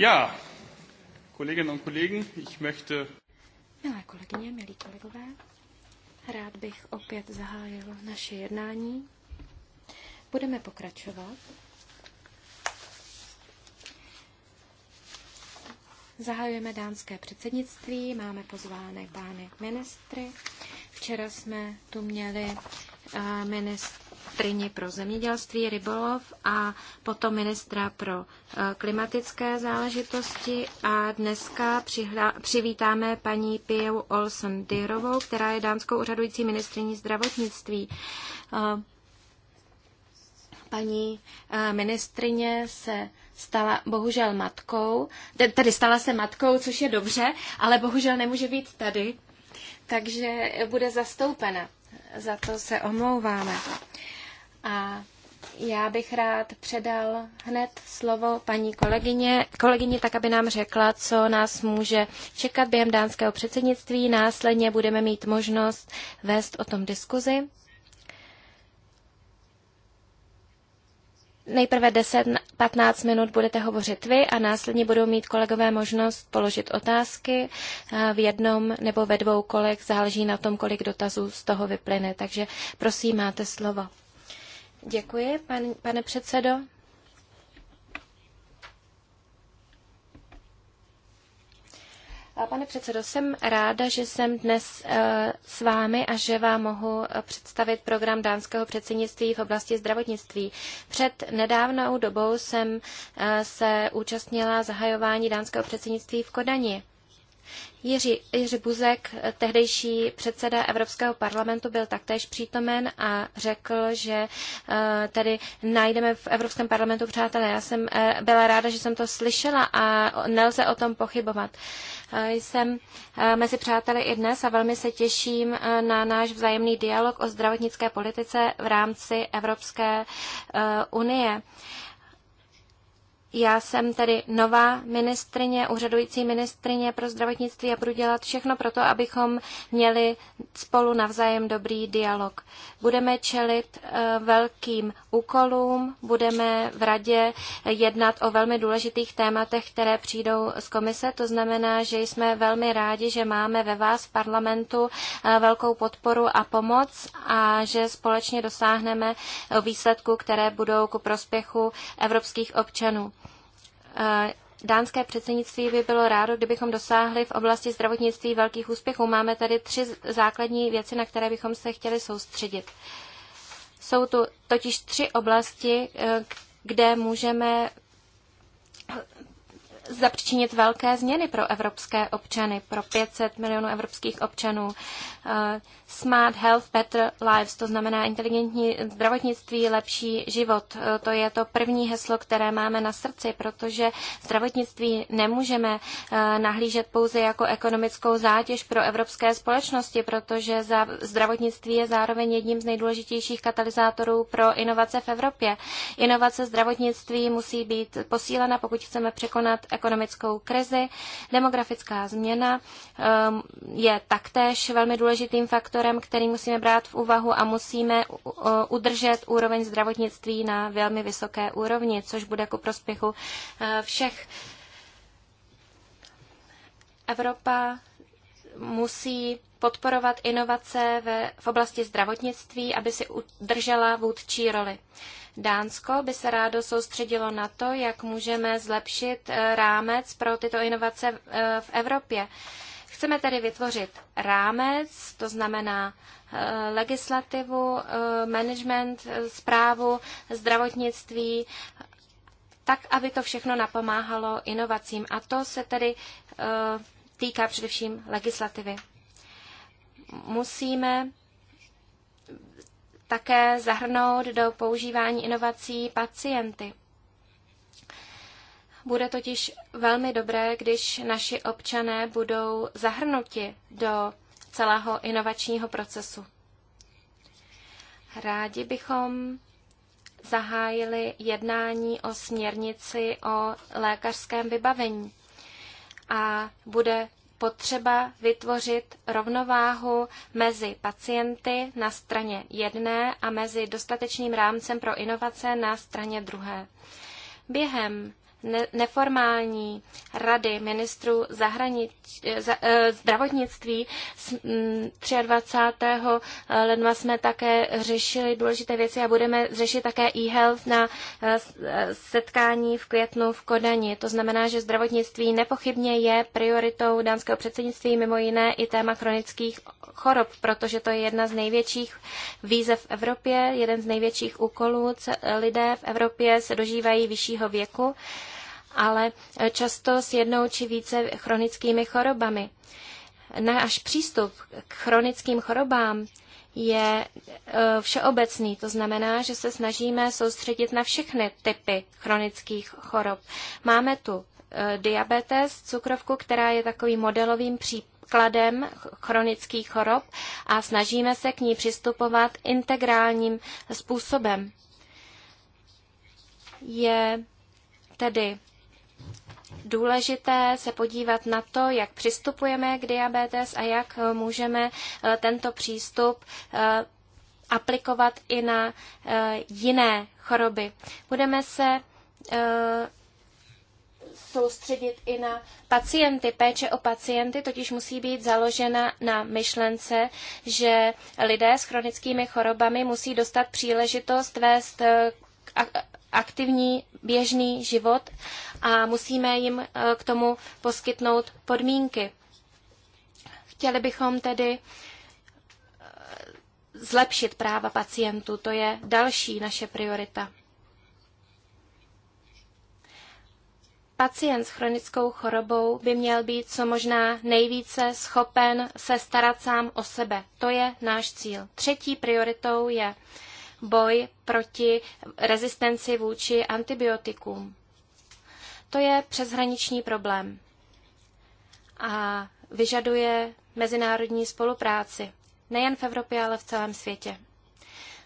Ja, Kolleginnen und Kollegen, ich möchte... Milé kolegyně, milí kolegové, rád bych opět zahájil naše jednání. Budeme pokračovat. Zahajujeme dánské předsednictví, máme pozvánek pány ministry. Včera jsme tu měli eh, ministr ministrině pro zemědělství, rybolov a potom ministra pro eh, klimatické záležitosti. A dneska přihla, přivítáme paní Piju Olsen Dyrovou, která je dánskou úřadující ministriní zdravotnictví. Eh, paní eh, ministrině se stala bohužel matkou, tedy stala se matkou, což je dobře, ale bohužel nemůže být tady, takže bude zastoupena. Za to se omlouváme. A já bych rád předal hned slovo paní kolegyně, kolegyně tak, aby nám řekla, co nás může čekat během dánského předsednictví. Následně budeme mít možnost vést o tom diskuzi. Nejprve 10-15 minut budete hovořit vy a následně budou mít kolegové možnost položit otázky eh, v jednom nebo ve dvou kolech. Záleží na tom, kolik dotazů z toho vyplyne. Takže prosím, máte slovo. Děkuji, pan, pane předsedo. Pane předsedo, jsem ráda, že jsem dnes eh, s vámi a že vám mohu eh, představit program dánského předsednictví v oblasti zdravotnictví. Před nedávnou dobou jsem eh, se účastnila zahajování dánského předsednictví v Kodani. Jiří, Jiří Buzek, tehdejší předseda Evropského parlamentu, byl taktéž přítomen a řekl, že eh, tedy najdeme v Evropském parlamentu přátelé. Já jsem eh, byla ráda, že jsem to slyšela a nelze o tom pochybovat. Eh, jsem mezi přáteli i dnes a velmi se těším na náš vzájemný dialog o zdravotnické politice v rámci Evropské unie. Já jsem tedy nová ministrině, úřadující ministrině pro zdravotnictví a budu dělat všechno pro to, abychom měli spolu navzájem dobrý dialog. Budeme čelit eh, velkým úkolům, budeme v radě jednat o velmi důležitých tématech, které přijdou z komise. To znamená, že jsme velmi rádi, že máme ve vás v parlamentu eh, velkou podporu a pomoc a že společně dosáhneme výsledků, které budou ku prospěchu evropských občanů. Eh, dánské předsednictví by bylo rádo, kdybychom dosáhli v oblasti zdravotnictví velkých úspěchů. Máme tady tři základní věci, na které bychom se chtěli soustředit. Jsou tu totiž tři oblasti, eh, kde můžeme zapříčinit velké změny pro evropské občany, pro 500 milionů evropských občanů. Eh, smart Health, Better Lives, to znamená inteligentní zdravotnictví, lepší život. Eh, to je to první heslo, které máme na srdci, protože zdravotnictví nemůžeme eh, nahlížet pouze jako ekonomickou zátěž pro evropské společnosti, protože za zdravotnictví je zároveň jedním z nejdůležitějších katalyzátorů pro inovace v Evropě. Inovace zdravotnictví musí být posílena, pokud chceme překonat ekonomickou krizi. Demografická změna ehm, je taktéž velmi důležitým faktorem, který musíme brát v úvahu a musíme udržet úroveň zdravotnictví na velmi vysoké úrovni, což bude ku prospěchu eh, všech. Evropa musí podporovat inovace ve, v oblasti zdravotnictví, aby si udržela vůdčí roli. Dánsko by se rádo soustředilo na to, jak můžeme zlepšit eh, rámec pro tyto inovace eh, v Evropě. Chceme tedy vytvořit rámec, to znamená eh, legislativu, management, zprávu, zdravotnictví, tak, aby to všechno napomáhalo inovacím. A to se tedy týká především legislativy musíme také zahrnout do používání inovací pacienty. Bude totiž velmi dobré, když naši občané budou zahrnuti do celého inovačního procesu. Rádi bychom zahájili jednání o směrnici o lékařském vybavení a bude potřeba vytvořit rovnováhu mezi pacienty na straně jedné a mezi dostatečným rámcem pro inovace na straně druhé. Během neformální rady ministrů eh, eh, zdravotnictví. S, 23. Mm, eh, ledna jsme také řešili důležité věci a budeme řešit také e-health na setkání v květnu v Kodani. To znamená, že zdravotnictví nepochybně je prioritou dánského předsednictví, mimo jiné i téma chronických chorob, protože to je jedna z největších výzev v Evropě, jeden z největších úkolů. Lidé v Evropě se dožívají vyššího věku ale často s jednou či více chronickými chorobami. Náš přístup k chronickým chorobám je e, všeobecný. To znamená, že se snažíme soustředit na všechny typy chronických chorob. Máme tu e, diabetes, cukrovku, která je takovým modelovým příkladem chronických chorob a snažíme se k ní přistupovat integrálním způsobem. Je tedy důležité se podívat na to, jak přistupujeme k diabetes a jak můžeme eh, tento přístup eh, aplikovat i na eh, jiné choroby. Budeme se soustředit i na pacienty. Péče o pacienty totiž musí být založena na myšlence, že lidé s chronickými chorobami musí dostat příležitost vést aktivní běžný život a musíme jim eh, k tomu poskytnout podmínky. Chtěli bychom tedy eh, zlepšit práva pacientů, to je další naše priorita. Pacient s chronickou chorobou by měl být co možná nejvíce schopen se starat sám o sebe. To je náš cíl. Třetí prioritou je uh, boj proti rezistenci vůči antibiotikům. To je přeshraniční problém a vyžaduje mezinárodní spolupráci, nejen v Evropě, ale v celém světě.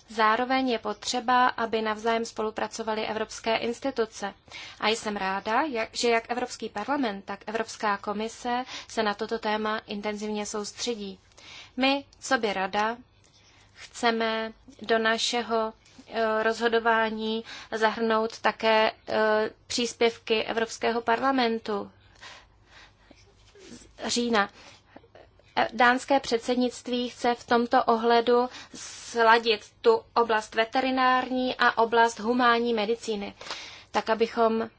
Zároveň je potřeba, aby navzájem spolupracovaly evropské instituce. A jsem ráda, jak, že jak Evropský parlament, tak Evropská komise se na toto téma intenzivně soustředí. My, co by rada, chceme do našeho eh, rozhodování zahrnout také eh, příspěvky Evropského parlamentu října. Eh, dánské předsednictví chce v tomto ohledu sladit tu oblast veterinární a oblast humánní medicíny, tak abychom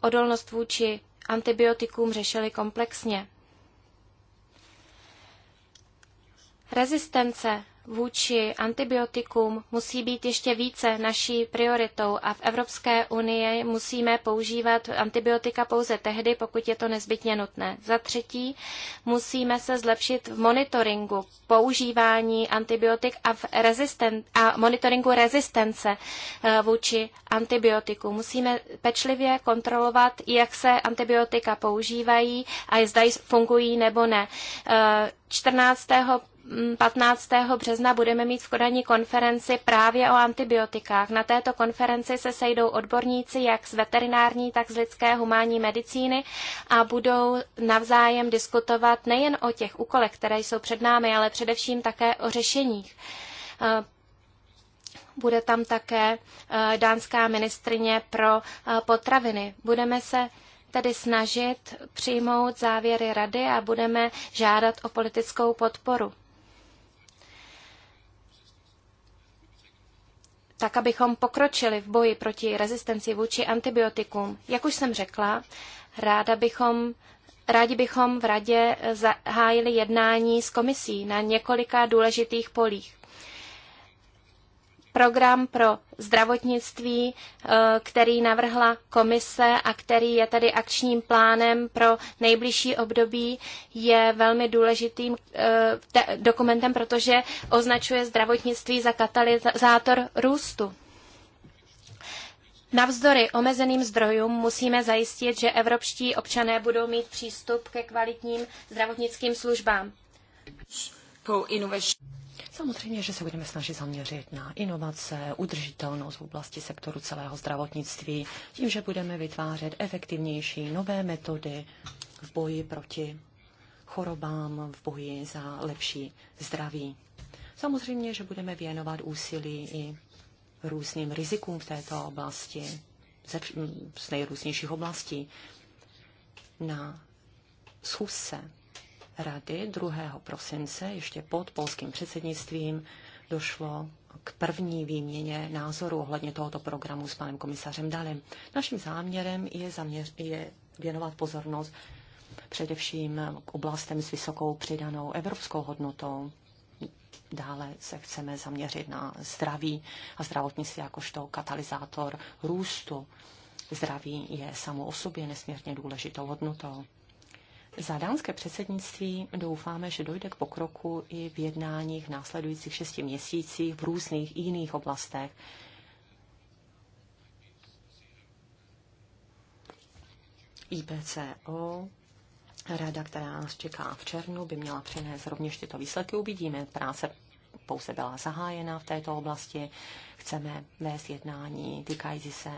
odolnost vůči antibiotikům řešili komplexně. Rezistence vůči antibiotikům musí být ještě více naší prioritou a v Evropské unii musíme používat antibiotika pouze tehdy, pokud je to nezbytně nutné. Za třetí, musíme se zlepšit v monitoringu používání antibiotik a, v rezisten- a monitoringu rezistence eh, vůči antibiotiku. Musíme pečlivě kontrolovat, jak se antibiotika používají a zda fungují nebo ne. 14. Eh, 15. března budeme mít v Kodani konferenci právě o antibiotikách. Na této konferenci se sejdou odborníci jak z veterinární, tak z lidské humánní medicíny a budou navzájem diskutovat nejen o těch úkolech, které jsou před námi, ale především také o řešeních. Eh, bude tam také eh, dánská ministrině pro eh, potraviny. Budeme se tedy snažit přijmout závěry rady a budeme žádat o politickou podporu. tak abychom pokročili v boji proti rezistenci vůči antibiotikům. Jak už jsem řekla, ráda bychom, rádi bychom v radě zahájili jednání s komisí na několika důležitých polích program pro zdravotnictví, eh, který navrhla komise a který je tedy akčním plánem pro nejbližší období, je velmi důležitým eh, dokumentem, protože označuje zdravotnictví za katalyzátor růstu. Navzdory omezeným zdrojům musíme zajistit, že evropští občané budou mít přístup ke kvalitním zdravotnickým službám. Samozřejmě, že se budeme snažit zaměřit na inovace, udržitelnost v oblasti sektoru celého zdravotnictví, tím, že budeme vytvářet efektivnější nové metody v boji proti chorobám, v boji za lepší zdraví. Samozřejmě, že budeme věnovat úsilí i různým rizikům v této oblasti, ze, z nejrůznějších oblastí. Na schůzce rady 2. prosince, ještě pod polským předsednictvím, došlo k první výměně názoru ohledně tohoto programu s panem komisařem Dalem. Naším záměrem je, zaměř, je věnovat pozornost především k oblastem s vysokou přidanou evropskou hodnotou. Dále se chceme zaměřit na zdraví a zdravotnictví jakožto katalyzátor růstu. Zdraví je samo o sobě nesmírně důležitou hodnotou. Za dánské předsednictví doufáme, že dojde k pokroku i v jednáních následujících šesti měsících v různých jiných oblastech. IPCO, rada, která nás čeká v červnu, by měla přinést rovněž tyto výsledky. Uvidíme. Práce pouze byla zahájena v této oblasti. Chceme vést jednání týkající se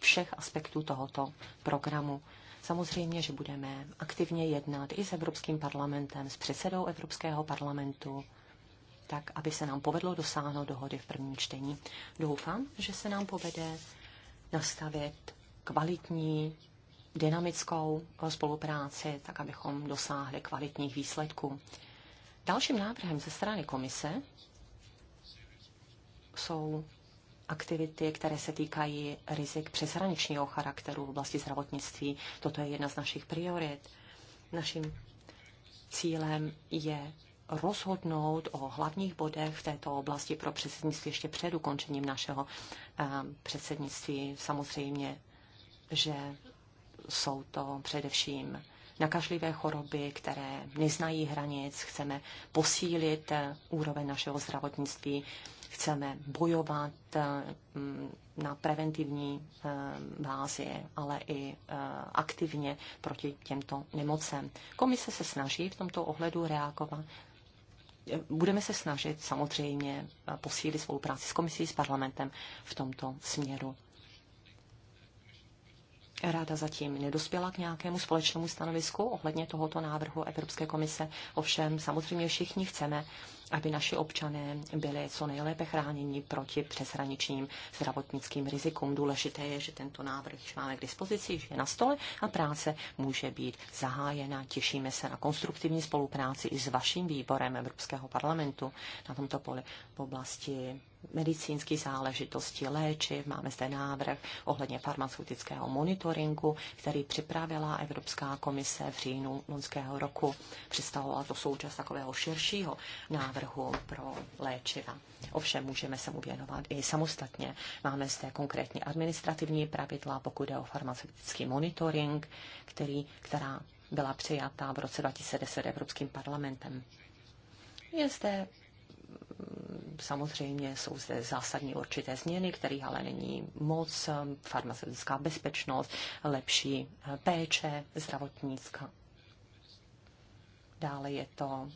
všech aspektů tohoto programu. Samozřejmě, že budeme aktivně jednat i s Evropským parlamentem, s předsedou Evropského parlamentu, tak, aby se nám povedlo dosáhnout dohody v prvním čtení. Doufám, že se nám povede nastavit kvalitní, dynamickou spolupráci, tak, abychom dosáhli kvalitních výsledků. Dalším návrhem ze strany komise jsou aktivity, které se týkají rizik přeshraničního charakteru v oblasti zdravotnictví. Toto je jedna z našich priorit. Naším cílem je rozhodnout o hlavních bodech v této oblasti pro předsednictví ještě před ukončením našeho eh, předsednictví. Samozřejmě, že jsou to především nakažlivé choroby, které neznají hranic. Chceme posílit eh, úroveň našeho zdravotnictví chceme bojovat eh, mm, na preventivní eh, bázi, ale i eh, aktivně proti těmto nemocem. Komise se snaží v tomto ohledu reagovat budeme se snažit samozřejmě posílit svou práci s komisí, s parlamentem v tomto směru. Ráda zatím nedospěla k nějakému společnému stanovisku ohledně tohoto návrhu Evropské komise. Ovšem, samozřejmě všichni chceme, aby naši občané byli co nejlépe chráněni proti přeshraničním zdravotnickým rizikům. Důležité je, že tento návrh již máme k dispozici, že je na stole a práce může být zahájena. Těšíme se na konstruktivní spolupráci i s vaším výborem Evropského parlamentu na tomto poli v oblasti medicínský záležitostí, léčiv, máme zde návrh ohledně farmaceutického monitoringu, který připravila Evropská komise v říjnu loňského roku. Představovala to součas takového širšího návrhu pro léčiva. Ovšem můžeme se mu věnovat i samostatně. Máme zde konkrétní administrativní pravidla, pokud je o farmaceutický monitoring, který, která byla přijatá v roce 2010 Evropským parlamentem. Je zde samozřejmě jsou zde zásadní určité změny, kterých ale není moc, eh, farmaceutická bezpečnost, lepší eh, péče zdravotnická. Dále je to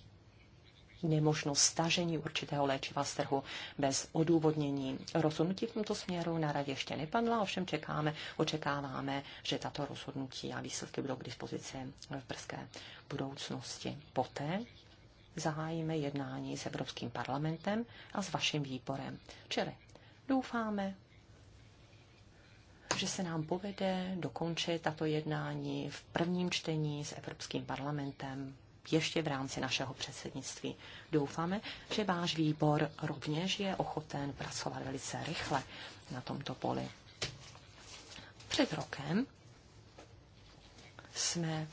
nemožnost stažení určitého léčiva z trhu bez odůvodnění. Rozhodnutí v tomto směru na radě ještě nepadla, ovšem čekáme, očekáváme, že tato rozhodnutí a výsledky budou k dispozici v brzké budoucnosti. Poté zahájíme jednání s Evropským parlamentem a s vaším výborem. Čili doufáme, že se nám povede dokončit tato jednání v prvním čtení s Evropským parlamentem ještě v rámci našeho předsednictví. Doufáme, že váš výbor rovněž je ochoten pracovat velice rychle na tomto poli. Před rokem jsme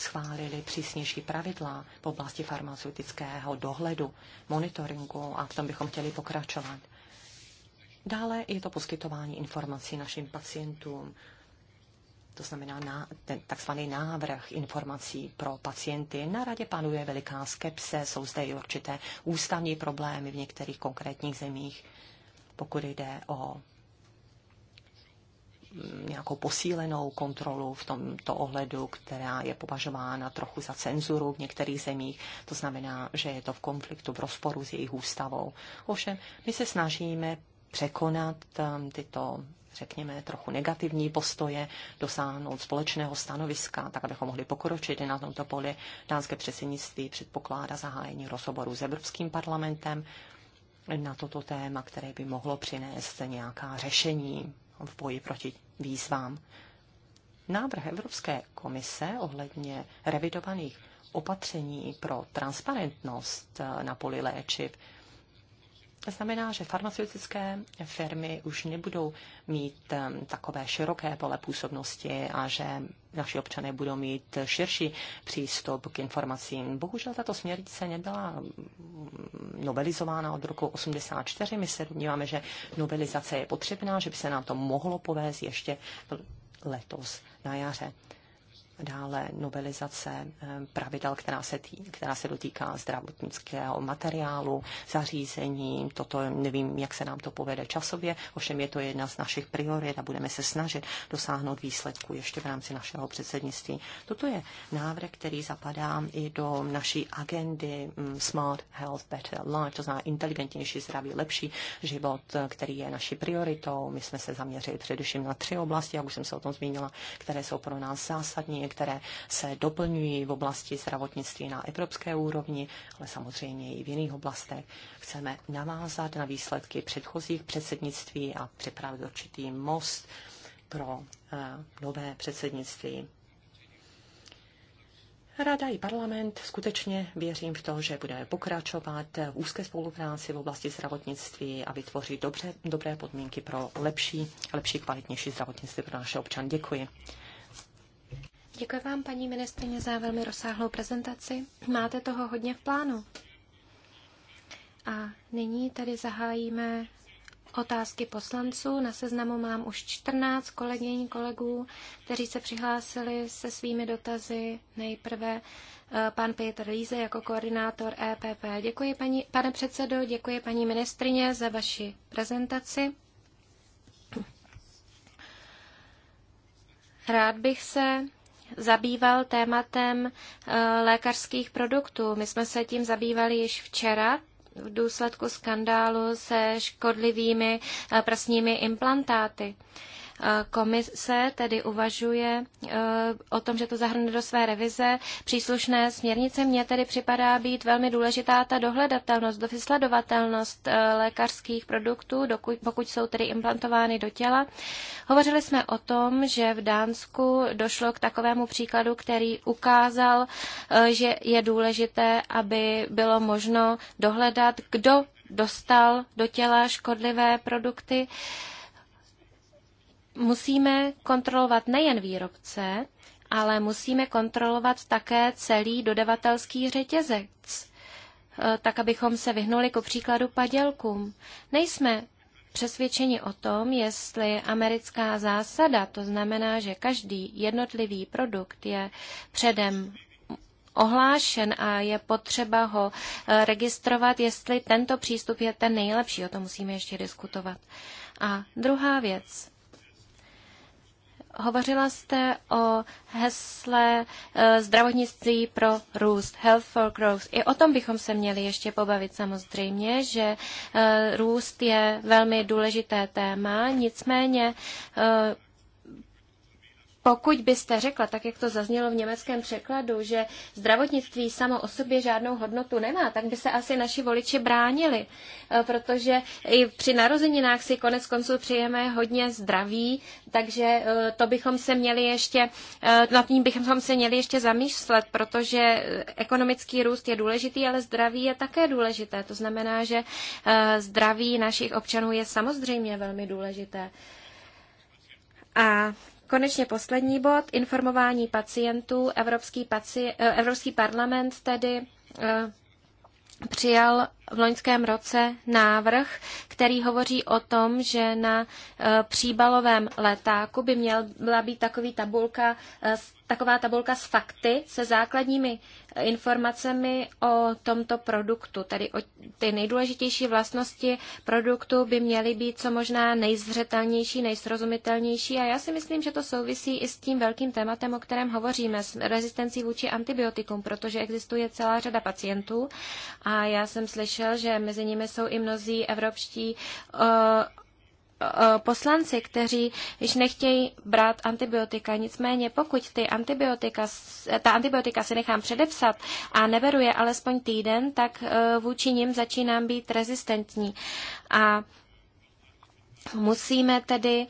schválili přísnější pravidla v oblasti farmaceutického dohledu, monitoringu a v tom bychom chtěli pokračovat. Dále je to poskytování informací našim pacientům, to znamená na, ten takzvaný návrh informací pro pacienty. Na radě panuje veliká skepse, jsou zde i určité ústavní problémy v některých konkrétních zemích, pokud jde o nějakou posílenou kontrolu v tomto ohledu, která je považována trochu za cenzuru v některých zemích. To znamená, že je to v konfliktu, v rozporu s jejich ústavou. Ovšem, my se snažíme překonat um, tyto řekněme, trochu negativní postoje, dosáhnout společného stanoviska, tak abychom mohli pokročit i na tomto poli. Dánské předsednictví předpokládá zahájení rozhovoru s Evropským parlamentem na toto téma, které by mohlo přinést nějaká řešení v boji proti výzvám. Návrh Evropské komise ohledně revidovaných opatření pro transparentnost na poli léčiv to znamená, že farmaceutické firmy už nebudou mít takové široké pole působnosti a že naši občané budou mít širší přístup k informacím. Bohužel tato směrnice nebyla novelizována od roku 84. My se domníváme, že novelizace je potřebná, že by se nám to mohlo povést ještě letos na jaře dále novelizace eh, pravidel, která se, tý, která se dotýká zdravotnického materiálu, zařízení. Toto nevím, jak se nám to povede časově, ovšem je to jedna z našich priorit a budeme se snažit dosáhnout výsledku ještě v rámci našeho předsednictví. Toto je návrh, který zapadá i do naší agendy mm, Smart Health Better Life, to znamená inteligentnější zdraví, lepší život, který je naší prioritou. My jsme se zaměřili především na tři oblasti, jak už jsem se o tom zmínila, které jsou pro nás zásadní, které se doplňují v oblasti zdravotnictví na evropské úrovni, ale samozřejmě i v jiných oblastech. Chceme navázat na výsledky předchozích předsednictví a připravit určitý most pro eh, nové předsednictví. Rada i parlament skutečně věřím v to, že budeme pokračovat v úzké spolupráci v oblasti zdravotnictví a vytvořit dobře, dobré podmínky pro lepší, lepší kvalitnější zdravotnictví pro naše občany. Děkuji. Děkuji vám, paní ministrině, za velmi rozsáhlou prezentaci. Máte toho hodně v plánu. A nyní tady zahájíme otázky poslanců. Na seznamu mám už 14 kolegyň, kolegů, kteří se přihlásili se svými dotazy. Nejprve eh, pan Petr Líze jako koordinátor EPP. Děkuji, paní, pane předsedo, děkuji paní ministrině za vaši prezentaci. Rád bych se zabýval tématem eh, lékařských produktů. My jsme se tím zabývali již včera v důsledku skandálu se škodlivými eh, prsními implantáty. Komise tedy uvažuje eh, o tom, že to zahrne do své revize příslušné směrnice. Mně tedy připadá být velmi důležitá ta dohledatelnost, vysledovatelnost eh, lékařských produktů, dokud, pokud jsou tedy implantovány do těla. Hovořili jsme o tom, že v Dánsku došlo k takovému příkladu, který ukázal, eh, že je důležité, aby bylo možno dohledat, kdo dostal do těla škodlivé produkty. Uh, musíme kontrolovat nejen výrobce, ale musíme kontrolovat také celý dodavatelský řetězec, eh, tak abychom se vyhnuli ku příkladu padělkům. Nejsme přesvědčeni o tom, jestli americká zásada, to znamená, že každý jednotlivý produkt je předem ohlášen a je potřeba ho eh, registrovat, jestli tento přístup je ten nejlepší. O tom musíme ještě diskutovat. A druhá věc. Hovořila jste o hesle eh, zdravotnictví pro růst, health for growth. I o tom bychom se měli ještě pobavit samozřejmě, že eh, růst je velmi důležité téma, nicméně eh, pokud byste řekla, tak jak to zaznělo v německém překladu, že zdravotnictví samo o sobě žádnou hodnotu nemá, tak by se asi naši voliči bránili, e, protože i při narozeninách si konec konců přijeme hodně zdraví, takže e, to bychom se měli ještě, e, nad tím bychom se měli ještě zamýšlet, protože ekonomický růst je důležitý, ale zdraví je také důležité. To znamená, že zdraví našich občanů je samozřejmě velmi důležité. A konečně poslední bod, informování pacientů. Evropský, paci, eh, Evropský parlament tedy eh, přijal v loňském roce návrh, který hovoří o tom, že na eh, příbalovém letáku by měla být takový tabulka s taková tabulka s fakty, se základními eh, informacemi o tomto produktu. Tedy o ty nejdůležitější vlastnosti produktu by měly být co možná nejzřetelnější, nejsrozumitelnější. A já si myslím, že to souvisí i s tím velkým tématem, o kterém hovoříme, s rezistencí vůči antibiotikům, protože existuje celá řada pacientů. A já jsem slyšel, že mezi nimi jsou i mnozí evropští uh, Eh, poslanci, kteří již nechtějí brát antibiotika. Nicméně, pokud ty antibiotika, eh, ta antibiotika si nechám předepsat a neberu je alespoň týden, tak eh, vůči nim začínám být rezistentní. A musíme tedy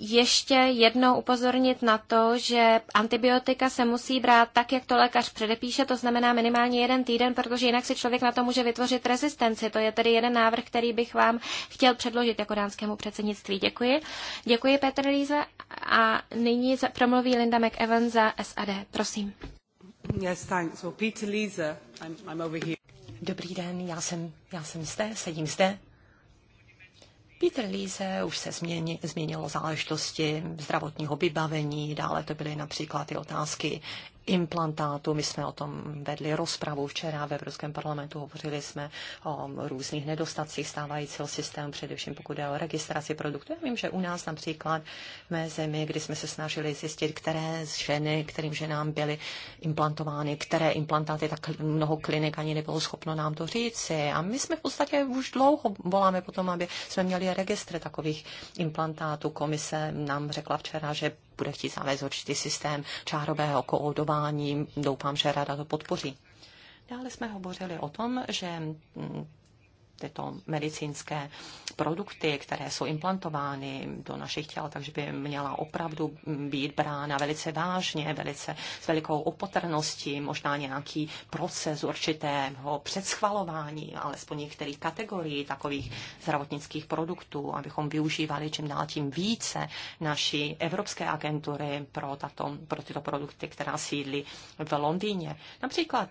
ještě jednou upozornit na to, že antibiotika se musí brát tak, jak to lékař předepíše, to znamená minimálně jeden týden, protože jinak si člověk na to může vytvořit rezistenci. To je tedy jeden návrh, který bych vám chtěl předložit jako dánskému předsednictví. Děkuji. Děkuji, Petr Líze. A nyní promluví Linda McEwan za SAD. Prosím. Yes, thanks. Well, Peter Lisa, I'm, I'm over here. Dobrý den, já jsem, já jsem zde, sedím zde. Peter Líze už se změni, změnilo záležitosti zdravotního vybavení, dále to byly například i otázky implantátu. My jsme o tom vedli rozpravu včera ve Evropském parlamentu, hovořili jsme o různých nedostacích stávajícího systému, především pokud je o registraci produktů. Já vím, že u nás například v mé zemi, kdy jsme se snažili zjistit, které ženy, kterým ženám byly implantovány, které implantáty, tak mnoho klinik ani nebylo schopno nám to říci. A my jsme v podstatě už dlouho voláme potom, aby jsme měli registr takových implantátů. Komise nám řekla včera, že bude chtít zavést určitý systém čárového koodování. Doufám, že rada to podpoří. Dále jsme hovořili o tom, že tyto medicínské produkty, které jsou implantovány do našich těl, takže by měla opravdu být brána velice vážně, velice s velikou opatrností, možná nějaký proces určitého předschvalování, alespoň některých kategorií takových zdravotnických produktů, abychom využívali čím dál tím více naší evropské agentury pro, tato, pro tyto produkty, která sídlí v Londýně. Například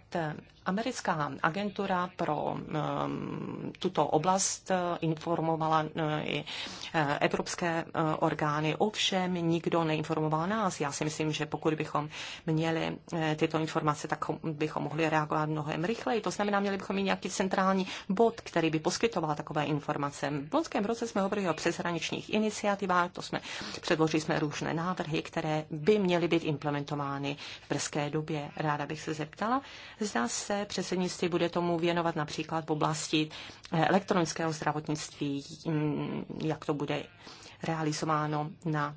Americká agentura pro um, tuto oblast uh, informovala uh, i uh, evropské orgány, ovšem nikdo neinformoval nás. Já si myslím, že pokud bychom měli tyto informace, tak bychom mohli reagovat mnohem rychleji. To znamená, měli bychom mít nějaký centrální bod, který by poskytoval takové informace. V loňském roce jsme hovorili o přeshraničních iniciativách, to jsme předložili jsme různé návrhy, které by měly být implementovány v brzké době. Ráda bych se zeptala, zda se předsednictví bude tomu věnovat například v oblasti eh, elektronického zdravotnictví, hm, jak to bude realizováno na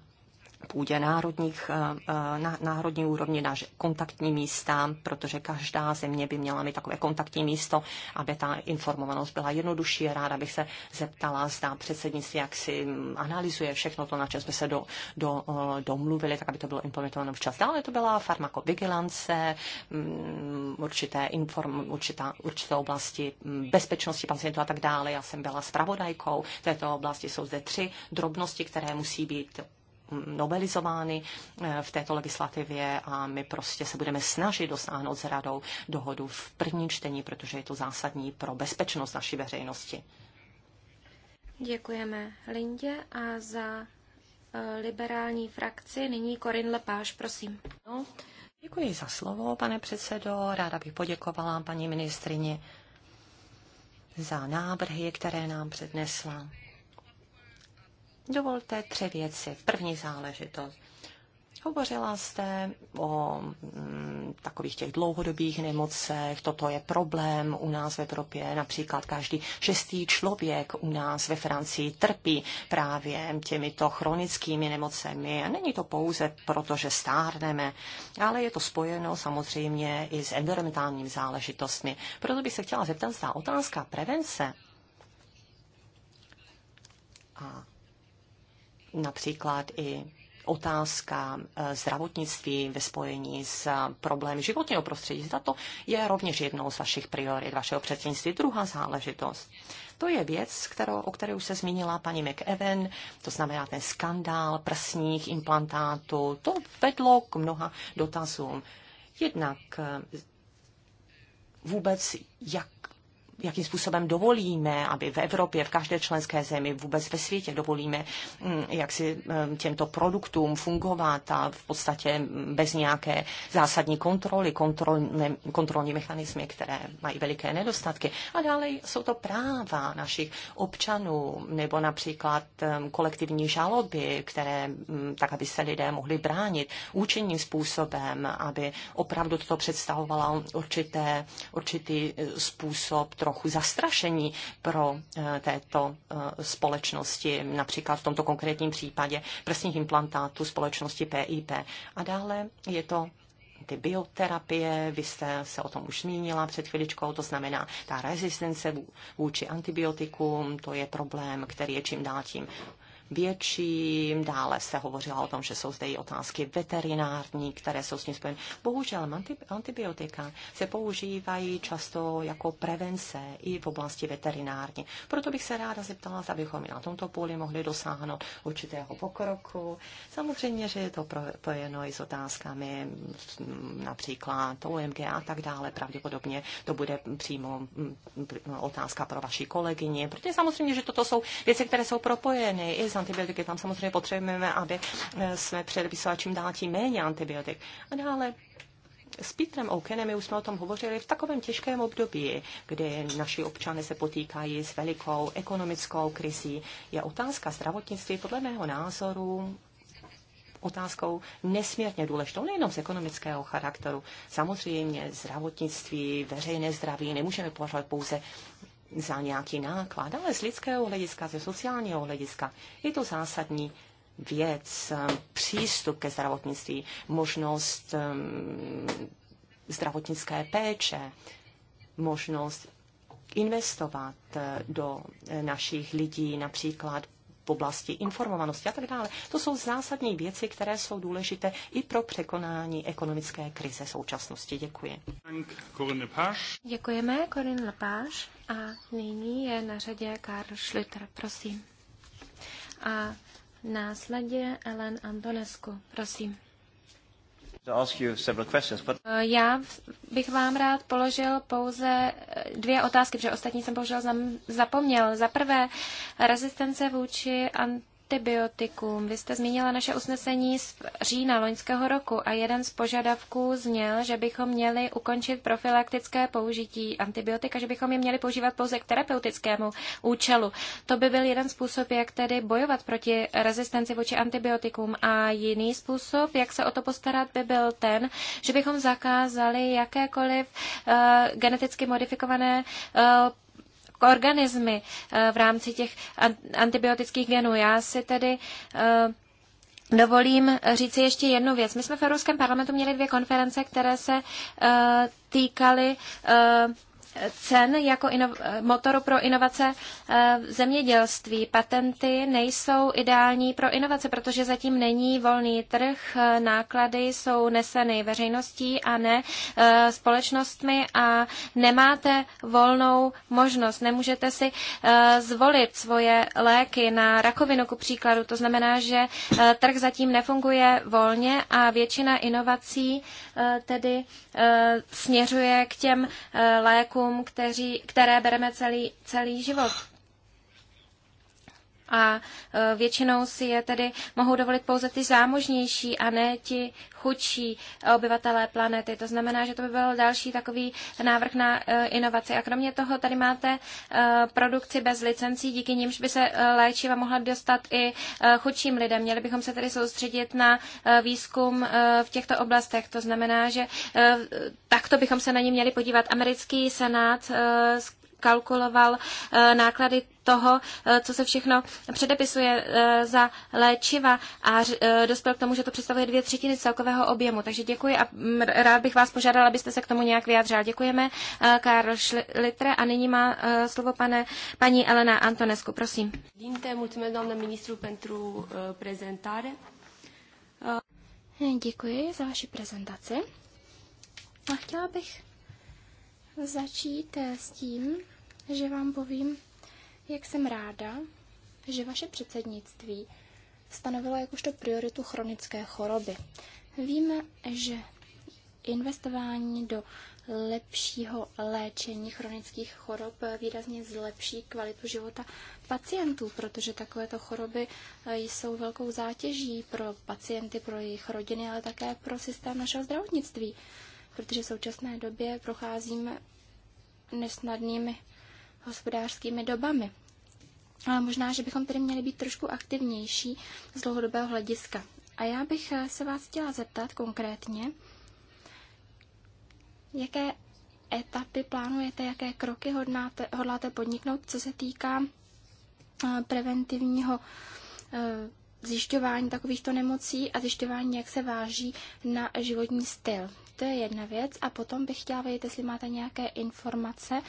půdě národních, eh, eh, na národní úrovni, na kontaktní místa, protože každá země by měla mít takové kontaktní místo, aby ta informovanost byla jednodušší. Ráda bych se zeptala, zda předsednictví, jak si mm, analyzuje všechno to, na čem jsme se do, do, eh, domluvili, tak aby to bylo implementováno včas. Dále to byla farmakovigilance, mm, určité, inform, určitá, určité oblasti mm, bezpečnosti pacientů a tak dále. Já jsem byla spravodajkou této oblasti. Jsou zde tři drobnosti, které musí být novelizovány eh, v této legislativě a my prostě se budeme snažit dosáhnout s radou dohodu v prvním čtení, protože je to zásadní pro bezpečnost naší veřejnosti. Děkujeme Lindě a za eh, liberální frakci. Nyní Korin Lepáš, prosím. No. Děkuji za slovo, pane předsedo. Ráda bych poděkovala paní ministrině za návrhy, které nám přednesla. Dovolte tři věci. První záležitost. Hovořila jste o mm, takových těch dlouhodobých nemocech, toto je problém u nás v Evropě, například každý šestý člověk u nás ve Francii trpí právě těmito chronickými nemocemi. A není to pouze proto, že stárneme, ale je to spojeno samozřejmě i s environmentálními záležitostmi. Proto bych se chtěla zeptat, zda otázka prevence a například i otázka eh, zdravotnictví ve spojení s eh, problémy životního prostředí. Zda to je rovněž jednou z vašich priorit, vašeho předsednictví. Druhá záležitost. To je věc, kterou, o které už se zmínila paní McEwen, to znamená ten skandál prsních implantátů. To vedlo k mnoha dotazům. Jednak eh, vůbec, jak jakým způsobem dovolíme, aby v Evropě, v každé členské zemi, vůbec ve světě dovolíme mm, jak si mm, těmto produktům fungovat a v podstatě mm, bez nějaké zásadní kontroly, kontrolní, kontrolní mechanismy, které mají veliké nedostatky. A dále jsou to práva našich občanů nebo například kolektivní žaloby, které tak, aby se lidé mohli bránit účinným způsobem, aby opravdu toto představovalo určité, určitý e, způsob trochu zastrašení pro eh, této eh, společnosti, například v tomto konkrétním případě prsních implantátů společnosti PIP. A dále je to ty bioterapie, vy jste se o tom už zmínila před chviličkou, to znamená ta rezistence vůči antibiotikům, to je problém, který je čím dál tím větší. Dále se hovořilo o tom, že jsou zde i otázky veterinární, které jsou s tím spojené. Bohužel antibiotika se používají často jako prevence i v oblasti veterinární. Proto bych se ráda zeptala, abychom i na tomto poli mohli dosáhnout určitého pokroku. Samozřejmě, že je to pojeno i s otázkami mm, například OMG a tak dále. Pravděpodobně to bude přímo mm, mm, otázka pro vaši kolegyni, protože samozřejmě, že toto jsou věci, které jsou propojeny i s antibiotiky. Tam samozřejmě potřebujeme, aby eh, jsme předepisovali čím dál tím méně antibiotik. A dále s Petrem Okenem, my už jsme o tom hovořili, v takovém těžkém období, kdy naši občany se potýkají s velikou ekonomickou krizí, je otázka zdravotnictví podle mého názoru otázkou nesmírně důležitou, nejenom z ekonomického charakteru. Samozřejmě zdravotnictví, veřejné zdraví nemůžeme považovat pouze za nějaký náklad, ale z lidského hlediska, ze sociálního hlediska je to zásadní věc, um, přístup ke zdravotnictví, možnost um, zdravotnické péče, možnost investovat uh, do eh, našich lidí, například v oblasti informovanosti a tak dále. To jsou zásadní věci, které jsou důležité i pro překonání ekonomické krize současnosti. Děkuji. Děkujeme, Corinne Lepage. A nyní je na řadě Karl Schlitter, prosím. A následně Ellen Antonescu, prosím. Eh, já bych vám rád položil pouze eh, dvě otázky, protože ostatní jsem bohužel zapomněl. Za prvé, rezistence vůči antibiotikům. Vy jste zmínila naše usnesení z října loňského roku a jeden z požadavků zněl, že bychom měli ukončit profilaktické použití antibiotik a že bychom je měli používat pouze k terapeutickému účelu. To by byl jeden způsob, jak tedy bojovat proti rezistenci vůči antibiotikům a jiný způsob, jak se o to postarat, by byl ten, že bychom zakázali jakékoliv uh, geneticky modifikované uh, organismy eh, v rámci těch antibiotických genů. Já si tedy eh, Dovolím říci ještě jednu věc. My jsme v Evropském parlamentu měli dvě konference, které se eh, týkaly cen jako motoru pro inovace eh, v zemědělství. Patenty nejsou ideální pro inovace, protože zatím není volný trh, eh, náklady jsou neseny veřejností a ne eh, společnostmi a nemáte volnou možnost. Nemůžete si zvolit svoje léky na rakovinu ku příkladu. To znamená, že trh zatím nefunguje volně a většina inovací tedy směřuje k těm lékům, rizikům, kteří, které bereme celý, celý život a e, většinou si je tedy mohou dovolit pouze ty zámožnější a ne ti chudší obyvatelé planety. To znamená, že to by byl další takový návrh na e, inovaci. A kromě toho tady máte e, produkci bez licencí, díky nímž by se léčiva mohla dostat i chudším lidem. Měli bychom se tedy soustředit na výzkum v těchto oblastech. To znamená, že takto bychom se na ně měli podívat. Americký senát kalkuloval náklady toho, eh, co se všechno předepisuje eh, za léčiva a eh, dospěl k tomu, že to představuje dvě třetiny celkového objemu. Takže děkuji a mm, rád bych vás požádal, abyste se k tomu nějak vyjádřila. Děkujeme, Karl Schlitter. A nyní má slovo pane, paní Elena Antonescu. Prosím. Děkuji za vaši prezentaci. A chtěla bych začít s tím, že vám povím, jak jsem ráda, že vaše předsednictví stanovilo jakožto prioritu chronické choroby. Víme, že investování do lepšího léčení chronických chorob výrazně zlepší kvalitu života pacientů, protože takovéto choroby eh, jsou velkou zátěží pro pacienty, pro jejich rodiny, ale také pro systém našeho zdravotnictví, protože v současné době procházíme nesnadnými hospodářskými dobami ale možná, že bychom tedy měli být trošku aktivnější z dlouhodobého hlediska. A já bych eh, se vás chtěla zeptat konkrétně, jaké etapy plánujete, jaké kroky hodnáte, hodláte podniknout, co se týká eh, preventivního eh, zjišťování takovýchto nemocí a zjišťování, jak se váží na životní styl. To je jedna věc. A potom bych chtěla vědět, jestli máte nějaké informace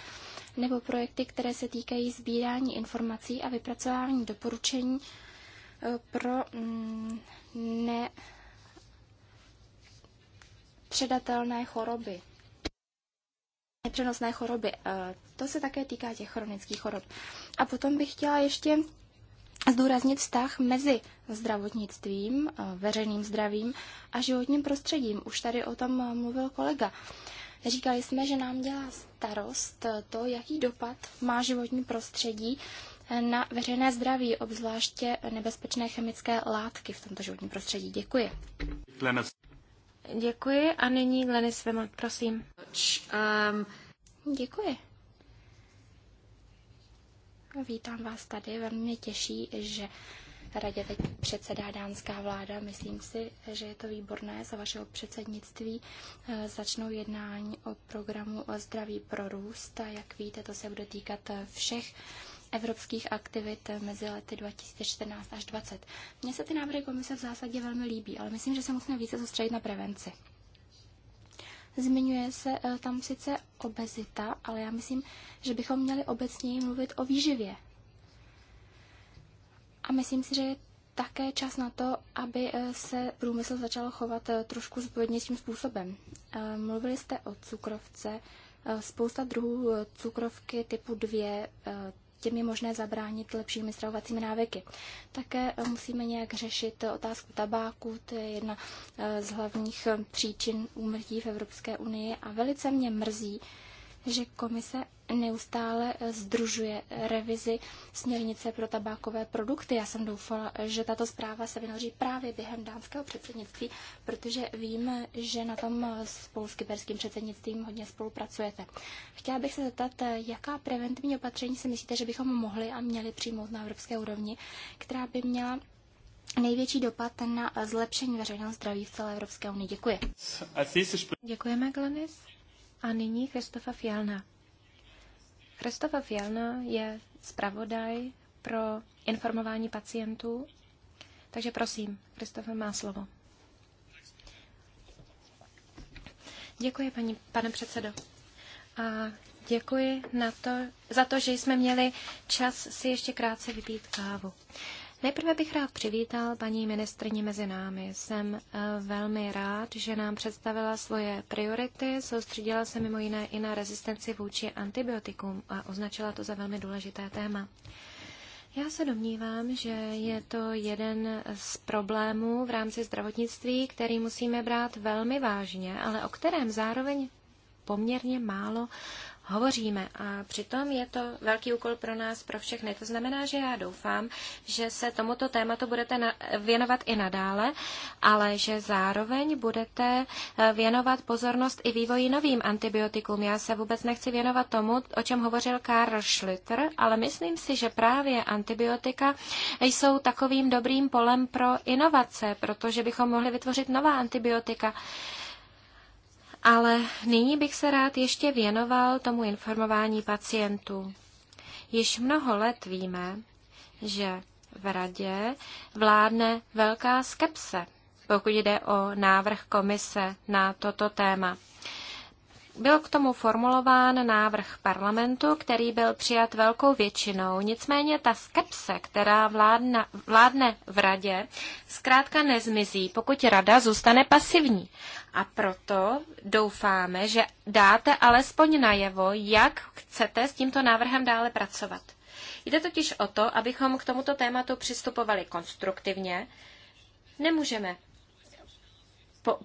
nebo projekty, které se týkají sbírání informací a vypracování doporučení eh, pro mm, ne choroby. Nepřenosné choroby. Eh, to se také týká těch chronických chorob. A potom bych chtěla ještě zdůraznit vztah mezi zdravotnictvím, eh, veřejným zdravím a životním prostředím. Už tady o tom eh, mluvil kolega. Říkali jsme, že nám dělá starost eh, to, jaký dopad má životní prostředí na veřejné zdraví, obzvláště nebezpečné chemické látky v tomto životním prostředí. Děkuji. Děkuji a nyní Glenis Vemont, prosím. Um, děkuji. Vítám vás tady. Velmi těší, že radě teď předsedá dánská vláda. Myslím si, že je to výborné. Za vašeho předsednictví eh, začnou jednání o programu o zdraví pro růst. A jak víte, to se bude týkat eh, všech evropských aktivit eh, mezi lety 2014 až 2020. Mně se ty návrhy komise v zásadě velmi líbí, ale myslím, že se musíme více soustředit na prevenci. Zmiňuje se e, tam sice obezita, ale já myslím, že bychom měli obecněji mluvit o výživě. A myslím si, že je také čas na to, aby e, se průmysl začal chovat e, trošku zpovědnějším způsobem. Mluvili jste o cukrovce, spousta druhů cukrovky typu 2, těm je možné zabránit lepšími stravovacími návyky. Také eh, musíme nějak řešit otázku tabáku, to je jedna eh, z hlavních eh, příčin úmrtí v Evropské unii a velice mě mrzí, že komise neustále eh, združuje eh, revizi směrnice pro tabákové produkty. Já jsem doufala, že tato zpráva se vynoří právě během dánského předsednictví, protože vím, že na tom spolu eh, s kyberským předsednictvím hodně spolupracujete. Chtěla bych se zeptat, jaká preventivní opatření si myslíte, že bychom mohli a měli přijmout na evropské úrovni, která by měla největší dopad na zlepšení veřejného zdraví v celé Evropské unii. Děkuji. Děkujeme, Glenis. A nyní Kristofa Fialna. Kristofa Fialna je zpravodaj pro informování pacientů. Takže prosím, Kristofa má slovo. Děkuji, paní, pane předsedo. A děkuji na to, za to, že jsme měli čas si ještě krátce vypít kávu. Nejprve bych rád přivítal paní ministrině mezi námi. Jsem eh, velmi rád, že nám představila svoje priority, soustředila se mimo jiné i na rezistenci vůči antibiotikům a označila to za velmi důležité téma. Já se domnívám, že je to jeden z problémů v rámci zdravotnictví, který musíme brát velmi vážně, ale o kterém zároveň poměrně málo hovoříme. A přitom je to velký úkol pro nás, pro všechny. To znamená, že já doufám, že se tomuto tématu budete věnovat i nadále, ale že zároveň budete eh, věnovat pozornost i vývoji novým antibiotikům. Já se vůbec nechci věnovat tomu, o čem hovořil Karl Schlitter, ale myslím si, že právě antibiotika jsou takovým dobrým polem pro inovace, protože bychom mohli vytvořit nová antibiotika. Ale nyní bych se rád ještě věnoval tomu informování pacientů. Již mnoho let víme, že v radě vládne velká skepse, pokud jde o návrh komise na toto téma. Byl k tomu formulován návrh parlamentu, který byl přijat velkou většinou. Nicméně ta skepse, která vládna, vládne v radě, zkrátka nezmizí, pokud rada zůstane pasivní. A proto doufáme, že dáte alespoň najevo, jak chcete s tímto návrhem dále pracovat. Jde totiž o to, abychom k tomuto tématu přistupovali konstruktivně. Nemůžeme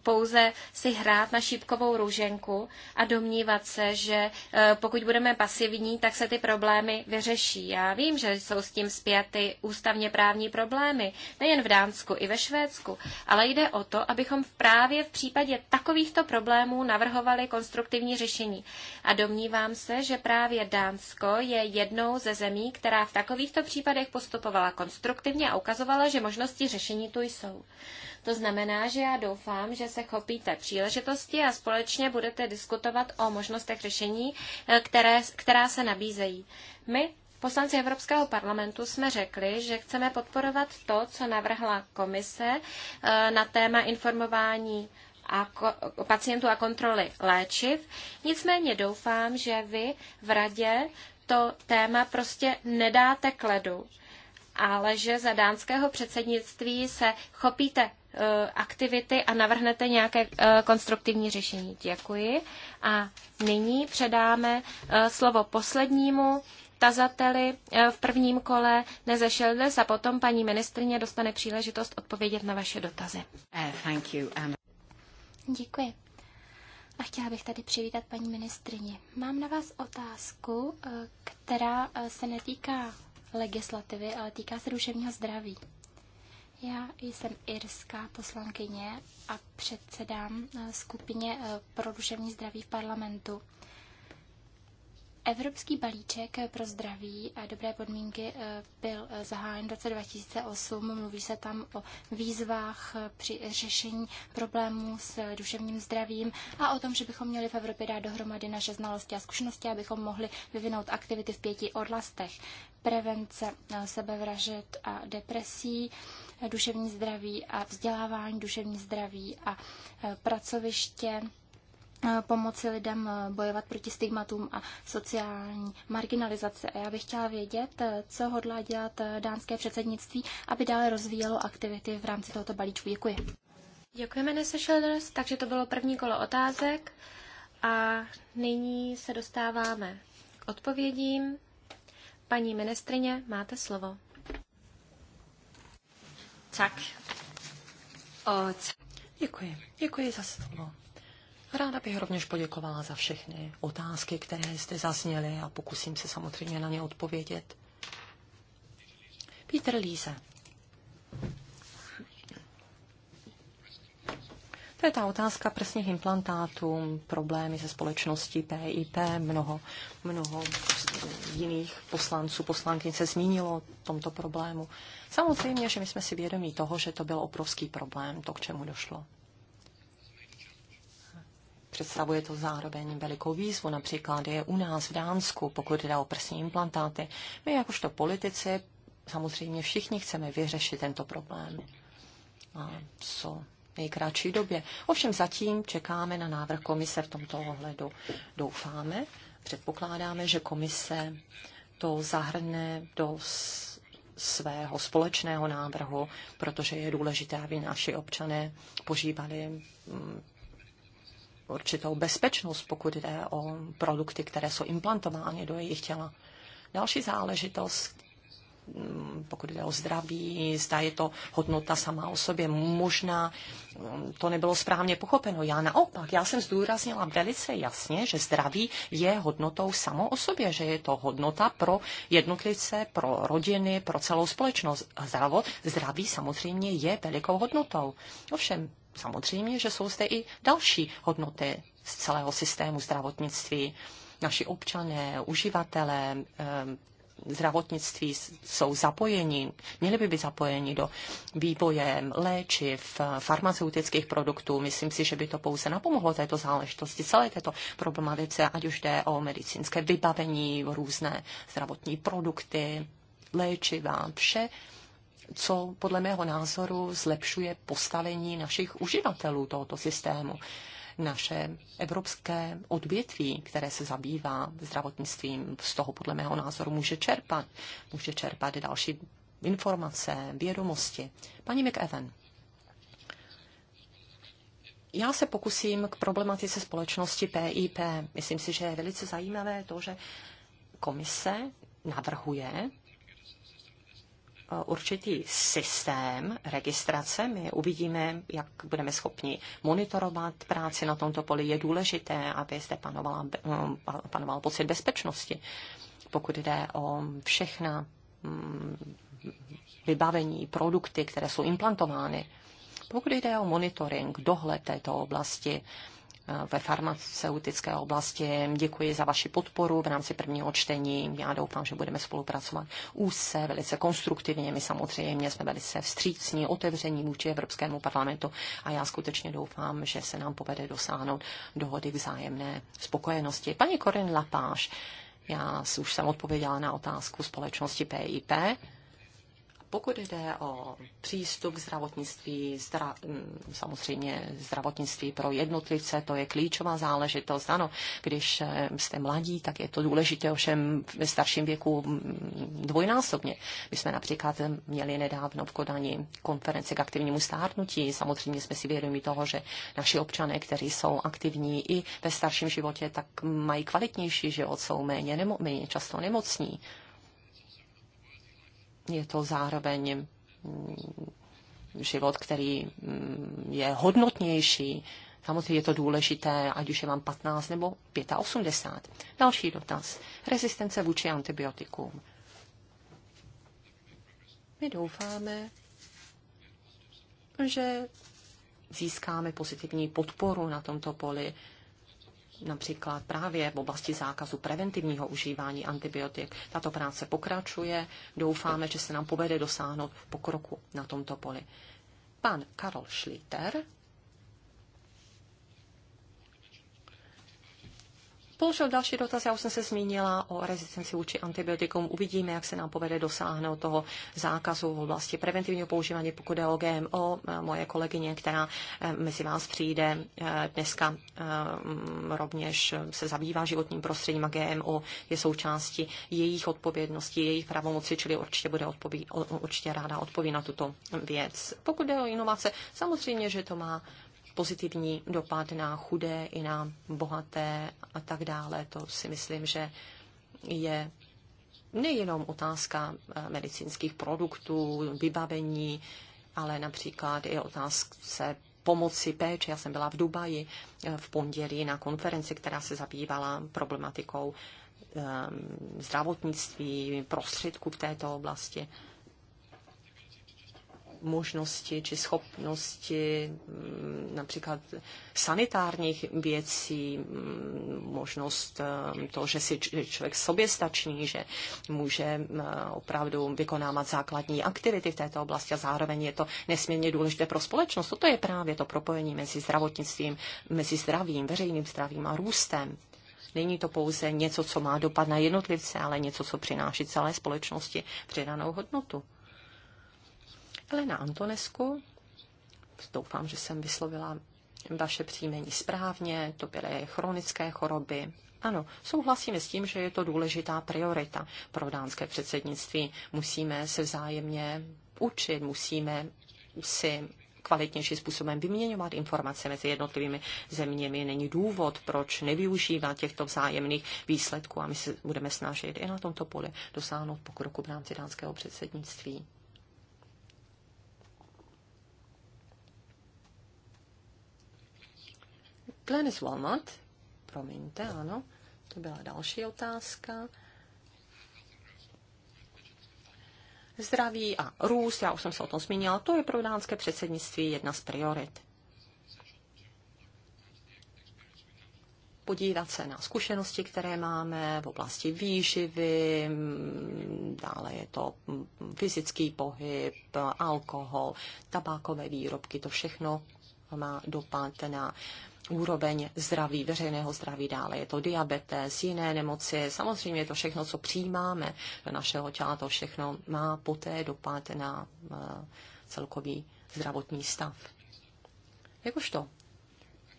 pouze si hrát na šípkovou růženku a domnívat se, že eh, pokud budeme pasivní, tak se ty problémy vyřeší. Já vím, že jsou s tím zpěty ústavně právní problémy, nejen v Dánsku, i ve Švédsku, ale jde o to, abychom právě v případě takovýchto problémů navrhovali konstruktivní řešení. A domnívám se, že právě Dánsko je jednou ze zemí, která v takovýchto případech postupovala konstruktivně a ukazovala, že možnosti řešení tu jsou. To znamená, že já doufám, že se chopíte příležitosti a společně budete diskutovat o možnostech řešení, eh, které, která se nabízejí. My Poslanci Evropského parlamentu jsme řekli, že chceme podporovat to, co navrhla komise eh, na téma informování a ko- pacientů a kontroly léčiv. Nicméně doufám, že vy v radě to téma prostě nedáte k ledu, ale že za dánského předsednictví se chopíte e, aktivity a navrhnete nějaké e, konstruktivní řešení. Děkuji. A nyní předáme e, slovo poslednímu tazateli v prvním kole Nezešelde, Šildes a potom paní ministrině dostane příležitost odpovědět na vaše dotazy. Eh, thank you, um- Děkuji. A chtěla bych tady přivítat paní ministrině. Mám na vás otázku, která se netýká legislativy, ale týká se duševního zdraví. Já jsem irská poslankyně a předsedám eh, skupině eh, pro duševní zdraví v parlamentu. Evropský balíček pro zdraví a dobré podmínky eh, byl zahájen v roce 2008. Mluví se tam o výzvách při řešení problémů s duševním zdravím a o tom, že bychom měli v Evropě dát dohromady naše znalosti a zkušenosti, abychom mohli vyvinout aktivity v pěti odlastech prevence eh, sebevražet a depresí, eh, duševní zdraví a vzdělávání duševní zdraví a eh, pracoviště, pomoci lidem bojovat proti stigmatům a sociální marginalizaci. A já bych chtěla vědět, co hodlá dělat dánské předsednictví, aby dále rozvíjelo aktivity v rámci tohoto balíčku. Děkuji. Děkujeme, Nese Schilders. Takže to bylo první kolo otázek. A nyní se dostáváme k odpovědím. Paní ministrině, máte slovo. Tak. Děkuji. Děkuji za slovo. Ráda bych rovněž poděkovala za všechny otázky, které jste zazněly a pokusím se samozřejmě na ně odpovědět. Peter Líze. To je ta otázka prsních implantátů, problémy se společností PIP, mnoho, mnoho jiných poslanců, poslankyň se zmínilo o tomto problému. Samozřejmě, že my jsme si vědomí toho, že to byl obrovský problém, to, k čemu došlo. Představuje to zároveň velikou výzvu, například je u nás v Dánsku, pokud jde o prsní implantáty. My jakožto politici samozřejmě všichni chceme vyřešit tento problém. A co nejkratší době. Ovšem zatím čekáme na návrh komise v tomto ohledu. Doufáme, Předpokládáme, že komise to zahrne do svého společného návrhu, protože je důležité, aby naši občané požívali mm, určitou bezpečnost, pokud jde o produkty, které jsou implantovány do jejich těla. Další záležitost, Mm, pokud jde o zdraví, zda je to hodnota sama o sobě. Možná mm, to nebylo správně pochopeno. Já naopak, já jsem zdůraznila velice jasně, že zdraví je hodnotou samo o sobě, že je to hodnota pro jednotlivce, pro rodiny, pro celou společnost. Zdravot, zdraví samozřejmě je velikou hodnotou. Ovšem, samozřejmě, že jsou zde i další hodnoty z celého systému zdravotnictví naši občané, uživatelé, eh, zdravotnictví jsou zapojeni, měli by být zapojeni do vývoje léčiv, farmaceutických produktů. Myslím si, že by to pouze napomohlo této záležitosti, celé této problematice, ať už jde o medicínské vybavení, různé zdravotní produkty, léčiva, vše co podle mého názoru zlepšuje postavení našich uživatelů tohoto systému naše evropské odvětví, které se zabývá zdravotnictvím, z toho podle mého názoru může čerpat. Může čerpat i další informace, vědomosti. Paní McEwen, já se pokusím k problematice společnosti PIP. Myslím si, že je velice zajímavé to, že komise navrhuje Eh, určitý systém registrace. My uvidíme, jak budeme schopni monitorovat práci na tomto poli. Je důležité, aby zde panovala, mm, panoval pocit bezpečnosti, pokud jde o všechna mm, vybavení, produkty, které jsou implantovány. Pokud jde o monitoring, dohled této oblasti, ve farmaceutické oblasti. Děkuji za vaši podporu v rámci prvního čtení. Já doufám, že budeme spolupracovat úzce, velice konstruktivně. My samozřejmě jsme velice vstřícní, otevření vůči Evropskému parlamentu a já skutečně doufám, že se nám povede dosáhnout dohody k zájemné spokojenosti. Paní Korin Lapáš, já už jsem odpověděla na otázku společnosti PIP. Pokud jde o přístup k zdravotnictví, zdra, mm, samozřejmě zdravotnictví pro jednotlivce, to je klíčová záležitost. Ano, když eh, jste mladí, tak je to důležité, ovšem ve starším věku mm, dvojnásobně. My jsme například měli nedávno v Kodani konferenci k aktivnímu stárnutí. Samozřejmě jsme si vědomi toho, že naši občané, kteří jsou aktivní i ve starším životě, tak mají kvalitnější život, jsou méně, nemo, méně často nemocní je to zároveň mm, život, který mm, je hodnotnější. Samozřejmě je to důležité, ať už je vám 15 nebo 85. Další dotaz. Rezistence vůči antibiotikům. My doufáme, že získáme pozitivní podporu na tomto poli například právě v oblasti zákazu preventivního užívání antibiotik. Tato práce pokračuje. Doufáme, že se nám povede dosáhnout pokroku na tomto poli. Pan Karol Schlitter, položil další dotaz, já už jsem se zmínila o rezistenci vůči antibiotikům. Uvidíme, jak se nám povede dosáhnout toho zákazu v oblasti preventivního používání, pokud je o GMO. Eh, moje kolegyně, která eh, mezi vás přijde eh, dneska, rovněž se zabývá životním prostředím a GMO je součástí jejich odpovědnosti, jejich pravomoci, čili určitě bude odpoví, určitě ráda odpoví na tuto věc. Pokud je o inovace, samozřejmě, že to má pozitivní dopad na chudé i na bohaté a tak dále. To si myslím, že je nejenom otázka eh, medicínských produktů, vybavení, ale například i otázce pomoci péče. Já jsem byla v Dubaji eh, v pondělí na konferenci, která se zabývala problematikou ehm, zdravotnictví, prostředků v této oblasti možnosti či schopnosti mm, například sanitárních věcí, mm, možnost mm, to, že si člověk soběstačný, že může opravdu vykonávat základní aktivity v této oblasti a zároveň je to nesmírně důležité pro společnost. Toto je právě to propojení mezi zdravotnictvím, mezi zdravím, veřejným zdravím a růstem. Není to pouze něco, co má dopad na jednotlivce, ale něco, co přináší celé společnosti přidanou hodnotu. Elena Antonesku, doufám, že jsem vyslovila vaše příjmení správně, to byly chronické choroby. Ano, souhlasíme s tím, že je to důležitá priorita pro dánské předsednictví. Musíme se vzájemně učit, musíme si kvalitnějším způsobem vyměňovat informace mezi jednotlivými zeměmi. Není důvod, proč nevyužívat těchto vzájemných výsledků a my se budeme snažit i na tomto poli dosáhnout pokroku v rámci dánského předsednictví. Glenis Walmart, promiňte, ano, to byla další otázka. Zdraví a růst, já už jsem se o tom zmínila, to je pro dánské předsednictví jedna z priorit. podívat se na zkušenosti, které máme v oblasti výživy, dále je to fyzický pohyb, alkohol, tabákové výrobky, to všechno má dopad na úroveň zdraví, veřejného zdraví dále. Je to diabetes, jiné nemoci, samozřejmě je to všechno, co přijímáme do našeho těla, to všechno má poté dopad na eh, celkový zdravotní stav. to?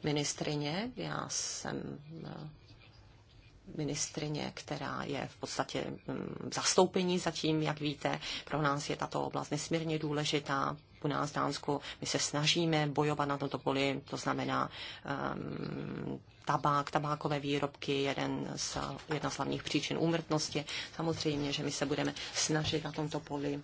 ministrině, já jsem eh, ministrině, která je v podstatě mm, zastoupení zatím, jak víte. Pro nás je tato oblast nesmírně důležitá u nás v Dánsku. My se snažíme bojovat na toto poli, to znamená um, tabák, tabákové výrobky, jeden z, jedna z hlavních příčin úmrtnosti. Samozřejmě, že my se budeme snažit na tomto poli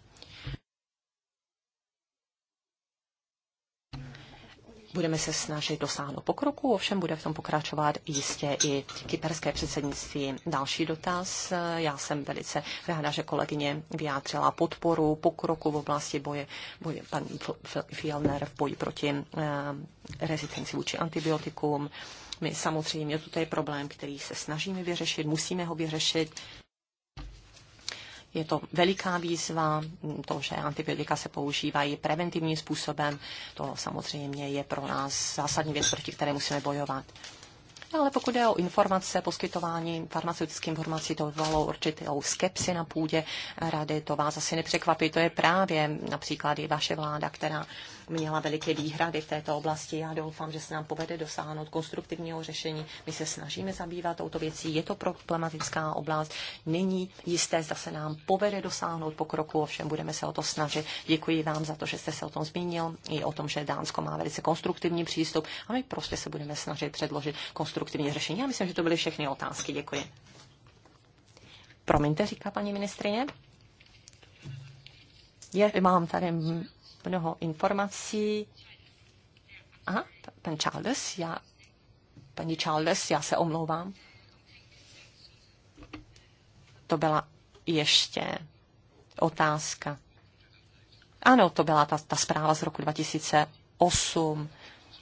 Budeme se snažit dosáhnout pokroku, ovšem bude v tom pokračovat jistě i kyperské předsednictví. Další dotaz. Já jsem velice ráda, že kolegyně vyjádřila podporu pokroku v oblasti boje, boje pan Fielner v boji proti eh, rezistenci vůči antibiotikům. My samozřejmě, toto je problém, který se snažíme vyřešit, musíme ho vyřešit. Je to veliká výzva, to, že antibiotika se používají preventivním způsobem, to samozřejmě je pro nás zásadní věc, proti které musíme bojovat. Ale pokud je o informace, poskytování farmaceutických informací, to vyvolalo určitou skepsi na půdě rady, to vás asi nepřekvapí, to je právě například i vaše vláda, která měla veliké výhrady v této oblasti. Já doufám, že se nám povede dosáhnout konstruktivního řešení. My se snažíme zabývat touto věcí. Je to problematická oblast. Není jisté, zda se nám povede dosáhnout pokroku, ovšem budeme se o to snažit. Děkuji vám za to, že jste se o tom zmínil i o tom, že Dánsko má velice konstruktivní přístup a my prostě se budeme snažit předložit konstruktivní řešení. Já myslím, že to byly všechny otázky. Děkuji. Promiňte, říká paní ministrině. Je, mám tady mnoho informací. Aha, pan Charles, já, paní Charles, já se omlouvám. To byla ještě otázka. Ano, to byla ta, ta zpráva z roku 2008,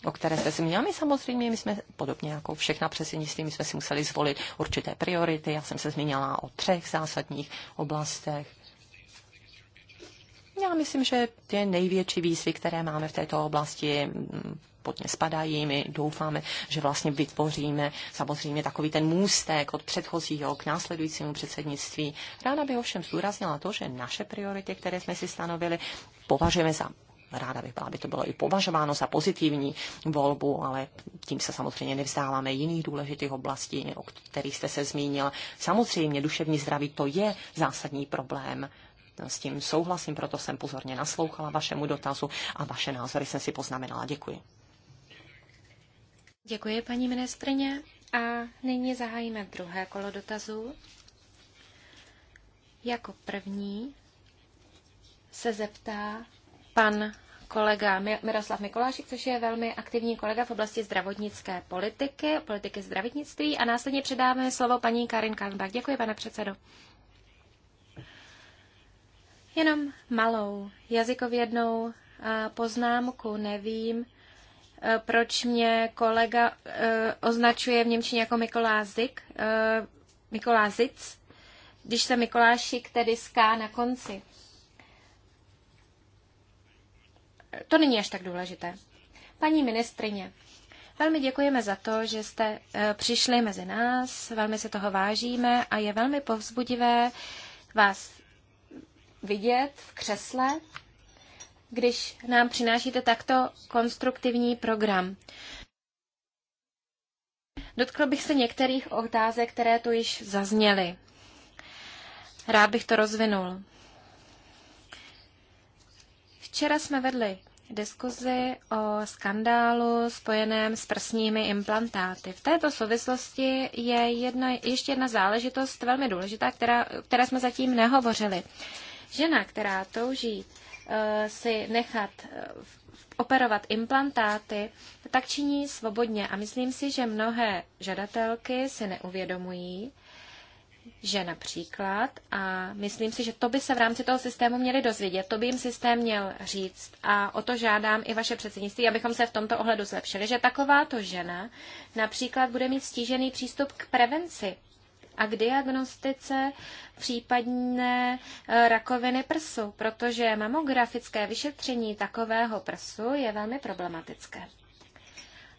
o které jste zmínila. My samozřejmě, my jsme podobně jako všechna předsednictví, my jsme si museli zvolit určité priority. Já jsem se zmínila o třech zásadních oblastech. Já myslím, že ty největší výzvy, které máme v této oblasti, mm, pod ně spadají. My doufáme, že vlastně vytvoříme samozřejmě takový ten můstek od předchozího k následujícímu předsednictví. Ráda bych ovšem zdůraznila to, že naše priority, které jsme si stanovili, považujeme za ráda bych byla, aby to bylo i považováno za pozitivní volbu, ale tím se samozřejmě nevzdáváme jiných důležitých oblastí, o kterých jste se zmínil. Samozřejmě duševní zdraví to je zásadní problém s tím souhlasím, proto jsem pozorně naslouchala vašemu dotazu a vaše názory jsem si poznamenala. Děkuji. Děkuji, paní ministrině. A nyní zahájíme druhé kolo dotazů. Jako první se zeptá pan kolega Miroslav Mikolášek, což je velmi aktivní kolega v oblasti zdravotnické politiky, politiky zdravotnictví a následně předáme slovo paní Karin Kalmbach. Děkuji, pane předsedo. Jenom malou jazykovědnou poznámku. Nevím, e, proč mě kolega e, označuje v Němčině jako Mikolázik, e, Mikolázic, když se Mikolášik tedy ská na konci. To není až tak důležité. Paní ministrině, velmi děkujeme za to, že jste přišli mezi nás, velmi se toho vážíme a je velmi povzbudivé vás vidět v křesle, když nám přinášíte takto konstruktivní program. Dotkl bych se některých otázek, které tu již zazněly. Rád bych to rozvinul. Včera jsme vedli diskuzi o skandálu spojeném s prsními implantáty. V této souvislosti je jedna, ještě jedna záležitost velmi důležitá, která, které jsme zatím nehovořili. Uh, Žena, která touží eh, si nechat eh, operovat implantáty, tak činí svobodně. A myslím si, že mnohé žadatelky si neuvědomují, že například, a myslím si, že to by se v rámci toho systému měli dozvědět, to by jim systém měl říct. A o to žádám i vaše předsednictví, abychom se v tomto ohledu zlepšili, že takováto žena například bude mít stížený přístup k prevenci a k diagnostice případné e, rakoviny prsu, protože mamografické vyšetření takového prsu je velmi problematické.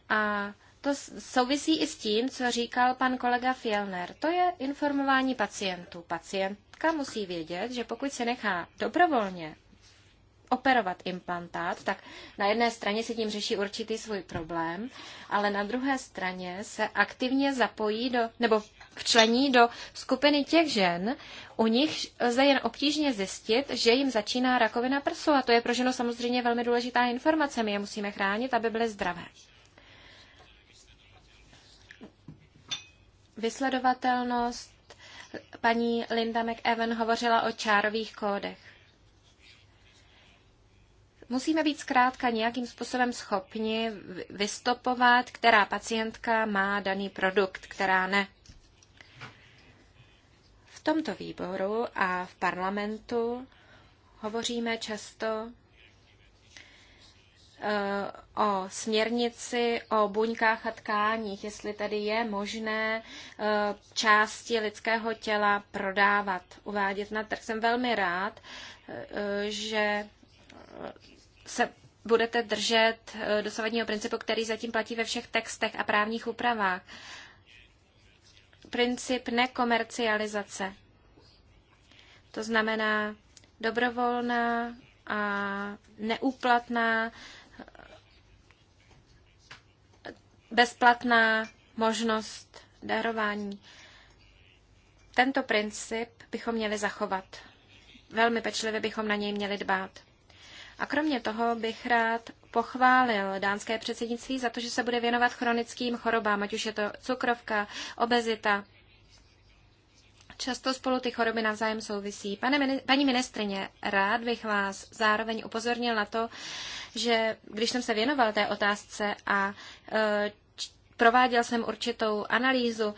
A to souvisí i s tím, co říkal pan kolega Fielner. To je informování pacientů. Pacientka musí vědět, že pokud se nechá dobrovolně operovat implantát, tak na jedné straně se tím řeší určitý svůj problém, ale na druhé straně se aktivně zapojí do, nebo včlení do skupiny těch žen, u nich lze jen obtížně zjistit, že jim začíná rakovina prsu a to je pro ženu samozřejmě velmi důležitá informace. My je musíme chránit, aby byly zdravé. Vysledovatelnost. Paní Linda McEwen hovořila o čárových kódech. Musíme být zkrátka nějakým způsobem schopni vystopovat, která pacientka má daný produkt, která ne tomto výboru a v parlamentu hovoříme často eh, o směrnici o buňkách a tkáních, jestli tedy je možné eh, části lidského těla prodávat, uvádět na trh. Jsem velmi rád, eh, že se budete držet dosavadního principu, který zatím platí ve všech textech a právních úpravách princip nekomercializace. To znamená dobrovolná a neúplatná, bezplatná možnost darování. Tento princip bychom měli zachovat. Velmi pečlivě bychom na něj měli dbát. A kromě toho bych rád pochválil dánské předsednictví za to, že se bude věnovat chronickým chorobám, ať už je to cukrovka, obezita. Často spolu ty choroby navzájem souvisí. Pane, paní ministrině, rád bych vás zároveň upozornil na to, že když jsem se věnoval té otázce a e, prováděl jsem určitou analýzu,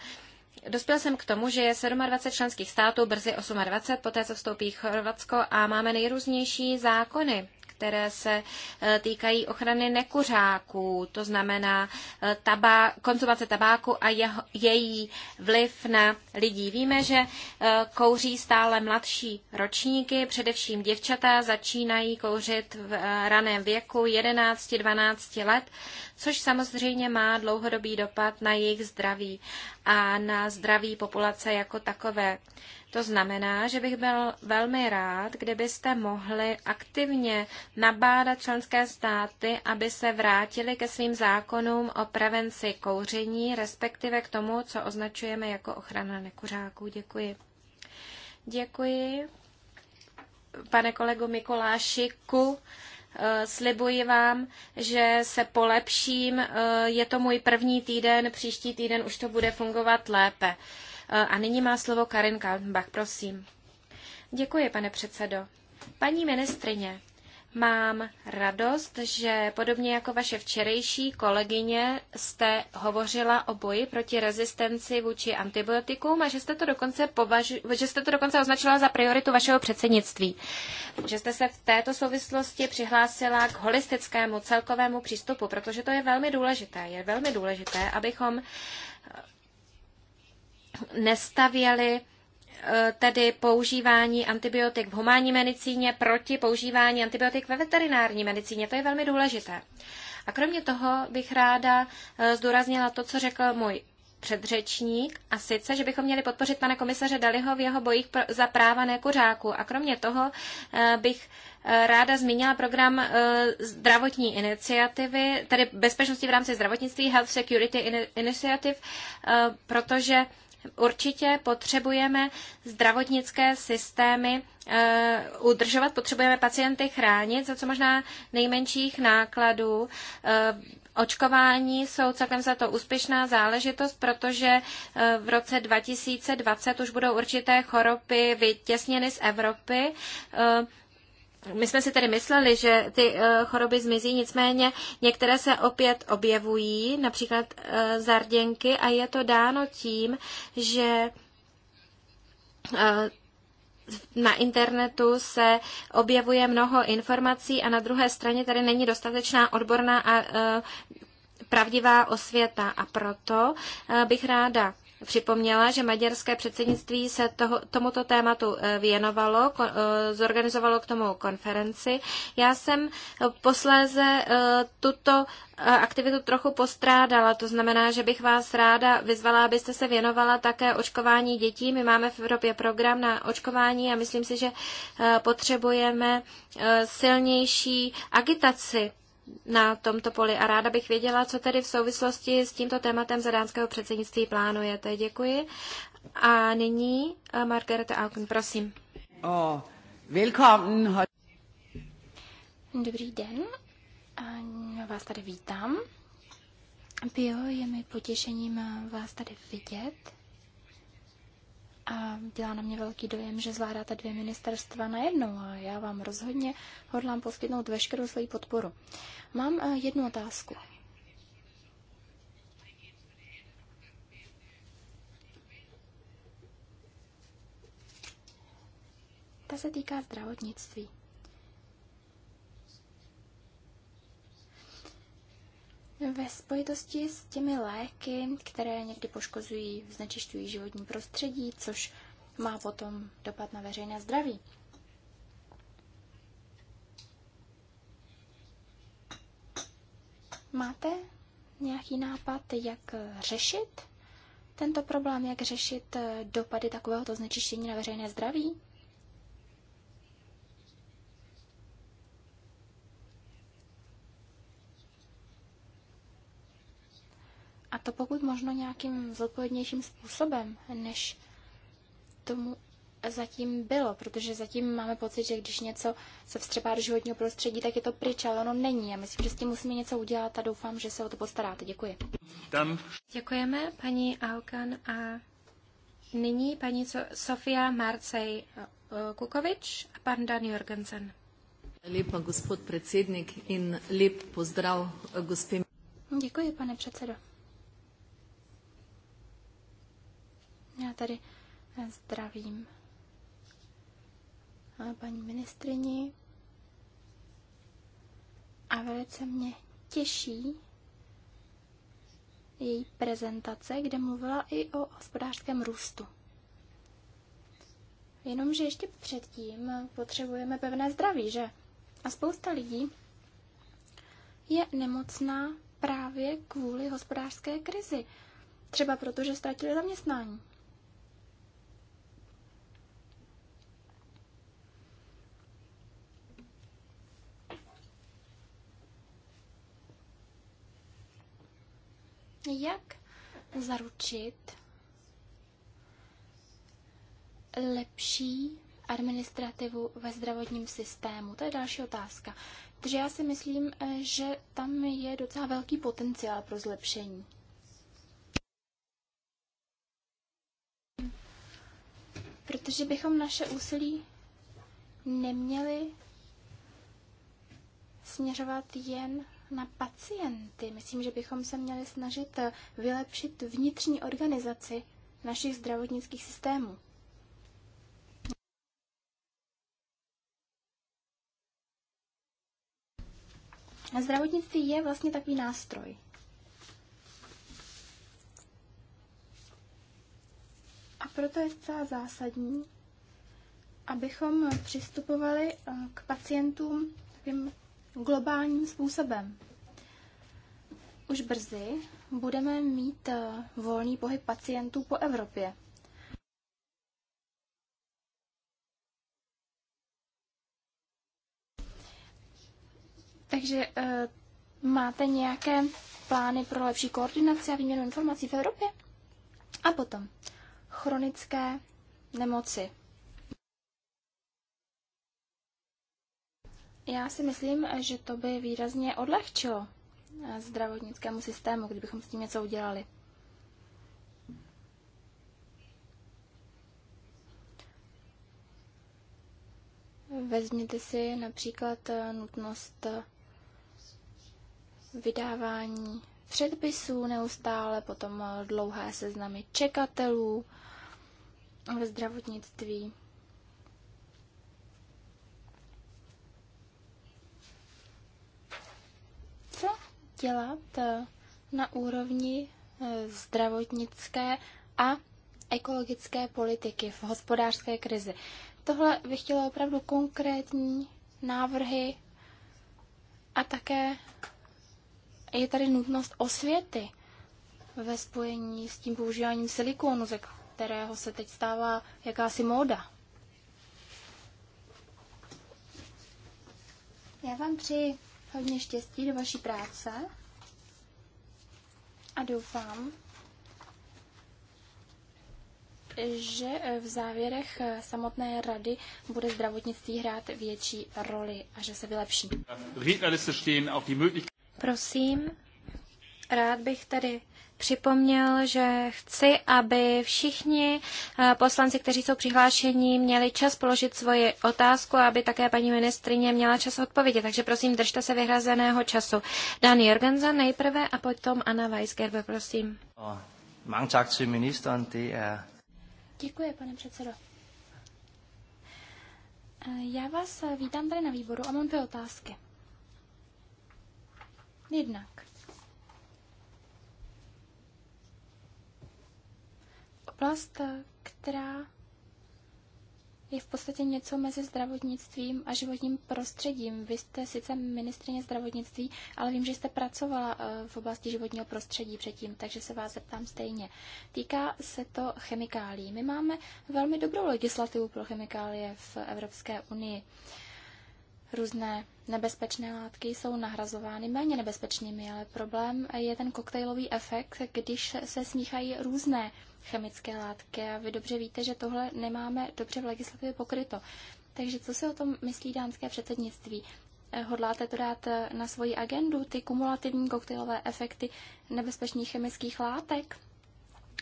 Dospěl jsem k tomu, že je 27 členských států, brzy 28, poté co vstoupí Chorvatsko a máme nejrůznější zákony které se eh, týkají ochrany nekuřáků, to znamená eh, tabá, konzumace tabáku a jeho, její vliv na lidí. Víme, že eh, kouří stále mladší ročníky, především děvčata začínají kouřit v raném věku 11-12 let, což samozřejmě má dlouhodobý dopad na jejich zdraví a na zdraví populace jako takové. To znamená, že bych byl velmi rád, kdybyste mohli aktivně nabádat členské státy, aby se vrátili ke svým zákonům o prevenci kouření, respektive k tomu, co označujeme jako ochrana nekuřáků. Děkuji. Děkuji, pane kolego Mikolášiku eh, slibuji vám, že se polepším. Eh, je to můj první týden, příští týden už to bude fungovat lépe. Eh, a nyní má slovo Karin Kaltenbach, prosím. Děkuji, pane předsedo. Paní ministrině, Mám radost, že podobně jako vaše včerejší kolegyně jste hovořila o boji proti rezistenci vůči antibiotikům a že jste, to dokonce považ- že jste to dokonce označila za prioritu vašeho předsednictví. Že jste se v této souvislosti přihlásila k holistickému celkovému přístupu, protože to je velmi důležité. Je velmi důležité, abychom nestavěli eh, tedy používání antibiotik v humánní medicíně proti používání antibiotik ve veterinární medicíně. To je velmi důležité. A kromě toho bych ráda eh, zdůraznila to, co řekl můj předřečník, a sice, že bychom měli podpořit pana komisaře Daliho v jeho bojích za práva nekuřáků. A kromě toho eh, bych ráda zmínila program zdravotní iniciativy, tedy bezpečnosti v rámci zdravotnictví Health Security Initiative, protože určitě potřebujeme zdravotnické systémy eh, udržovat, potřebujeme pacienty chránit za co možná nejmenších nákladů. Eh, očkování jsou celkem za to úspěšná záležitost, protože eh, v roce 2020 už budou určité choroby vytěsněny z Evropy my jsme si tedy mysleli, že ty eh, choroby zmizí, nicméně některé se opět objevují, například eh, zarděnky, a je to dáno tím, že eh, na internetu se objevuje mnoho informací a na druhé straně tady není dostatečná odborná a pravdivá osvěta. A proto bych ráda připomněla, že maďarské předsednictví se toho, tomuto tématu eh, věnovalo, eh, zorganizovalo k tomu konferenci. Já jsem eh, posléze tuto aktivitu trochu postrádala, to znamená, že bych vás ráda vyzvala, abyste se věnovala také očkování dětí. My máme v Evropě program na očkování a myslím si, že potřebujeme silnější agitaci na tomto poli a ráda bych věděla, co tedy v souvislosti s tímto tématem dánského předsednictví plánujete. Děkuji. A nyní eh, Margarete Auken, prosím. Oh, velkommen. Dobrý den. Já vás tady vítám. Pio, je mi potěšením eh, vás tady vidět. A dělá na mě velký dojem, že zvládáte dvě ministerstva najednou a já vám rozhodně hodlám poskytnout veškerou svoji podporu. Mám eh, jednu otázku. Ta se týká zdravotnictví. Ve spojitosti s těmi léky, které někdy poškozují, znečišťují životní prostředí, což má potom dopad na veřejné zdraví. Máte nějaký nápad, jak řešit tento problém, jak řešit dopady takovéhoto znečištění na veřejné zdraví? A to pokud možno nějakým zodpovědnějším způsobem, než tomu zatím bylo, protože zatím máme pocit, že když něco se vstřebá do životního prostředí, tak je to pryč, ale ono není. Já myslím, že s tím musíme něco udělat a doufám, že se o to postaráte. Děkuji. Tam. Děkujeme, paní Alkan a nyní paní Sofia Marcej eh, Kukovič a pan Dan Jorgensen. Lepa, gospod predsednik, in lep pozdrav, eh, gospě. Děkuji, pane předsedo. Já tady eh, zdravím eh, paní ministrini a velice mě těší její prezentace, kde mluvila i o hospodářském růstu. Jenomže ještě předtím potřebujeme pevné zdraví, že? A spousta lidí je nemocná právě kvůli hospodářské krizi. Třeba proto, že ztratili zaměstnání. Jak zaručit lepší administrativu ve zdravotním systému? To je další otázka. Takže já si myslím, eh, že tam je docela velký potenciál pro zlepšení. Protože bychom naše úsilí neměli směřovat jen na pacienty. Myslím, že bychom se měli snažit eh, vylepšit vnitřní organizaci našich zdravotnických systémů. A zdravotnictví je vlastně takový nástroj. A proto je zcela zásadní, abychom přistupovali eh, k pacientům takovým globálním způsobem. Už brzy budeme mít eh, volný pohyb pacientů po Evropě. Takže e, máte nějaké plány pro lepší koordinaci a výměnu informací v Evropě? A potom chronické nemoci. Já si myslím, že to by výrazně odlehčilo eh, zdravotnickému systému, kdybychom s tím něco udělali. Vezměte si například eh, nutnost eh, vydávání předpisů neustále, potom dlouhé seznamy čekatelů ve zdravotnictví. dělat eh, na úrovni eh, zdravotnické a ekologické politiky v hospodářské krizi. Tohle bych chtěla opravdu konkrétní návrhy a také je tady nutnost osvěty ve spojení s tím používáním silikonu, ze kterého se teď stává jakási móda. Já vám přeji hodně štěstí do vaší práce a doufám, že v závěrech samotné rady bude zdravotnictví hrát větší roli a že se vylepší. Prosím, rád bych tady připomněl, že chci, aby všichni eh, poslanci, kteří jsou přihlášení, měli čas položit svoji otázku, aby také paní ministrině měla čas odpovědět. Takže prosím, držte se vyhrazeného času. Dan Jorgenza nejprve a potom Anna Weisgerber, prosím. Er- Děkuji, pane předsedo. Eh, já vás eh, vítám tady na výboru a mám dvě otázky. Jednak, oblast, která je v podstatě něco mezi zdravotnictvím a životním prostředím. Vy jste sice ministrině zdravotnictví, ale vím, že jste pracovala eh, v oblasti životního prostředí předtím, takže se vás zeptám stejně. Týká se to chemikálí. My máme velmi dobrou legislativu pro chemikálie v Evropské unii. Různé nebezpečné látky jsou nahrazovány méně nebezpečnými, ale problém je ten koktejlový efekt, když se smíchají různé chemické látky a vy dobře víte, že tohle nemáme dobře v legislativě pokryto. Takže co si o tom myslí dánské předsednictví? Eh, hodláte to dát eh, na svoji agendu, ty kumulativní koktejlové efekty nebezpečných chemických látek?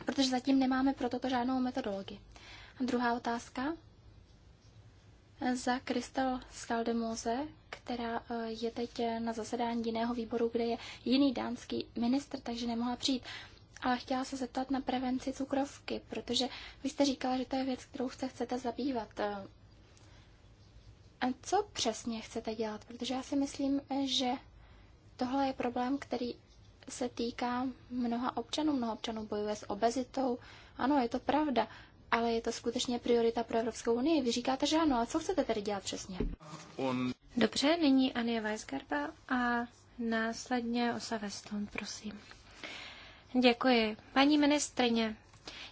Protože zatím nemáme pro toto žádnou metodologii. A druhá otázka eh, za Kristel Skaldemose, která je teď na zasedání jiného výboru, kde je jiný dánský ministr, takže nemohla přijít ale chtěla se zeptat na prevenci cukrovky, protože vy jste říkala, že to je věc, kterou se chcete zabývat. A co přesně chcete dělat? Protože já si myslím, že tohle je problém, který se týká mnoha občanů. Mnoho občanů bojuje s obezitou. Ano, je to pravda, ale je to skutečně priorita pro Evropskou unii. Vy říkáte, že ano, a co chcete tedy dělat přesně? On... Dobře, nyní Anie Weisgerba a následně Osa Weston, prosím. Děkuji. Paní ministrině,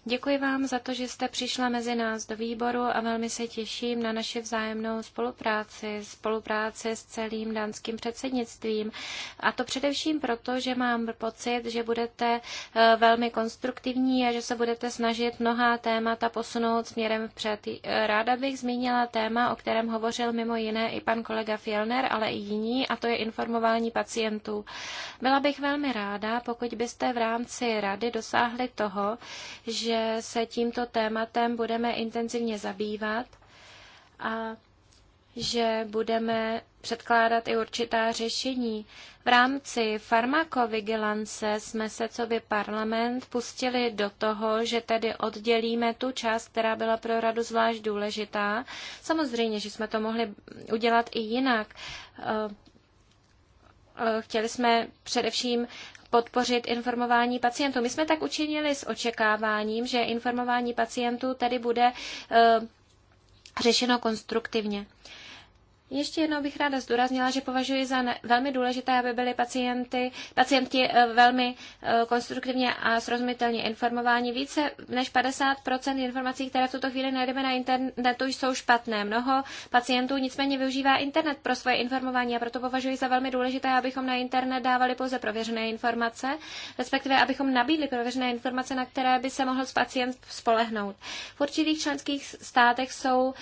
Děkuji vám za to, že jste přišla mezi nás do výboru a velmi se těším na naši vzájemnou spolupráci, spolupráci s celým dánským předsednictvím. A to především proto, že mám pocit, že budete eh, velmi konstruktivní a že se budete snažit mnohá témata posunout směrem vpřed. Ráda bych zmínila téma, o kterém hovořil mimo jiné i pan kolega Fielner, ale i jiní, a to je informování pacientů. Byla bych velmi ráda, pokud byste v rámci rady dosáhli toho, že se tímto tématem budeme intenzivně zabývat a že budeme předkládat i určitá řešení. V rámci farmakovigilance jsme se, co by parlament, pustili do toho, že tedy oddělíme tu část, která byla pro radu zvlášť důležitá. Samozřejmě, že jsme to mohli udělat i jinak. Eh, chtěli jsme především podpořit informování pacientů. My jsme tak učinili s očekáváním, že informování pacientů tedy bude eh, řešeno konstruktivně. Ještě jednou bych ráda zdůraznila, že považuji za ne- velmi důležité, aby byli pacienty, pacienti eh, velmi eh, konstruktivně a srozumitelně informováni. Více než 50 informací, které v tuto chvíli najdeme na internetu, jsou špatné. Mnoho pacientů nicméně využívá internet pro svoje informování a proto považuji za velmi důležité, abychom na internet dávali pouze prověřené informace, respektive abychom nabídli prověřené informace, na které by se mohl pacient spolehnout. V určitých členských státech jsou uh,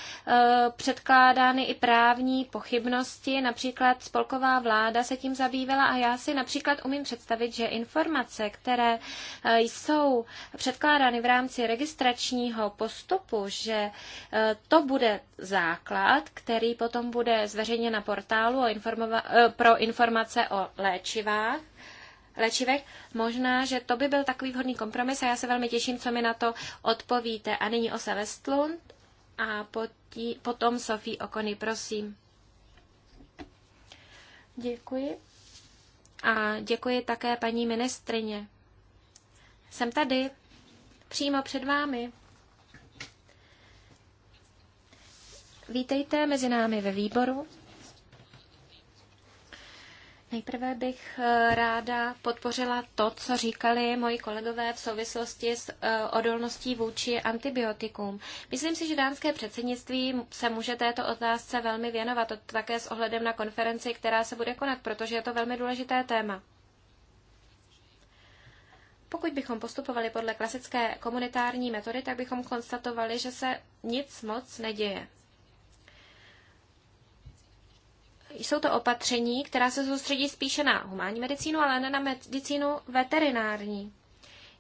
předkládány i právní pochybnosti. Například spolková vláda se tím zabývala a já si například umím představit, že informace, které eh, jsou předkládány v rámci registračního postupu, že eh, to bude základ, který potom bude zveřejněn na portálu eh, pro informace o léčivách, léčivek. Možná, že to by byl takový vhodný kompromis a já se velmi těším, co mi na to odpovíte. A nyní o Westlund a potí, potom Sofí Okony, prosím. Děkuji. A děkuji také paní ministrině. Jsem tady, přímo před vámi. Vítejte mezi námi ve výboru. Nejprve bych eh, ráda podpořila to, co říkali moji kolegové v souvislosti s eh, odolností vůči antibiotikům. Myslím si, že dánské předsednictví se může této otázce velmi věnovat, také s ohledem na konferenci, která se bude konat, protože je to velmi důležité téma. Pokud bychom postupovali podle klasické komunitární metody, tak bychom konstatovali, že se nic moc neděje. jsou to opatření, která se soustředí spíše na humánní medicínu, ale ne na medicínu veterinární.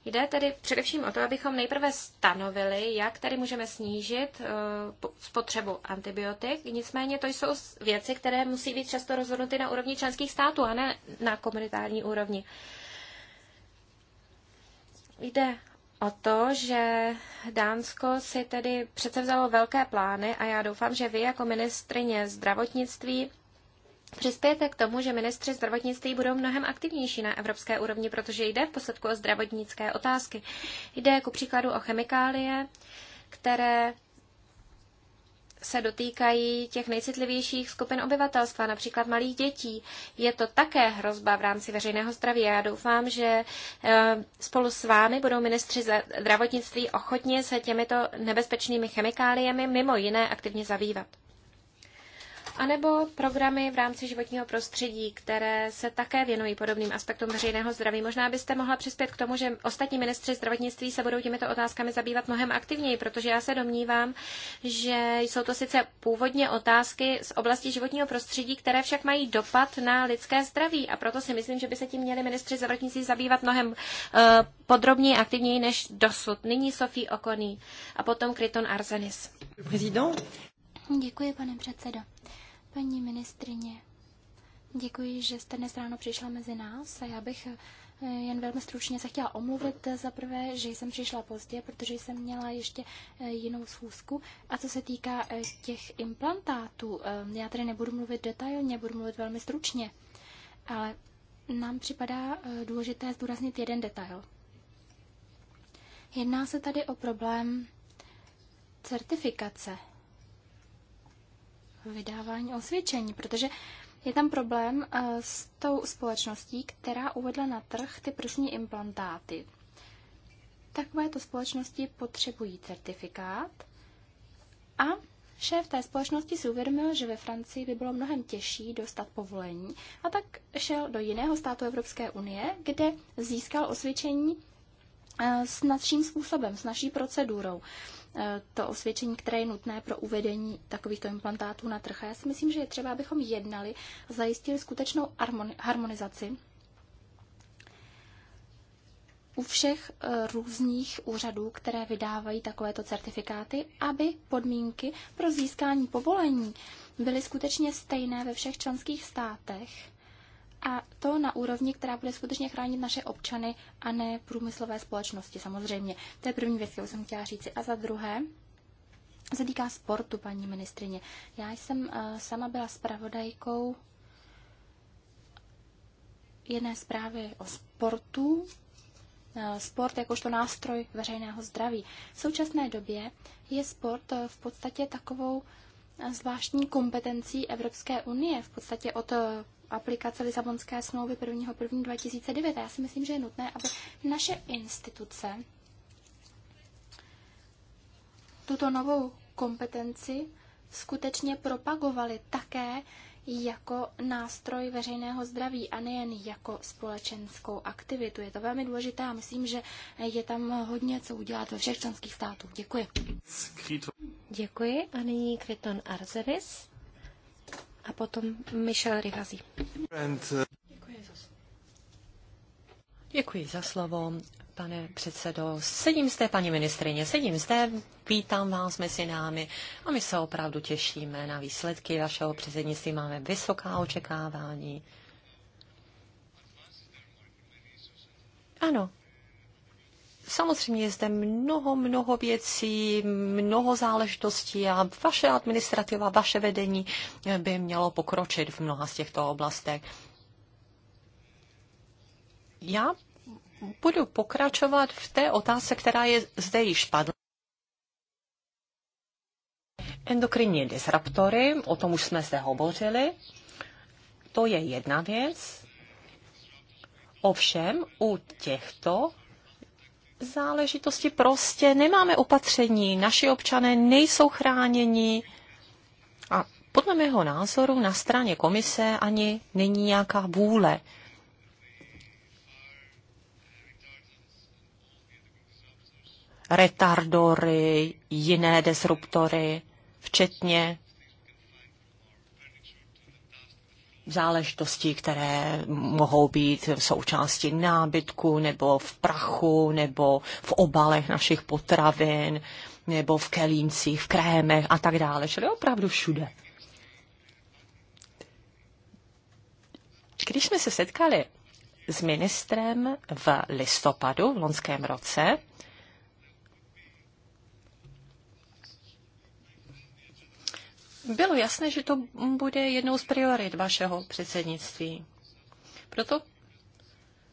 Jde tedy především o to, abychom nejprve stanovili, jak tady můžeme snížit eh, spotřebu antibiotik. Nicméně to jsou věci, které musí být často rozhodnuty na úrovni členských států a ne na komunitární úrovni. Jde o to, že Dánsko si tedy přece vzalo velké plány a já doufám, že vy jako ministrině zdravotnictví přispějete k tomu, že ministři zdravotnictví budou mnohem aktivnější na evropské úrovni, protože jde v posledku o zdravotnické otázky. Jde ku příkladu o chemikálie, které se dotýkají těch nejcitlivějších skupin obyvatelstva, například malých dětí. Je to také hrozba v rámci veřejného zdraví. Já doufám, že eh, spolu s vámi budou ministři zdravotnictví ochotně se těmito nebezpečnými chemikáliemi mimo jiné aktivně zabývat anebo programy v rámci životního prostředí, které se také věnují podobným aspektům veřejného zdraví. Možná byste mohla přispět k tomu, že ostatní ministři zdravotnictví se budou těmito otázkami zabývat mnohem aktivněji, protože já se domnívám, že jsou to sice původně otázky z oblasti životního prostředí, které však mají dopad na lidské zdraví a proto si myslím, že by se tím měli ministři zdravotnictví zabývat mnohem uh, podrobněji a aktivněji než dosud. Nyní Sofie Okoný a potom Kryton Arzenis. Prezident. Děkuji, pane předsedo. Paní ministrině, děkuji, že jste dnes ráno přišla mezi nás a já bych eh, jen velmi stručně se chtěla omluvit eh, za prvé, že jsem přišla pozdě, protože jsem měla ještě eh, jinou schůzku. A co se týká těch implantátů, já tady nebudu mluvit detailně, budu mluvit velmi stručně, ale nám připadá důležité zdůraznit jeden detail. Jedná se tady o problém certifikace vydávání osvědčení, protože je tam problém eh, s tou společností, která uvedla na trh ty prsní implantáty. Takovéto společnosti potřebují certifikát a Šéf té společnosti si uvědomil, že ve Francii by bylo mnohem těžší dostat povolení a tak šel do jiného státu Evropské unie, kde získal osvědčení eh, s nadším způsobem, s naší procedurou. Eh, to osvědčení, které je nutné pro uvedení takovýchto implantátů na trh. A já si myslím, že je třeba, abychom jednali, zajistili skutečnou harmonizaci u všech eh, různých úřadů, které vydávají takovéto certifikáty, aby podmínky pro získání povolení byly skutečně stejné ve všech členských státech a to na úrovni, která bude skutečně chránit naše občany a ne průmyslové společnosti samozřejmě. To je první věc, kterou jsem chtěla říci. A za druhé, se týká sportu, paní ministrině. Já jsem eh, sama byla spravodajkou jedné zprávy o sportu, eh, sport jakožto nástroj veřejného zdraví. V současné době je sport eh, v podstatě takovou zvláštní kompetencí Evropské unie, v podstatě od aplikace Lisabonské smlouvy 1.1.2009. Já si myslím, že je nutné, aby naše instituce tuto novou kompetenci skutečně propagovaly také jako nástroj veřejného zdraví a nejen jako společenskou aktivitu. Je to velmi důležité a myslím, že je tam hodně co udělat ve všech členských států. Děkuji. Děkuji a nyní Kryton Arzeris a potom Michel Rivazi. Uh, Děkuji za slovo. Děkuji za slovo, pane předsedo. Sedím zde, paní ministrině, sedím zde, vítám vás mezi námi a my se opravdu těšíme na výsledky vašeho předsednictví. Máme vysoká očekávání. Ano, samozřejmě je zde mnoho, mnoho věcí, mnoho záležitostí a vaše administrativa, vaše vedení by mělo pokročit v mnoha z těchto oblastech. Já budu pokračovat v té otázce, která je zde již padla. Endokrinní disruptory, o tom už jsme zde hovořili. To je jedna věc. Ovšem u těchto záležitosti prostě nemáme opatření, naši občané nejsou chráněni a podle mého názoru na straně komise ani není nějaká vůle retardory, jiné disruptory, včetně záležitosti, které mohou být v součástí nábytku nebo v prachu nebo v obalech našich potravin nebo v kelímcích, v krémech a tak dále. Čili opravdu všude. Když jsme se setkali s ministrem v listopadu v loňském roce, bylo jasné, že to bude jednou z priorit vašeho předsednictví. Proto,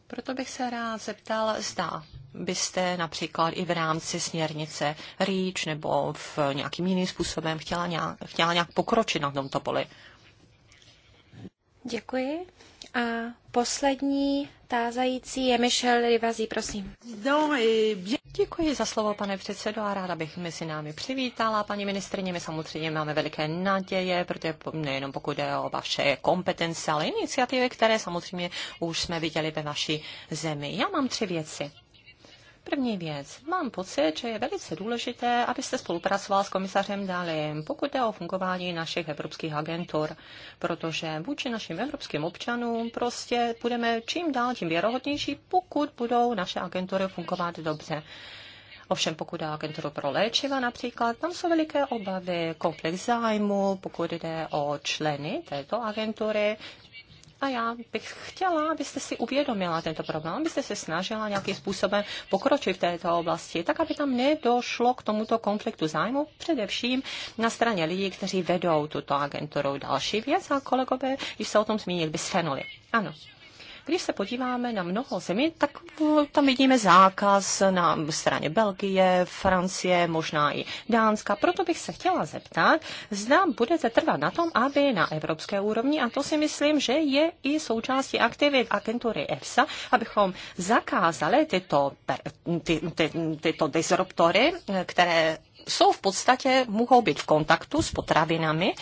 proto bych se rád zeptal, zda byste například i v rámci směrnice REACH nebo v nějakým jiným způsobem chtěla nějak, chtěla nějak pokročit na tomto poli. Děkuji. A poslední Tázající je Michel Rivazí, prosím. Děkuji za slovo, pane předsedo, a ráda bych mezi námi přivítala. Paní ministrině, my samozřejmě máme veliké naděje, protože nejenom pokud jde o vaše kompetence, ale iniciativy, které samozřejmě už jsme viděli ve vaší zemi. Já mám tři věci. První věc. Mám pocit, že je velice důležité, abyste spolupracoval s komisařem Dalim, pokud jde o fungování našich evropských agentur, protože vůči našim evropským občanům prostě budeme čím dál tím věrohodnější, pokud budou naše agentury fungovat dobře. Ovšem pokud jde agenturu pro léčiva například, tam jsou veliké obavy, konflikt zájmu, pokud jde o členy této agentury, a já bych chtěla, abyste si uvědomila tento problém, abyste se snažila nějakým způsobem pokročit v této oblasti, tak aby tam nedošlo k tomuto konfliktu zájmu, především na straně lidí, kteří vedou tuto agenturu. Další věc, a kolegové již se o tom zmínili, bisfenoly. Ano, když se podíváme na mnoho zemí, tak tam vidíme zákaz na straně Belgie, Francie, možná i Dánska. Proto bych se chtěla zeptat, zda budete trvat na tom, aby na evropské úrovni, a to si myslím, že je i součástí aktivit agentury EFSA, abychom zakázali tyto, ty, ty, tyto disruptory, které jsou v podstatě, mohou být v kontaktu s potravinami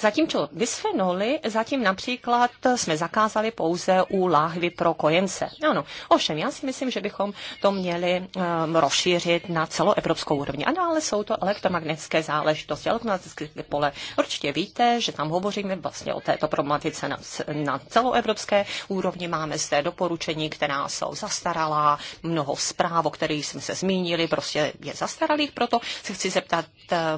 Zatímco bisfenoly zatím například jsme zakázali pouze u láhvy pro kojence. Ano, ovšem, já si myslím, že bychom to měli um, rozšířit na celoevropskou úrovni. A dále jsou to elektromagnetické záležitosti, elektromagnetické pole. Určitě víte, že tam hovoříme vlastně o této problematice na, na celoevropské úrovni. Máme zde doporučení, která jsou zastaralá, mnoho zpráv, o kterých jsme se zmínili, prostě je zastaralých, proto se chci zeptat,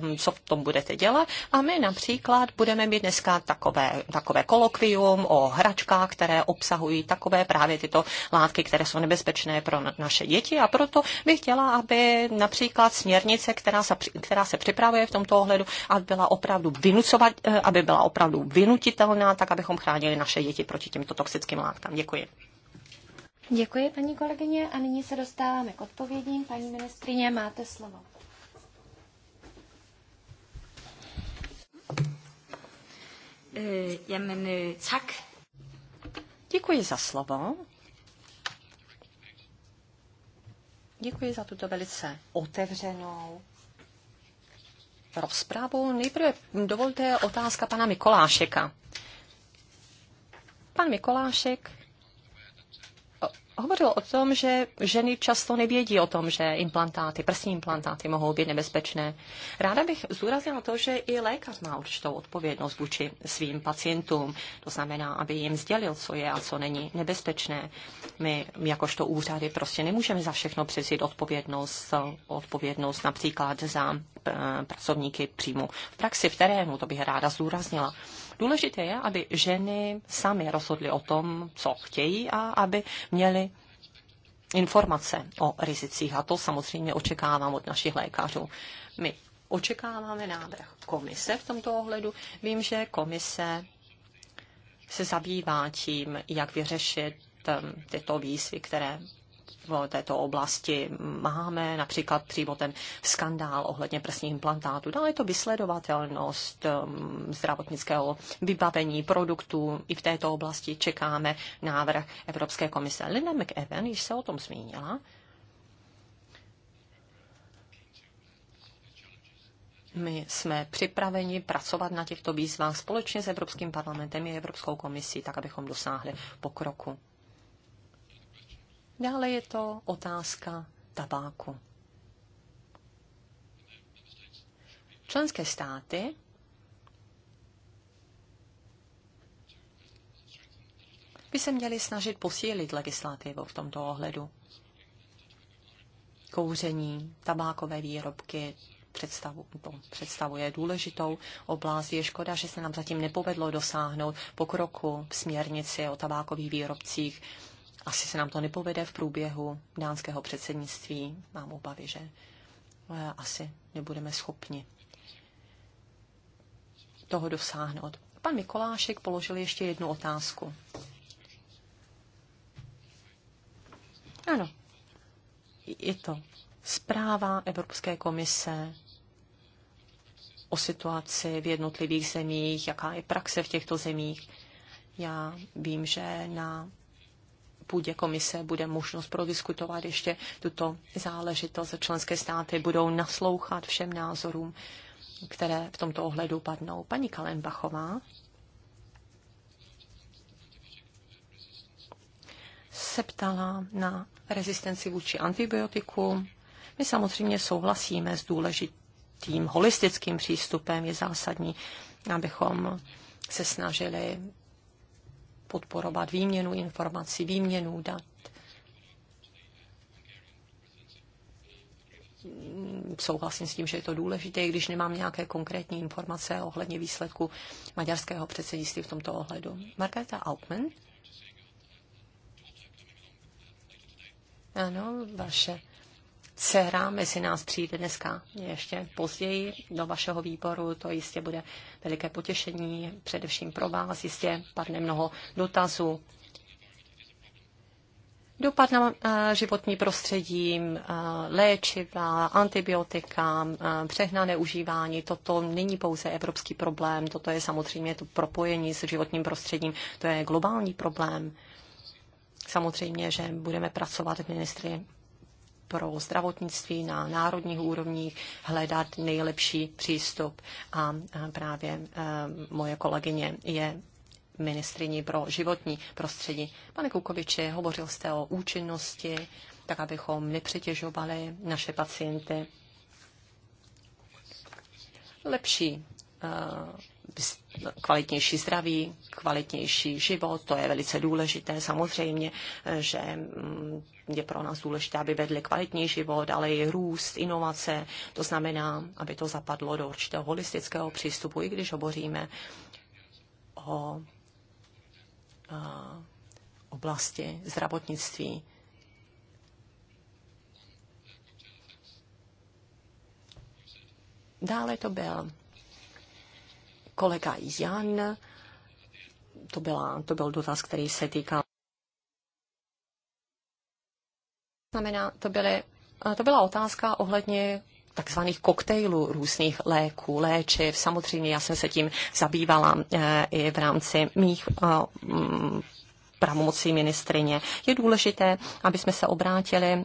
um, co v tom budete dělat. A my například budeme budeme mít dneska takové, takové kolokvium o hračkách, které obsahují takové právě tyto látky, které jsou nebezpečné pro naše děti. A proto bych chtěla, aby například směrnice, která se, která se připravuje v tomto ohledu, aby byla opravdu vynucovat, eh, aby byla opravdu vynutitelná, tak abychom chránili naše děti proti těmto toxickým látkám. Děkuji. Děkuji, paní kolegyně, a nyní se dostáváme k odpovědím. Paní ministrině, máte slovo. Øh, jamen, øh, tak. Děkuji za slovo. Děkuji za tuto velice otevřenou rozprávu. Nejprve dovolte otázka pana Mikolášeka. Pan Mikolášek hovořil o tom, že ženy často nevědí o tom, že implantáty, prsní implantáty mohou být nebezpečné. Ráda bych zúraznila to, že i lékař má určitou odpovědnost vůči svým pacientům. To znamená, aby jim sdělil, co je a co není nebezpečné. My jakožto úřady prostě nemůžeme za všechno přesít odpovědnost, odpovědnost například za eh, pracovníky přímo v praxi, v terénu, to bych ráda zúraznila. Důležité je, aby ženy sami rozhodly o tom, co chtějí a aby měly informace o rizicích. A to samozřejmě očekávám od našich lékařů. My očekáváme návrh komise v tomto ohledu. Vím, že komise se zabývá tím, jak vyřešit um, tyto výzvy, které v této oblasti máme, například přímo ten skandál ohledně prsních implantátů. Dále je to vysledovatelnost um, zdravotnického vybavení produktů. I v této oblasti čekáme návrh Evropské komise. Linda McEwen již se o tom zmínila. My jsme připraveni pracovat na těchto výzvách společně s Evropským parlamentem i Evropskou komisí, tak abychom dosáhli pokroku. Dále je to otázka tabáku. Členské státy by se měly snažit posílit legislativu v tomto ohledu. Kouření, tabákové výrobky, představu, to představuje důležitou oblast. Je škoda, že se nám zatím nepovedlo dosáhnout pokroku v směrnici o tabákových výrobcích asi se nám to nepovede v průběhu dánského předsednictví. Mám obavy, že eh, asi nebudeme schopni toho dosáhnout. Pan Mikolášek položil ještě jednu otázku. Ano, je to zpráva Evropské komise o situaci v jednotlivých zemích, jaká je praxe v těchto zemích. Já vím, že na půdě komise bude možnost prodiskutovat ještě tuto záležitost. Členské státy budou naslouchat všem názorům, které v tomto ohledu padnou. Paní Kalenbachová se ptala na rezistenci vůči antibiotiku. My samozřejmě souhlasíme s důležitým holistickým přístupem. Je zásadní, abychom se snažili podporovat výměnu informací, výměnu dat. Souhlasím s tím, že je to důležité, i když nemám nějaké konkrétní informace ohledně výsledku maďarského předsednictví v tomto ohledu. Margareta Altman. Ano, vaše dcera mezi nás přijde dneska ještě později do vašeho výboru. To jistě bude veliké potěšení, především pro vás. Jistě padne mnoho dotazů. Dopad na eh, životní prostředí, eh, léčiva, antibiotika, eh, přehnané užívání, toto není pouze evropský problém, toto je samozřejmě to propojení s životním prostředím, to je globální problém. Samozřejmě, že budeme pracovat ministry pro zdravotnictví na národních úrovních hledat nejlepší přístup. A právě e, moje kolegyně je ministrině pro životní prostředí. Pane Kukoviči, hovořil jste o účinnosti, tak abychom nepřetěžovali naše pacienty. Lepší e, kvalitnější zdraví, kvalitnější život, to je velice důležité. Samozřejmě, že mm, je pro nás důležité, aby vedli kvalitní život, ale i růst, inovace. To znamená, aby to zapadlo do určitého holistického přístupu, i když hovoříme o oblasti zdravotnictví. Dále to byl kolega Jan, to, byla, to byl dotaz, který se týkal znamená, to, byly, eh, to byla otázka ohledně takzvaných koktejlů různých léků, léčiv. Samozřejmě já jsem se tím zabývala eh, i v rámci mých eh, mm, pravomocí ministrině. Je důležité, aby jsme se obrátili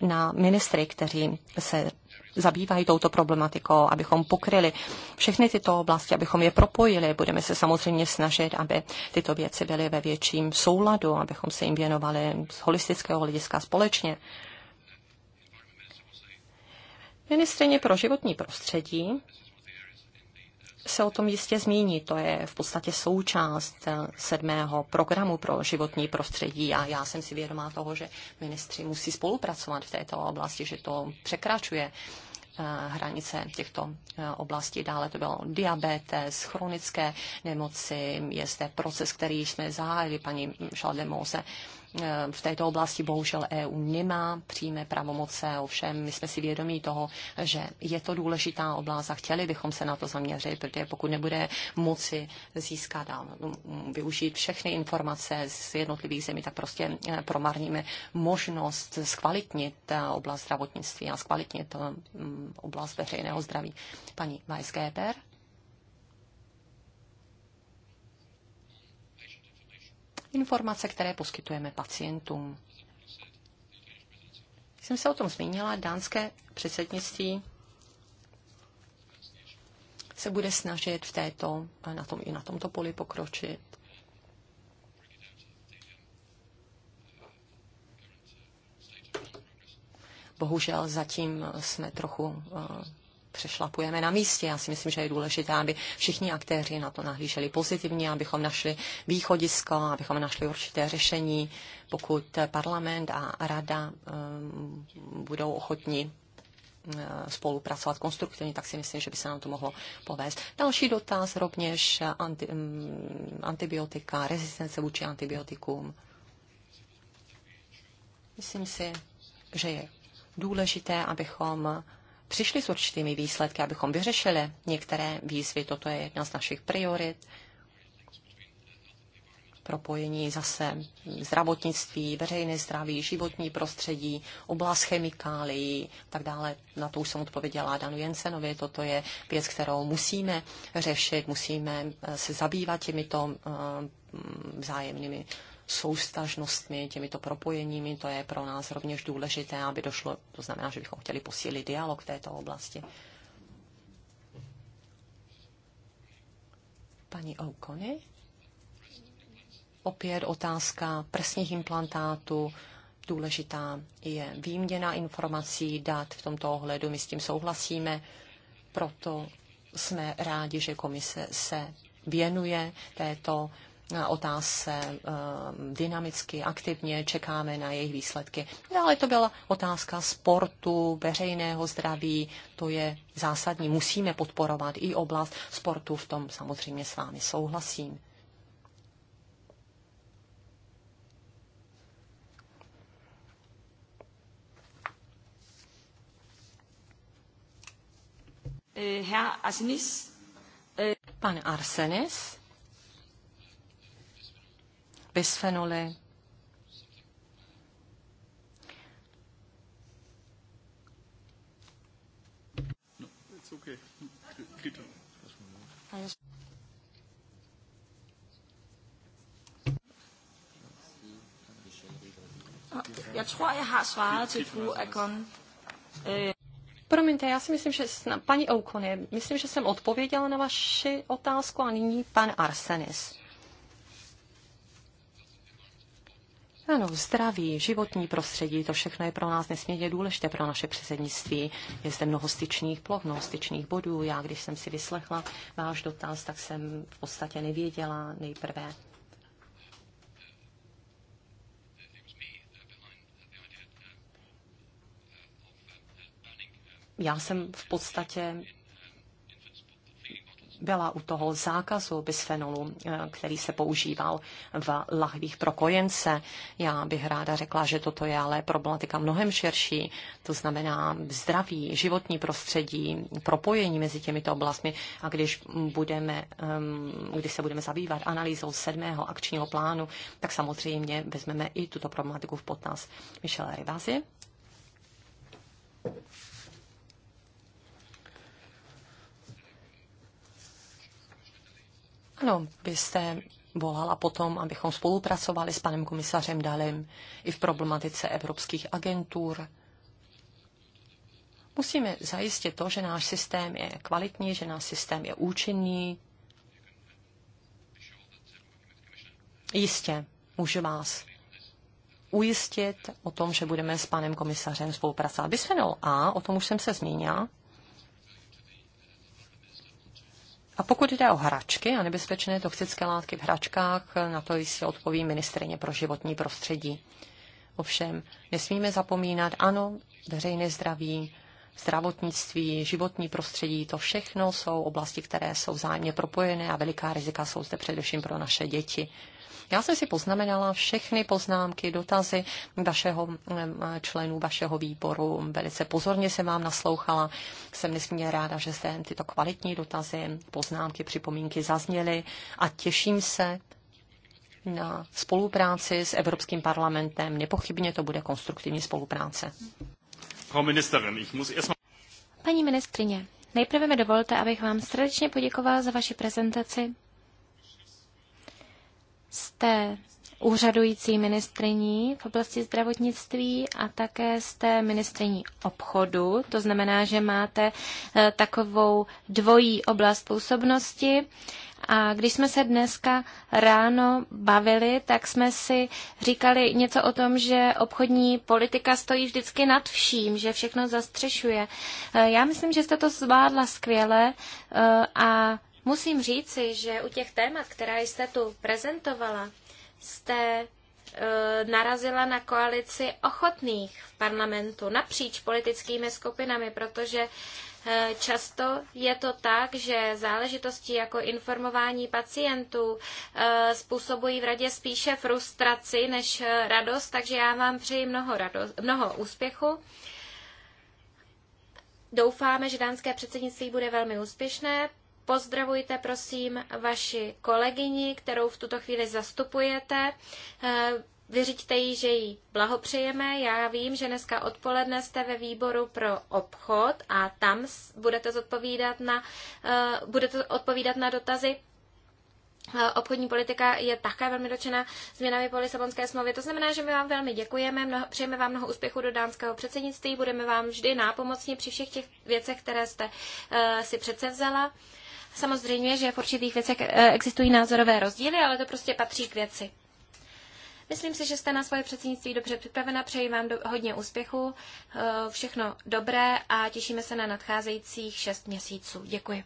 na ministry, kteří se zabývají touto problematikou, abychom pokryli všechny tyto oblasti, abychom je propojili. Budeme se samozřejmě snažit, aby tyto věci byly ve větším souladu, abychom se jim věnovali z holistického hlediska společně. Ministrině pro životní prostředí se o tom jistě zmíní. To je v podstatě součást eh, sedmého programu pro životní prostředí a já jsem si vědomá toho, že ministři musí spolupracovat v této oblasti, že to překračuje Eh, hranice těchto eh, oblastí. Dále to bylo diabetes, chronické nemoci, je zde proces, který jsme zahájili, paní Šaldemose Eh, v této oblasti bohužel EU nemá přímé pravomoce, ovšem my jsme si vědomí toho, že je to důležitá oblast a chtěli bychom se na to zaměřit, protože pokud nebude moci získat a mm, mm, využít všechny informace z jednotlivých zemí, tak prostě eh, promarníme možnost zkvalitnit eh, oblast zdravotnictví a zkvalitnit mm, oblast veřejného zdraví. Paní Weisgeber. informace, které poskytujeme pacientům. Jsem se o tom zmínila, dánské předsednictví se bude snažit v této, na tom, i na tomto poli pokročit. Bohužel zatím jsme trochu eh, přešlapujeme na místě. Já si myslím, že je důležité, aby všichni aktéři na to nahlíželi pozitivně, abychom našli východisko, abychom našli určité řešení, pokud parlament a rada eh, budou ochotní eh, spolupracovat konstruktivně, tak si myslím, že by se nám to mohlo povést. Další dotaz rovněž anti, mm, antibiotika, rezistence vůči antibiotikům. Myslím si, že je důležité, abychom přišli s určitými výsledky, abychom vyřešili některé výzvy. Toto je jedna z našich priorit. Propojení zase zdravotnictví, veřejné zdraví, životní prostředí, oblast chemikálií tak dále. Na to už jsem odpověděla Danu Jensenovi. Toto je věc, kterou musíme řešit, musíme eh, se zabývat těmito eh, vzájemnými soustažnostmi, těmito propojeními. To je pro nás rovněž důležité, aby došlo, to znamená, že bychom chtěli posílit dialog v této oblasti. Paní Oukony? Opět otázka prsních implantátů. Důležitá je výměna informací, dát v tomto ohledu, my s tím souhlasíme, proto jsme rádi, že komise se věnuje této otázce ehm, dynamicky, aktivně, čekáme na jejich výsledky. No, ale to byla otázka sportu, veřejného zdraví, to je zásadní. Musíme podporovat i oblast sportu, v tom samozřejmě s vámi souhlasím. Eh, Herr Arsenis. Eh, Pan Arsenis bisfenoly. Já tror, já har svaret til fru Agon. Øh. Promiňte, já si myslím, že paní Oukony, myslím, že jsem odpověděla na vaši otázku a nyní pan Arsenis. Ano, zdraví, životní prostředí, to všechno je pro nás nesmírně důležité pro naše předsednictví. Je zde mnoho styčných ploch, mnoho styčných bodů. Já, když jsem si vyslechla váš dotaz, tak jsem v podstatě nevěděla nejprve, já jsem v podstatě byla u toho zákazu bisfenolu, eh, který se používal v lahvích pro kojence. Já bych ráda řekla, že toto je ale problematika mnohem širší, to znamená zdraví, životní prostředí, propojení mezi těmito oblastmi. A když, budeme, ehm, když se budeme zabývat analýzou sedmého akčního plánu, tak samozřejmě vezmeme i tuto problematiku v potaz. Michelle Rivazi. Ano, byste volala potom, abychom spolupracovali s panem komisařem Dalem i v problematice evropských agentur. Musíme zajistit to, že náš systém je kvalitní, že náš systém je účinný. Jistě, můžu vás ujistit o tom, že budeme s panem komisařem spolupracovat. Bisphenol A, o tom už jsem se zmínila, A pokud jde o hračky a nebezpečné toxické látky v hračkách, na to jistě odpoví ministrině pro životní prostředí. Ovšem, nesmíme zapomínat, ano, veřejné zdraví, zdravotnictví, životní prostředí, to všechno jsou oblasti, které jsou vzájemně propojené a veliká rizika jsou zde především pro naše děti. Já jsem si poznamenala všechny poznámky, dotazy vašeho mm, eh, členů, vašeho výboru. Velice pozorně jsem vám naslouchala. Jsem nesmírně ráda, že jste tyto kvalitní dotazy, poznámky, připomínky zazněly a těším se na spolupráci s Evropským parlamentem. Nepochybně to bude konstruktivní spolupráce. Paní ministrině, nejprve mi dovolte, abych vám srdečně poděkovala za vaši prezentaci Jste úřadující ministriní v oblasti zdravotnictví a také jste ministriní obchodu. To znamená, že máte eh, takovou dvojí oblast působnosti. A když jsme se dneska ráno bavili, tak jsme si říkali něco o tom, že obchodní politika stojí vždycky nad vším, že všechno zastřešuje. Eh, já myslím, že jste to zvládla skvěle eh, a Musím říci, že u těch témat, která jste tu prezentovala, jste eh, narazila na koalici ochotných v parlamentu napříč politickými skupinami, protože eh, často je to tak, že záležitosti jako informování pacientů eh, způsobují v radě spíše frustraci než radost, takže já vám přeji mnoho, radost, mnoho úspěchu. Doufáme, že dánské předsednictví bude velmi úspěšné. Pozdravujte prosím vaši kolegyni, kterou v tuto chvíli zastupujete. Eh, vyřiďte jí, že jí blahopřejeme. Já vím, že dneska odpoledne jste ve výboru pro obchod a tam budete, odpovídat na, eh, budete odpovídat na dotazy. Eh, obchodní politika je také velmi dočena změnami po Lisabonské smlouvě. To znamená, že my vám velmi děkujeme, mnoho, přejeme vám mnoho úspěchu do dánského předsednictví, budeme vám vždy nápomocni při všech těch věcech, které jste uh, si předsevzala. vzala. Samozřejmě, že v určitých věcech eh, existují názorové rozdíly, ale to prostě patří k věci. Myslím si, že jste na svoje předsednictví dobře připravena, přeji vám do, hodně úspěchu, eh, všechno dobré a těšíme se na nadcházejících šest měsíců. Děkuji.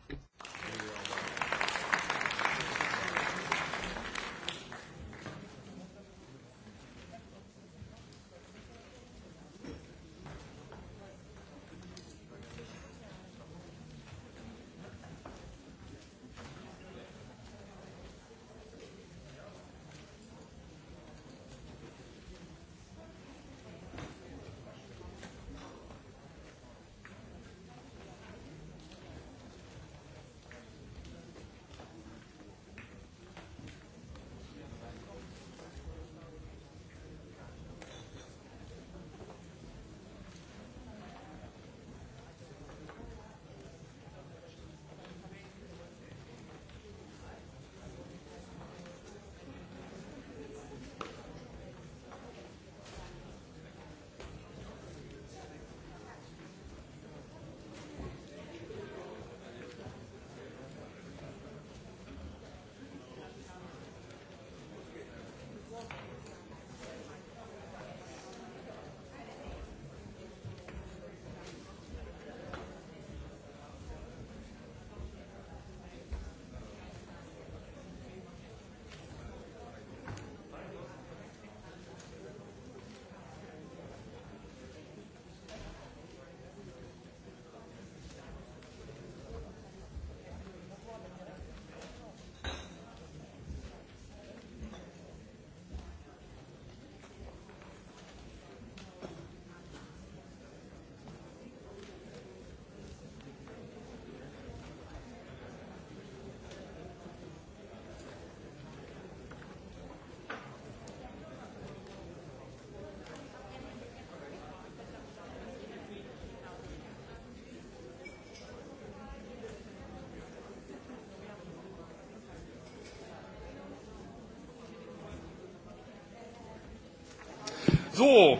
So,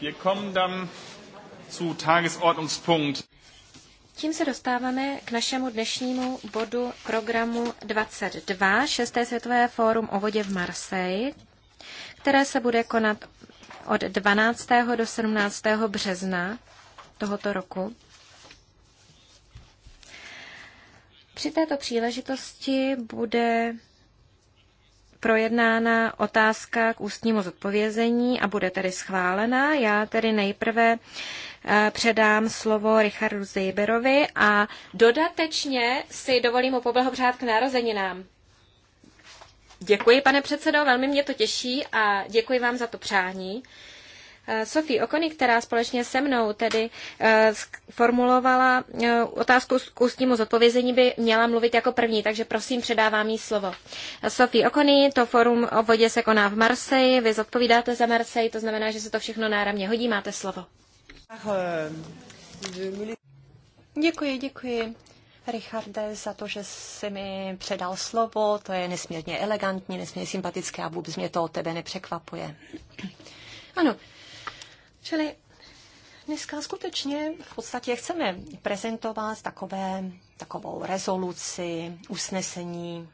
wir kommen dann zu Tagesordnungspunkt. Tím se dostáváme k našemu dnešnímu bodu programu 22, 6. světové fórum o vodě v Marseille, které se bude konat od 12. do 17. března tohoto roku. Při této příležitosti bude projednána otázka k ústnímu zodpovězení a bude tedy schválena. Já tedy nejprve eh, předám slovo Richardu Zejberovi a dodatečně si dovolím mu poblahopřát k narozeninám. Děkuji, pane předsedo, velmi mě to těší a děkuji vám za to přání. Eh, Sofie Okony, která společně se mnou tedy eh, formulovala eh, otázku k ústnímu zodpovězení, by měla mluvit jako první, takže prosím, předávám jí slovo. Sofie Okony, to forum o vodě se koná v Marseji, vy zodpovídáte za Marsej, to znamená, že se to všechno náramně hodí, máte slovo. Děkuji, děkuji. Richarde, za to, že jsi mi předal slovo. To je nesmírně elegantní, nesmírně sympatické a vůbec mě to od tebe nepřekvapuje. Ano, Čili dneska skutečně v podstatě chceme prezentovat takové, takovou rezoluci, usnesení,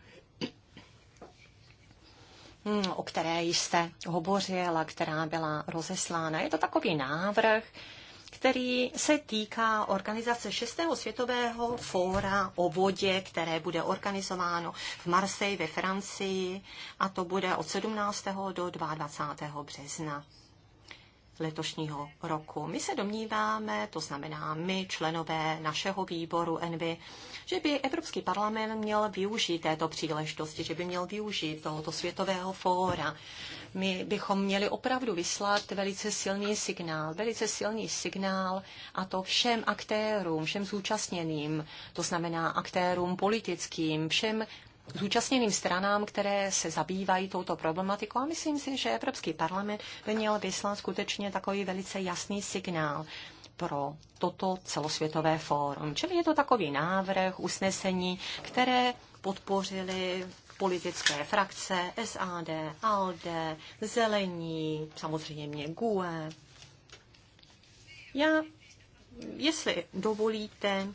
hmm, o které jste hovořila, která byla rozeslána. Je to takový návrh, který se týká organizace 6. světového fóra o vodě, které bude organizováno v Marseille ve Francii a to bude od 17. do 22. března letošního roku. My se domníváme, to znamená my, členové našeho výboru ENVY, že by Evropský parlament měl využít této příležitosti, že by měl využít tohoto světového fóra. My bychom měli opravdu vyslat velice silný signál, velice silný signál a to všem aktérům, všem zúčastněným, to znamená aktérům politickým, všem zúčastněným stranám, které se zabývají touto problematikou. A myslím si, že Evropský parlament by měl vyslat skutečně takový velice jasný signál pro toto celosvětové fórum. Čili je to takový návrh, usnesení, které podpořili politické frakce SAD, ALDE, Zelení, samozřejmě GUE. Já, jestli dovolíte,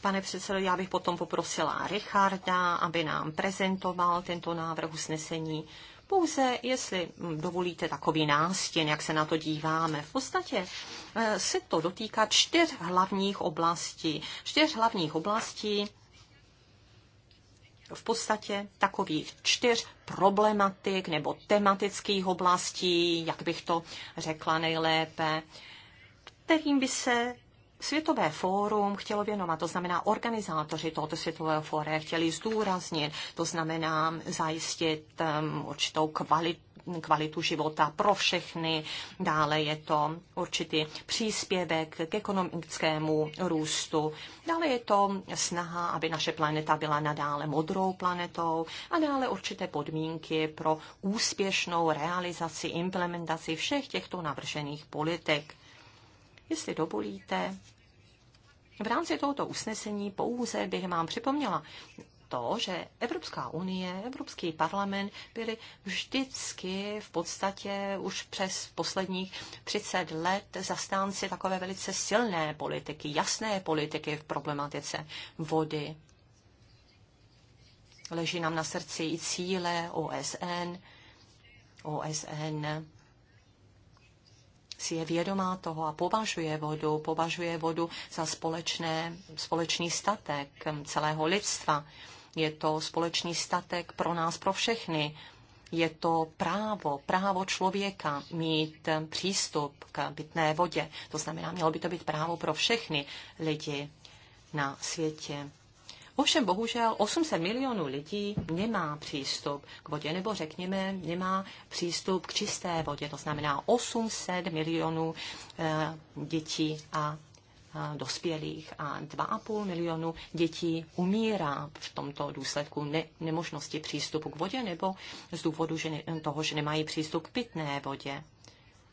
Pane předsedo, já bych potom poprosila Richarda, aby nám prezentoval tento návrh usnesení. Pouze, jestli hm, dovolíte takový nástěn, jak se na to díváme. V podstatě eh, se to dotýká čtyř hlavních oblastí. Čtyř hlavních oblastí, v podstatě takových čtyř problematik nebo tematických oblastí, jak bych to řekla nejlépe, kterým by se Světové fórum chtělo věnovat, to znamená organizátoři tohoto světového fóra chtěli zdůraznit, to znamená zajistit um, určitou kvalitu kvalitu života pro všechny. Dále je to určitý příspěvek k ekonomickému růstu. Dále je to snaha, aby naše planeta byla nadále modrou planetou a dále určité podmínky pro úspěšnou realizaci, implementaci všech těchto navržených politik. Jestli dovolíte, v rámci tohoto usnesení pouze bych vám připomněla to, že Evropská unie, Evropský parlament byly vždycky v podstatě už přes posledních 30 let zastánci takové velice silné politiky, jasné politiky v problematice vody. Leží nám na srdci i cíle OSN, OSN si je vědomá toho a považuje vodu, považuje vodu za společné, společný statek celého lidstva. Je to společný statek pro nás, pro všechny. Je to právo, právo člověka mít přístup k pitné vodě. To znamená, mělo by to být právo pro všechny lidi na světě. Ovšem bohužel 800 milionů lidí nemá přístup k vodě, nebo řekněme, nemá přístup k čisté vodě. To znamená 800 milionů eh, dětí a eh, dospělých a 2,5 milionu dětí umírá v tomto důsledku ne, nemožnosti přístupu k vodě nebo z důvodu že ne, toho, že nemají přístup k pitné vodě.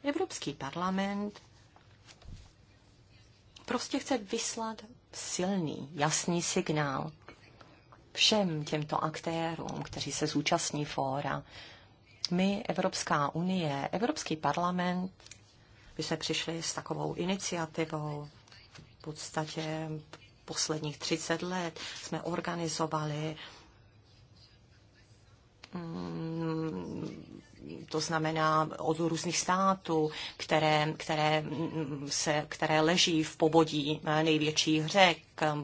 Evropský parlament prostě chce vyslat silný, jasný signál všem těmto aktérům, kteří se zúčastní fóra. My, Evropská unie, Evropský parlament, by jsme přišli s takovou iniciativou. V podstatě posledních 30 let jsme organizovali mm, to znamená od různých států, které, které, se, které leží v pobodí největších řek,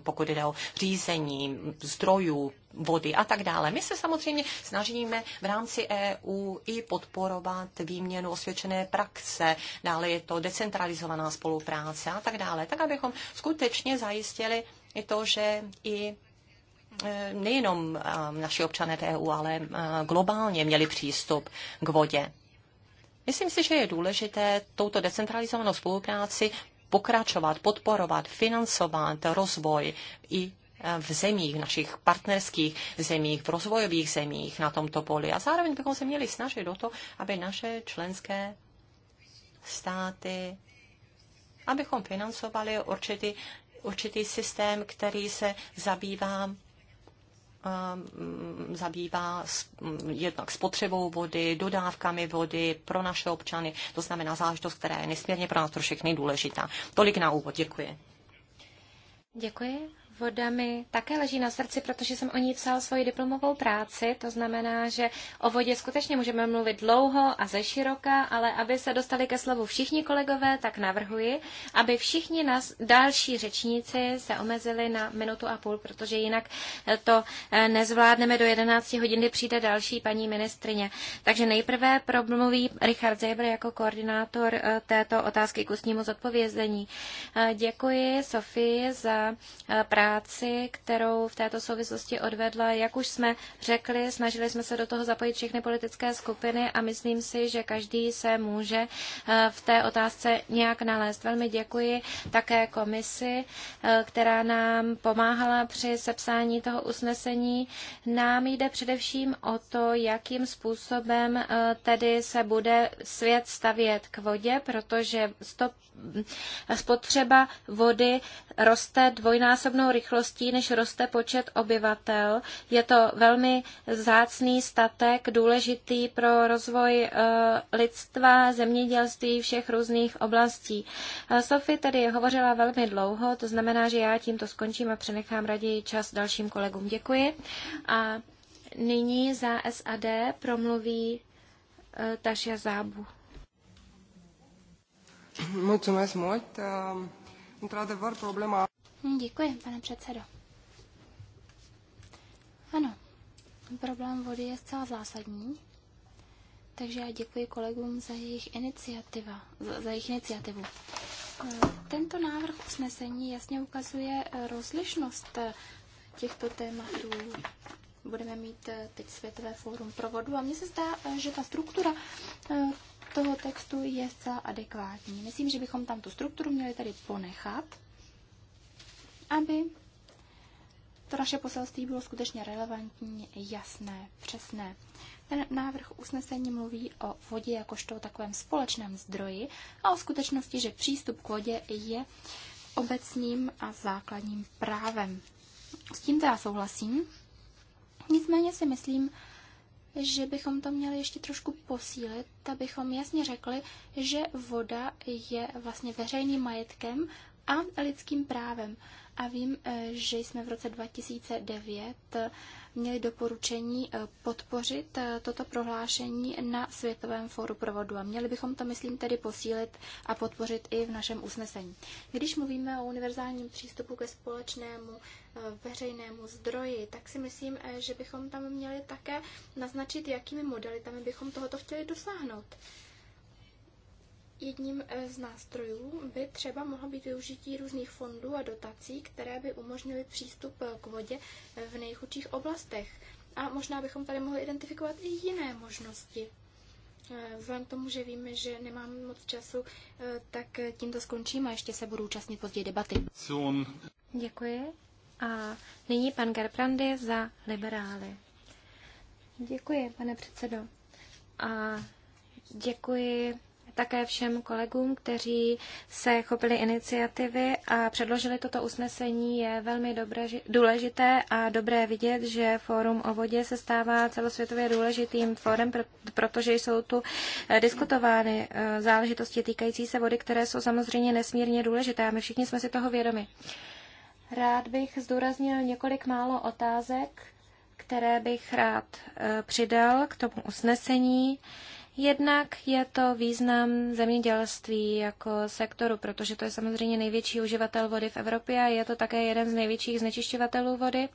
pokud jde o řízení zdrojů, vody a tak dále. My se samozřejmě snažíme v rámci EU i podporovat výměnu osvědčené praxe, dále je to decentralizovaná spolupráce a tak dále, tak abychom skutečně zajistili i to, že i Eh, nejenom eh, naši občané v EU, ale eh, globálně měli přístup k vodě. Myslím si, že je důležité touto decentralizovanou spolupráci pokračovat, podporovat, financovat rozvoj i v zemích, v našich partnerských zemích, v rozvojových zemích na tomto poli. A zároveň bychom se měli snažit o to, aby naše členské státy, abychom financovali určitý, určitý systém, který se zabývá Um, zabývá jednak spotřebou vody, dodávkami vody pro naše občany. To znamená záležitost, která je nesmírně pro nás pro všechny důležitá. Tolik na úvod. Děkuji. Děkuji voda mi také leží na srdci, protože jsem o ní psal svoji diplomovou práci. To znamená, že o vodě skutečně můžeme mluvit dlouho a ze široka, ale aby se dostali ke slovu všichni kolegové, tak navrhuji, aby všichni nás, další řečníci se omezili na minutu a půl, protože jinak to eh, nezvládneme do 11 hodin, kdy přijde další paní ministrině. Takže nejprve promluví Richard Zebr jako koordinátor eh, této otázky k ústnímu zodpovězení. Eh, děkuji Sofii za práci práci, kterou v této souvislosti odvedla. Jak už jsme řekli, snažili jsme se do toho zapojit všechny politické skupiny a myslím si, že každý se může eh, v té otázce nějak nalézt. Velmi děkuji také komisi, eh, která nám pomáhala při sepsání toho usnesení. Nám jde především o to, jakým způsobem eh, tedy se bude svět stavět k vodě, protože stop, spotřeba vody roste dvojnásobnou rychlostí, než roste počet obyvatel. Je to velmi zácný statek, důležitý pro rozvoj eh, lidstva, zemědělství, všech různých oblastí. Eh, Sofie tedy hovořila velmi dlouho, to znamená, že já tímto skončím a přenechám raději čas dalším kolegům. Děkuji. A nyní za SAD promluví eh, Taša Zábu. Mulțumesc mult. Într-adevăr, problema... Hm, děkuji, pane předsedo. Ano, problém vody je zcela zásadní, takže já děkuji kolegům za jejich, iniciativa, za, jejich iniciativu. E, tento návrh usnesení jasně ukazuje e, rozlišnost e, těchto tématů. Budeme mít teď Světové fórum pro vodu a mně se zdá, že ta struktura toho textu je zcela adekvátní. Myslím, že bychom tam tu strukturu měli tady ponechat aby to naše poselství bylo skutečně relevantní, jasné, přesné. Ten návrh usnesení mluví o vodě jakožto o takovém společném zdroji a o skutečnosti, že přístup k vodě je obecným a základním právem. S tím já souhlasím, nicméně si myslím, že bychom to měli ještě trošku posílit, abychom jasně řekli, že voda je vlastně veřejným majetkem a lidským právem a vím, eh, že jsme v roce 2009 eh, měli doporučení eh, podpořit toto prohlášení na Světovém fóru pro vodu a měli bychom to, myslím, tedy posílit a podpořit i v našem usnesení. Když mluvíme o univerzálním přístupu ke společnému veřejnému zdroji, tak si myslím, že bychom tam měli také naznačit, jakými modalitami bychom tohoto chtěli dosáhnout. Jedním eh, z nástrojů by třeba mohlo být využití různých fondů a dotací, které by umožnily přístup eh, k vodě eh, v nejchudších oblastech. A možná bychom tady mohli identifikovat i jiné možnosti. Vzhledem k tomu, že víme, že nemám moc času, tak tímto skončím a ještě se budu účastnit později debaty. Děkuji. A nyní pan Gerprandy za liberály. Děkuji, pane předsedo. A děkuji také všem kolegům, kteří se chopili iniciativy a předložili toto usnesení. Je velmi dobré, důležité a dobré vidět, že Fórum o vodě se stává celosvětově důležitým fórem, protože jsou tu eh, diskutovány eh, záležitosti týkající se vody, které jsou samozřejmě nesmírně důležité a my všichni jsme si toho vědomi. Rád bych zdůraznil několik málo otázek, které bych rád eh, přidal k tomu usnesení. Jednak je to význam zemědělství jako sektoru, protože to je samozřejmě největší uživatel vody v Evropě a je to také jeden z největších znečišťovatelů vody.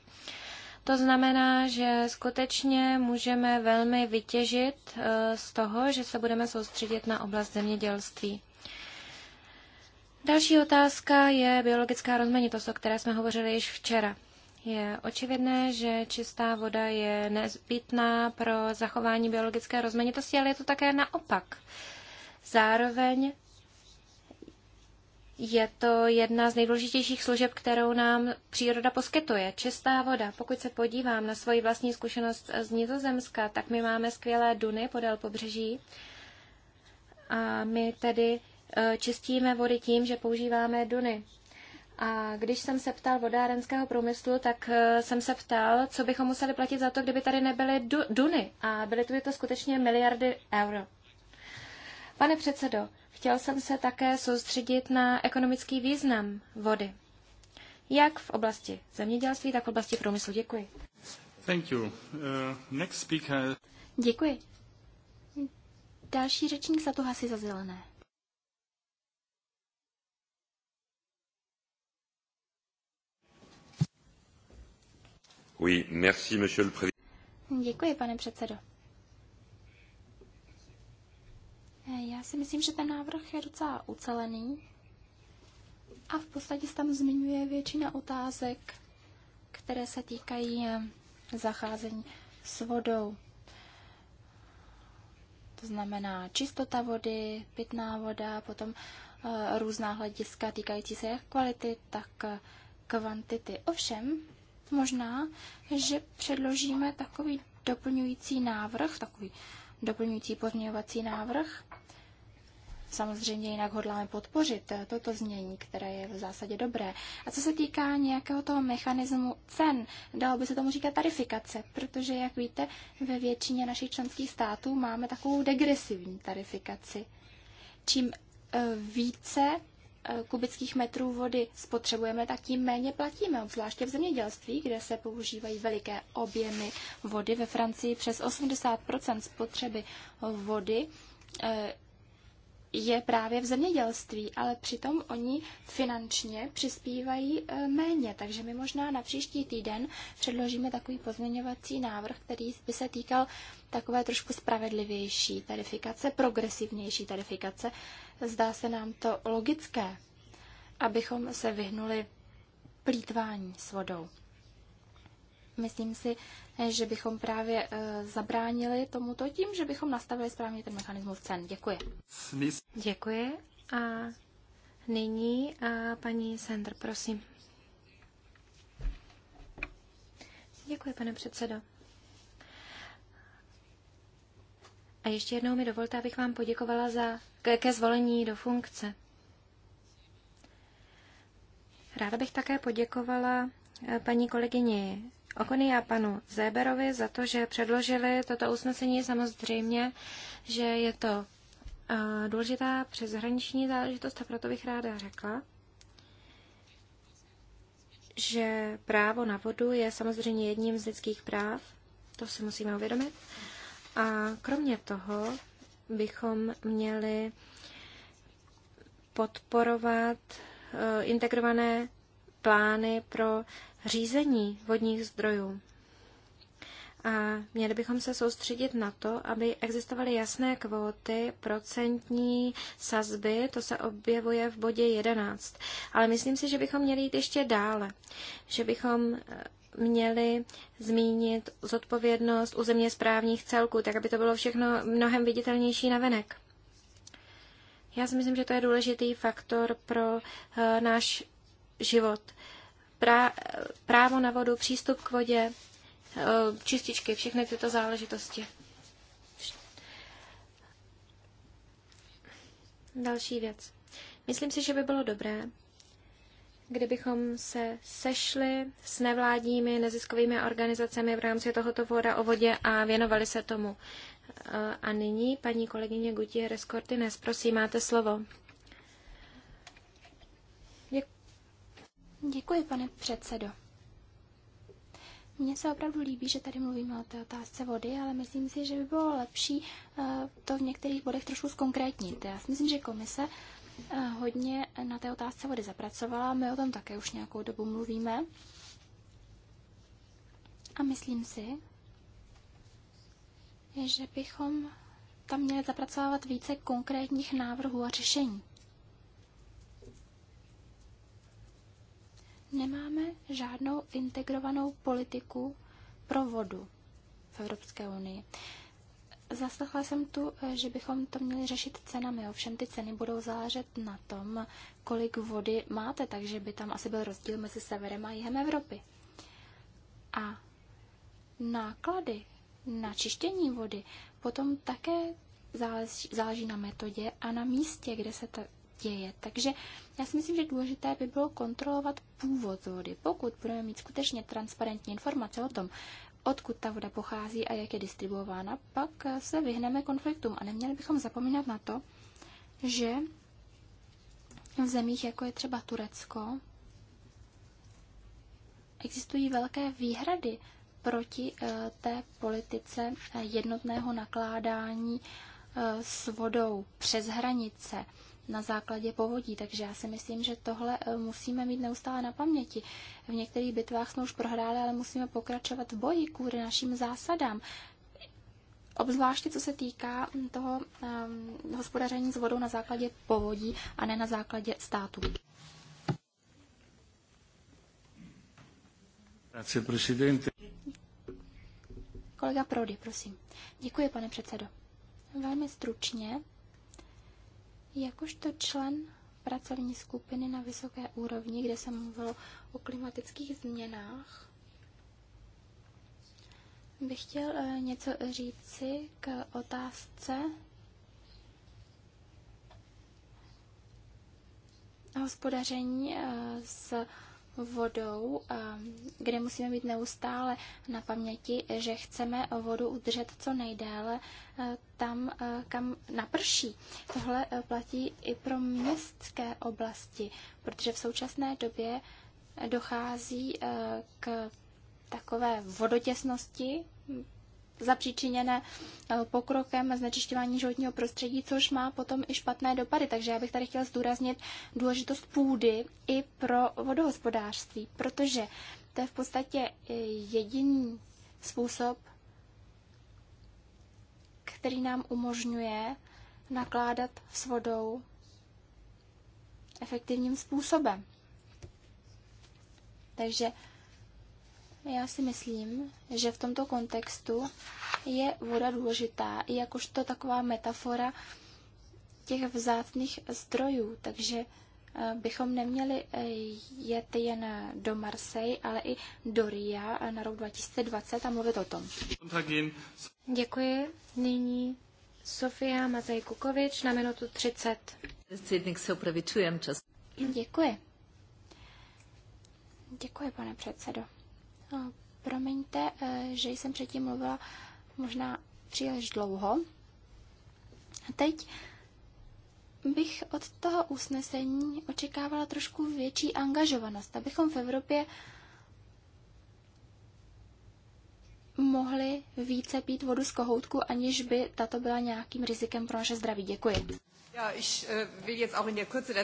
To znamená, že skutečně můžeme velmi vytěžit eh, z toho, že se budeme soustředit na oblast zemědělství. Další otázka je biologická rozmanitost, o které jsme hovořili již včera. Je očividné, že čistá voda je nezbytná pro zachování biologické rozmanitosti, ale je to také naopak. Zároveň je to jedna z nejdůležitějších služeb, kterou nám příroda poskytuje. Čistá voda. Pokud se podívám na svoji vlastní zkušenost z Nizozemska, tak my máme skvělé duny podél pobřeží. A my tedy eh, čistíme vody tím, že používáme duny. A když jsem se ptal vodárenského průmyslu, tak eh, jsem se ptal, co bychom museli platit za to, kdyby tady nebyly du- duny. A byly tu by to skutečně miliardy euro. Pane předsedo, chtěl jsem se také soustředit na ekonomický význam vody. Jak v oblasti zemědělství, tak v oblasti průmyslu. Děkuji. Thank you. Uh, next speaker. Děkuji. Další řečník hasi za zelené. Oui, merci, monsieur le président. Děkuji, pane předsedo. Eh, já si myslím, že ten návrh je docela ucelený a v podstatě se tam zmiňuje většina otázek, které se týkají eh, zacházení s vodou. To znamená čistota vody, pitná voda, potom eh, různá hlediska týkající se jak kvality, tak kvantity. Ovšem, Možná, že předložíme takový doplňující návrh, takový doplňující pozměňovací návrh. Samozřejmě jinak hodláme podpořit toto změní, které je v zásadě dobré. A co se týká nějakého toho mechanismu cen, dalo by se tomu říkat tarifikace, protože, jak víte, ve většině našich členských států máme takovou degresivní tarifikaci. Čím eh, více Eh, kubických metrů vody spotřebujeme, tak tím méně platíme, obzvláště v zemědělství, kde se používají veliké objemy vody. Ve Francii přes 80 spotřeby vody eh, je právě v zemědělství, ale přitom oni finančně přispívají eh, méně. Takže my možná na příští týden předložíme takový pozměňovací návrh, který by se týkal takové trošku spravedlivější tarifikace, progresivnější tarifikace Zdá se nám to logické, abychom se vyhnuli plítvání s vodou. Myslím si, že bychom právě eh, zabránili tomuto tím, že bychom nastavili správně ten mechanismus cen. Děkuji. Děkuji. A nyní a eh, paní Sandr, prosím. Děkuji, pane předsedo. A ještě jednou mi dovolte, abych vám poděkovala za, ke, ke zvolení do funkce. Ráda bych také poděkovala eh, paní kolegyni Okony a panu Zéberovi za to, že předložili toto usnesení. Samozřejmě, že je to eh, důležitá přeshraniční záležitost a proto bych ráda řekla, že právo na vodu je samozřejmě jedním z lidských práv. To si musíme uvědomit. A kromě toho bychom měli podporovat e, integrované plány pro řízení vodních zdrojů. A měli bychom se soustředit na to, aby existovaly jasné kvóty, procentní sazby, to se objevuje v bodě 11. Ale myslím si, že bychom měli jít ještě dále, že bychom e, měli zmínit zodpovědnost územně správních celků, tak aby to bylo všechno mnohem viditelnější navenek. Já si myslím, že to je důležitý faktor pro uh, náš život. Prá, právo na vodu, přístup k vodě, uh, čističky, všechny tyto záležitosti. Další věc. Myslím si, že by bylo dobré, kdybychom se sešli s nevládními neziskovými organizacemi v rámci tohoto voda o vodě a věnovali se tomu. Eh, a nyní paní kolegyně Gutierrez Cortines, prosím, máte slovo. Děkuji, pane předsedo. Mně se opravdu líbí, že tady mluvíme o té otázce vody, ale myslím si, že by bylo lepší eh, to v některých bodech trošku zkonkrétnit. Já si myslím, že komise Eh, hodně na té otázce vody zapracovala. My o tom také už nějakou dobu mluvíme. A myslím si, že bychom tam měli zapracovat více konkrétních návrhů a řešení. Nemáme žádnou integrovanou politiku pro vodu v Evropské unii. Zaslechla jsem tu, eh, že bychom to měli řešit cenami, ovšem ty ceny budou záležet na tom, kolik vody máte, takže by tam asi byl rozdíl mezi severem a jihem Evropy. A náklady na čištění vody potom také záleží, záleží na metodě a na místě, kde se to děje. Takže já si myslím, že důležité by bylo kontrolovat původ vody. Pokud budeme mít skutečně transparentní informace o tom, odkud ta voda pochází a jak je distribuována, pak se vyhneme konfliktům. A neměli bychom zapomínat na to, že v zemích, jako je třeba Turecko, existují velké výhrady proti eh, té politice eh, jednotného nakládání eh, s vodou přes hranice na základě povodí. Takže já si myslím, že tohle eh, musíme mít neustále na paměti. V některých bitvách jsme už prohráli, ale musíme pokračovat v boji kvůli našim zásadám. Obzvláště co se týká hm, toho um, hospodaření s vodou na základě povodí a ne na základě států. Kolega Prody, prosím. Děkuji, pane předsedo. Velmi stručně Jakožto člen pracovní skupiny na vysoké úrovni, kde se mluvilo o klimatických změnách, bych chtěl eh, něco říci k otázce hospodaření eh, s vodou, kde musíme být neustále na paměti, že chceme vodu udržet co nejdéle eh, tam, eh, kam naprší. Tohle eh, platí i pro městské oblasti, protože v současné době dochází k takové vodotěsnosti zapříčiněné eh, pokrokem znečišťování životního prostředí, což má potom i špatné dopady. Takže já bych tady chtěla zdůraznit důležitost půdy i pro vodohospodářství, protože to je v podstatě eh, jediný způsob, který nám umožňuje nakládat s vodou efektivním způsobem. Takže já si myslím, že v tomto kontextu je voda důležitá i jakožto taková metafora těch vzácných zdrojů, takže eh, bychom neměli eh, jet jen do Marseille, ale i do Ria na rok 2020 a mluvit o tom. Děkuji. Nyní Sofia Mazej Kukovič na minutu 30. Děkuji. Děkuji, pane předsedo. Eh, promiňte, eh, že jsem předtím mluvila možná příliš dlouho. Teď bych od toho usnesení očekávala trošku větší angažovanost, abychom v Evropě mohli více pít vodu z kohoutku, aniž by tato byla nějakým rizikem pro naše zdraví. Děkuji. Eh,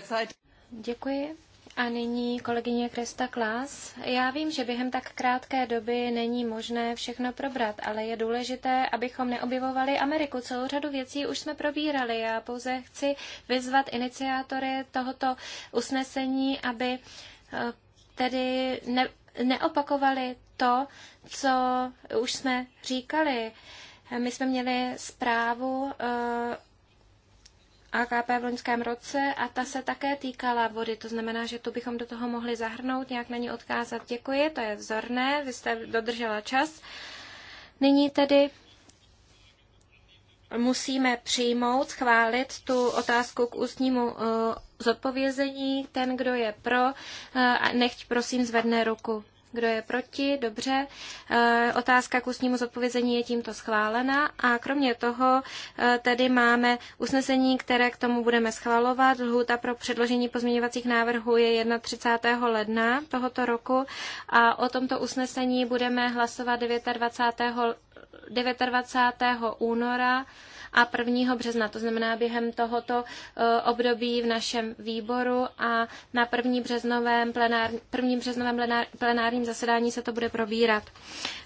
Děkuji. A nyní kolegyně Krista Klás. Já vím, že během tak krátké doby není možné všechno probrat, ale je důležité, abychom neobjevovali Ameriku. Celou řadu věcí už jsme probírali. Já pouze chci vyzvat iniciátory tohoto usnesení, aby eh, tedy ne, neopakovali to, co už jsme říkali. My jsme měli zprávu eh, AKP v loňském roce a ta se také týkala vody, to znamená, že tu bychom do toho mohli zahrnout, nějak na ní odkázat. Děkuji, to je vzorné, vy jste dodržela čas. Nyní tedy musíme přijmout, schválit tu otázku k ústnímu uh, zodpovězení. Ten, kdo je pro, uh, nechť prosím zvedne ruku kdo je proti, dobře. Eh, otázka k ústnímu zodpovězení je tímto schválena a kromě toho eh, tedy máme usnesení, které k tomu budeme schvalovat. Lhůta pro předložení pozměňovacích návrhů je 31. ledna tohoto roku a o tomto usnesení budeme hlasovat 29. 29. února a 1. března, to znamená během tohoto eh, období v našem výboru a na 1. březnovém, plenár, 1. březnovém plenár, plenárním zasedání se to bude probírat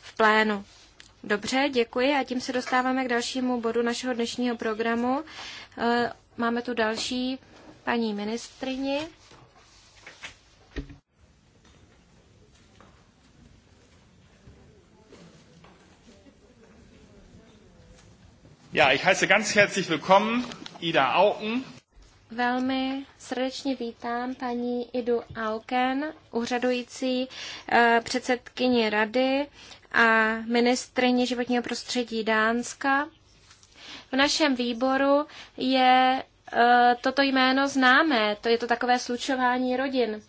v plénu. Dobře, děkuji a tím se dostáváme k dalšímu bodu našeho dnešního programu. Eh, máme tu další paní ministrině. Ja, ich heiße ganz herzlich willkommen Ida Auken. Velmi srdečně vítám paní Idu Auken, úřadující eh, předsedkyni rady a ministrině životního prostředí Dánska. V našem výboru je eh, toto jméno známé, to je to takové slučování rodin.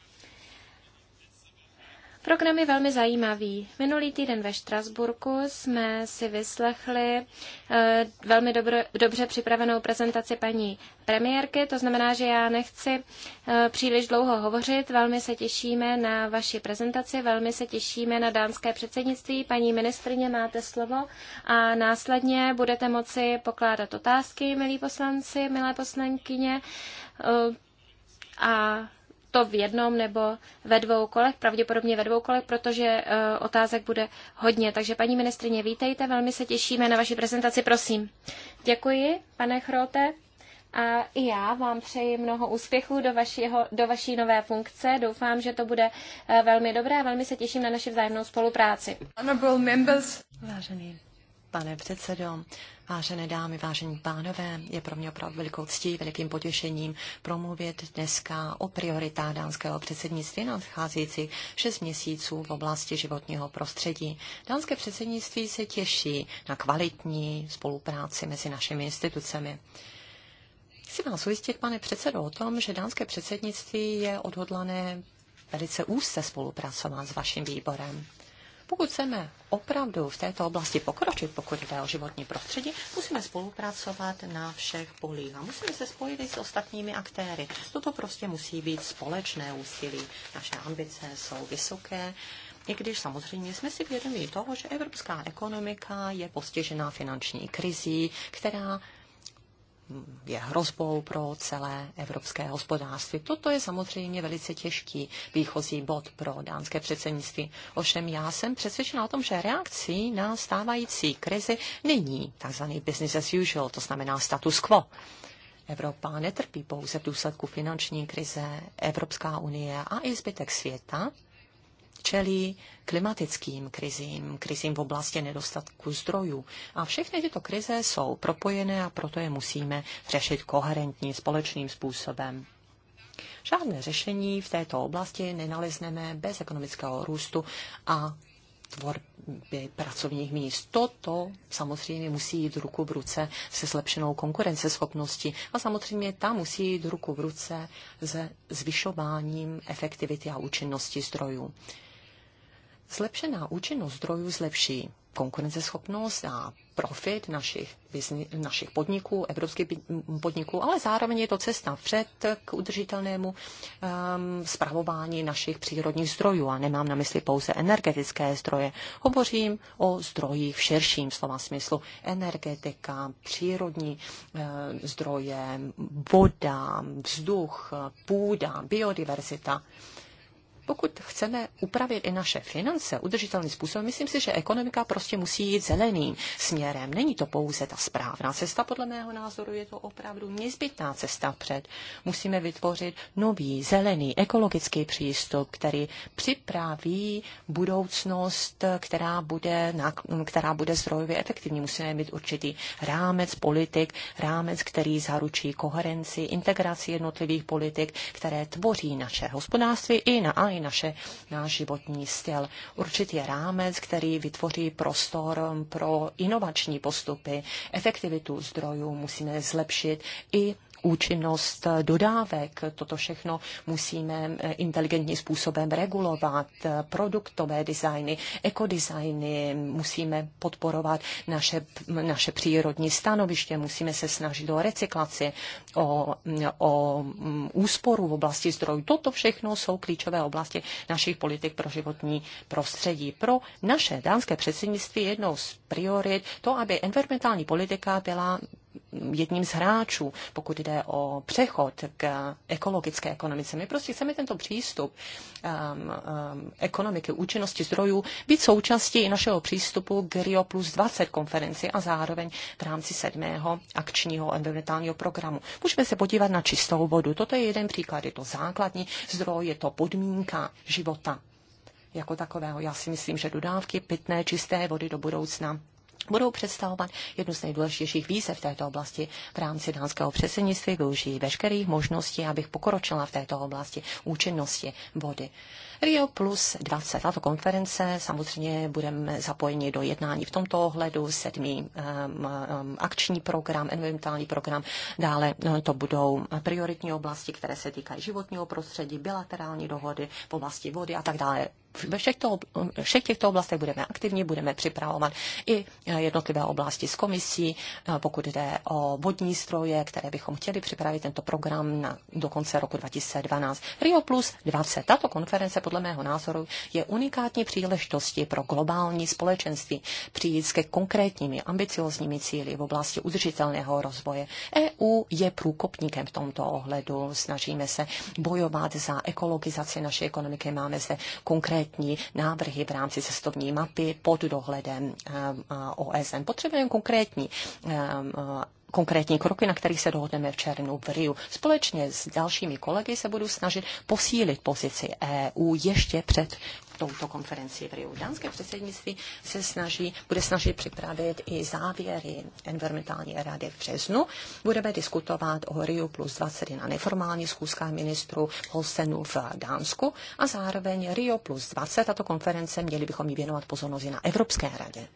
Program je velmi zajímavý. Minulý týden ve Štrasburku jsme si vyslechli eh, velmi dobro, dobře připravenou prezentaci paní premiérky, to znamená, že já nechci eh, příliš dlouho hovořit. Velmi se těšíme na vaši prezentaci, velmi se těšíme na dánské předsednictví. Paní ministrině, máte slovo a následně budete moci pokládat otázky, milí poslanci, milé poslankyně. Eh, a to v jednom nebo ve dvou kolech, pravděpodobně ve dvou kolech, protože eh, otázek bude hodně. Takže paní ministrině, vítejte, velmi se těšíme na vaši prezentaci, prosím. Děkuji, pane Chrote. A i já vám přeji mnoho úspěchů do, vašiho, do vaší nové funkce. Doufám, že to bude eh, velmi dobré a velmi se těším na naši vzájemnou spolupráci. Honorable members. Vážený pane předsedo, Vážené dámy, vážení pánové, je pro mě opravdu velikou ctí, velikým potěšením promluvit dneska o prioritách dánského předsednictví na odcházející 6 měsíců v oblasti životního prostředí. Dánské předsednictví se těší na kvalitní spolupráci mezi našimi institucemi. Chci vás ujistit, pane předsedo, o tom, že dánské předsednictví je odhodlané velice úzce spolupracovat s vaším výborem. Pokud chceme opravdu v této oblasti pokročit, pokud jde o životní prostředí, musíme spolupracovat na všech polích a musíme se spojit i s ostatními aktéry. Toto prostě musí být společné úsilí. Naše ambice jsou vysoké. I když samozřejmě jsme si vědomi toho, že evropská ekonomika je postižená finanční krizí, která je hrozbou pro celé evropské hospodářství. Toto je samozřejmě velice těžký výchozí bod pro dánské předsednictví. Ovšem já jsem přesvědčena o tom, že reakcí na stávající krizi není tzv. business as usual, to znamená status quo. Evropa netrpí pouze v důsledku finanční krize, Evropská unie a i zbytek světa čelí klimatickým krizím, krizím v oblasti nedostatku zdrojů. A všechny tyto krize jsou propojené a proto je musíme řešit koherentním společným způsobem. Žádné řešení v této oblasti nenalezneme bez ekonomického růstu a tvorby pracovních míst. Toto samozřejmě musí jít ruku v ruce se zlepšenou konkurenceschopností a samozřejmě ta musí jít ruku v ruce se zvyšováním efektivity a účinnosti zdrojů. Zlepšená účinnost zdrojů zlepší konkurenceschopnost a profit našich, bizni, našich podniků, evropských podniků, ale zároveň je to cesta vpřed k udržitelnému um, ehm, zpravování našich přírodních zdrojů. A nemám na mysli pouze energetické zdroje. Hovořím o zdrojích v širším slova smyslu. Energetika, přírodní uh, zdroje, voda, vzduch, půda, biodiverzita. Uh, pokud chceme upravit i naše finance udržitelným způsobem, myslím si, že ekonomika prostě musí jít zeleným směrem. Není to pouze ta správná cesta, podle mého názoru je to opravdu nezbytná cesta před. Musíme vytvořit nový zelený ekologický přístup, který připraví budoucnost, která bude, která bude zdrojově efektivní. Musíme mít určitý rámec politik, rámec, který zaručí koherenci, integraci jednotlivých politik, které tvoří naše hospodářství i na naše, náš životní styl. Určitý rámec, který vytvoří prostor pro inovační postupy, efektivitu zdrojů musíme zlepšit i účinnost dodávek. Toto všechno musíme eh, inteligentním způsobem regulovat. Produktové designy, ekodesigny musíme podporovat naše, naše přírodní stanoviště, musíme se snažit o recyklaci, o, o mm, úsporu v oblasti zdrojů. Toto všechno jsou klíčové oblasti našich politik pro životní prostředí. Pro naše dánské předsednictví jednou z priorit to, aby environmentální politika byla jedním z hráčů, pokud jde o přechod k ekologické ekonomice. My prostě chceme tento přístup um, um, ekonomiky, účinnosti zdrojů být součástí i našeho přístupu k Rio plus 20 konferenci a zároveň v rámci sedmého akčního environmentálního programu. Můžeme se podívat na čistou vodu. Toto je jeden příklad. Je to základní zdroj, je to podmínka života jako takového. Já si myslím, že dodávky pitné čisté vody do budoucna budou představovat jednu z nejdůležitějších výzev v této oblasti. V rámci dánského předsednictví využijí veškerých možností, abych pokročila v této oblasti účinnosti vody. Rio plus 20. Tato konference samozřejmě budeme zapojeni do jednání v tomto ohledu, sedmý um, um, akční program, environmentální program, dále no, to budou prioritní oblasti, které se týkají životního prostředí, bilaterální dohody v oblasti vody a tak dále ve všech, to, všech těchto oblastech budeme aktivní, budeme připravovat i eh, jednotlivé oblasti s komisí, eh, pokud jde o vodní stroje, které bychom chtěli připravit tento program na, do konce roku 2012. Rio Plus 20. Tato konference podle mého názoru je unikátní příležitosti pro globální společenství přijít ke konkrétními ambiciozními cíli v oblasti udržitelného rozvoje. EU je průkopníkem v tomto ohledu. Snažíme se bojovat za ekologizaci naší ekonomiky. Máme se konkrétní návrhy v rámci cestovní mapy pod dohledem eh, eh, OSN. Potřebujeme konkrétní eh, konkrétní kroky, na kterých se dohodneme v červnu v Riu. Společně s dalšími kolegy se budu snažit posílit pozici EU ještě před touto konferenci v Riu. Dánské předsednictví se snaží, bude snažit připravit i závěry environmentální rady v březnu. Budeme diskutovat o Riu plus 20 na neformální schůzka ministru Holsenu v Dánsku a zároveň Rio plus 20, tato konference, měli bychom ji věnovat pozornosti na Evropské radě.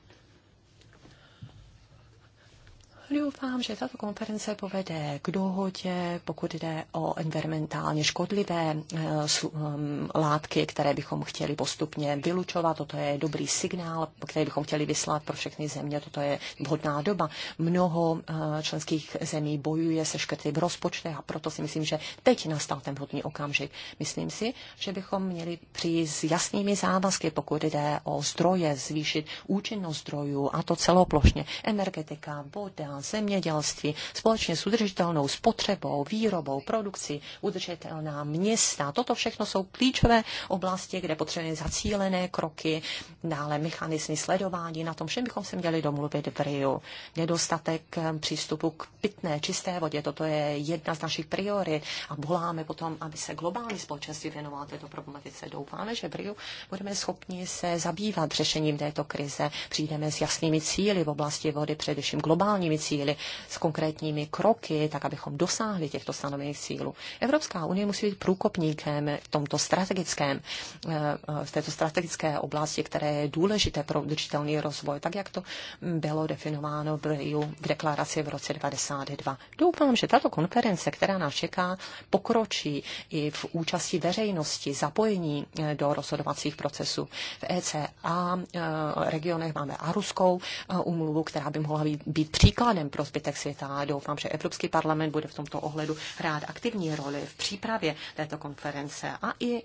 Doufám, že tato konference povede k dohodě, pokud jde o environmentálně škodlivé eh, eh, látky, které bychom chtěli postupně vylučovat. Toto je dobrý signál, který bychom chtěli vyslat pro všechny země. Toto je vhodná doba. Mnoho eh, členských zemí bojuje se škrty v rozpočtech a proto si myslím, že teď nastal ten vhodný okamžik. Myslím si, že bychom měli přijít s jasnými závazky, pokud jde o zdroje, zvýšit účinnost zdrojů a to celoplošně. Energetika, voda, zemědělství, společně s udržitelnou spotřebou, výrobou, produkcí, udržitelná města. Toto všechno jsou klíčové oblasti, kde potřebujeme zacílené kroky, dále mechanizmy sledování. Na tom všem bychom se měli domluvit v Riu. Nedostatek eh, přístupu k pitné, čisté vodě, toto je jedna z našich priorit a voláme potom, aby se globální společenství věnovalo této problematice. Doufáme, že v Riu budeme schopni se zabývat řešením této krize. Přijdeme s jasnými cíly v oblasti vody, především globálními cíly s konkrétními kroky, tak abychom dosáhli těchto stanovených cílů. Evropská unie musí být průkopníkem v tomto strategickém, eh, v této strategické oblasti, které je důležité pro udržitelný rozvoj, tak jak to bylo definováno v Riu v deklaraci v roce 92. Doufám, že tato konference, která nás čeká, pokročí i v účasti veřejnosti, zapojení eh, do rozhodovacích procesů. V ECA eh, regionech máme Aruskou umluvu, která by mohla být, být příkladem pro zbytek světa a doufám, že Evropský parlament bude v tomto ohledu hrát aktivní roli v přípravě této konference a i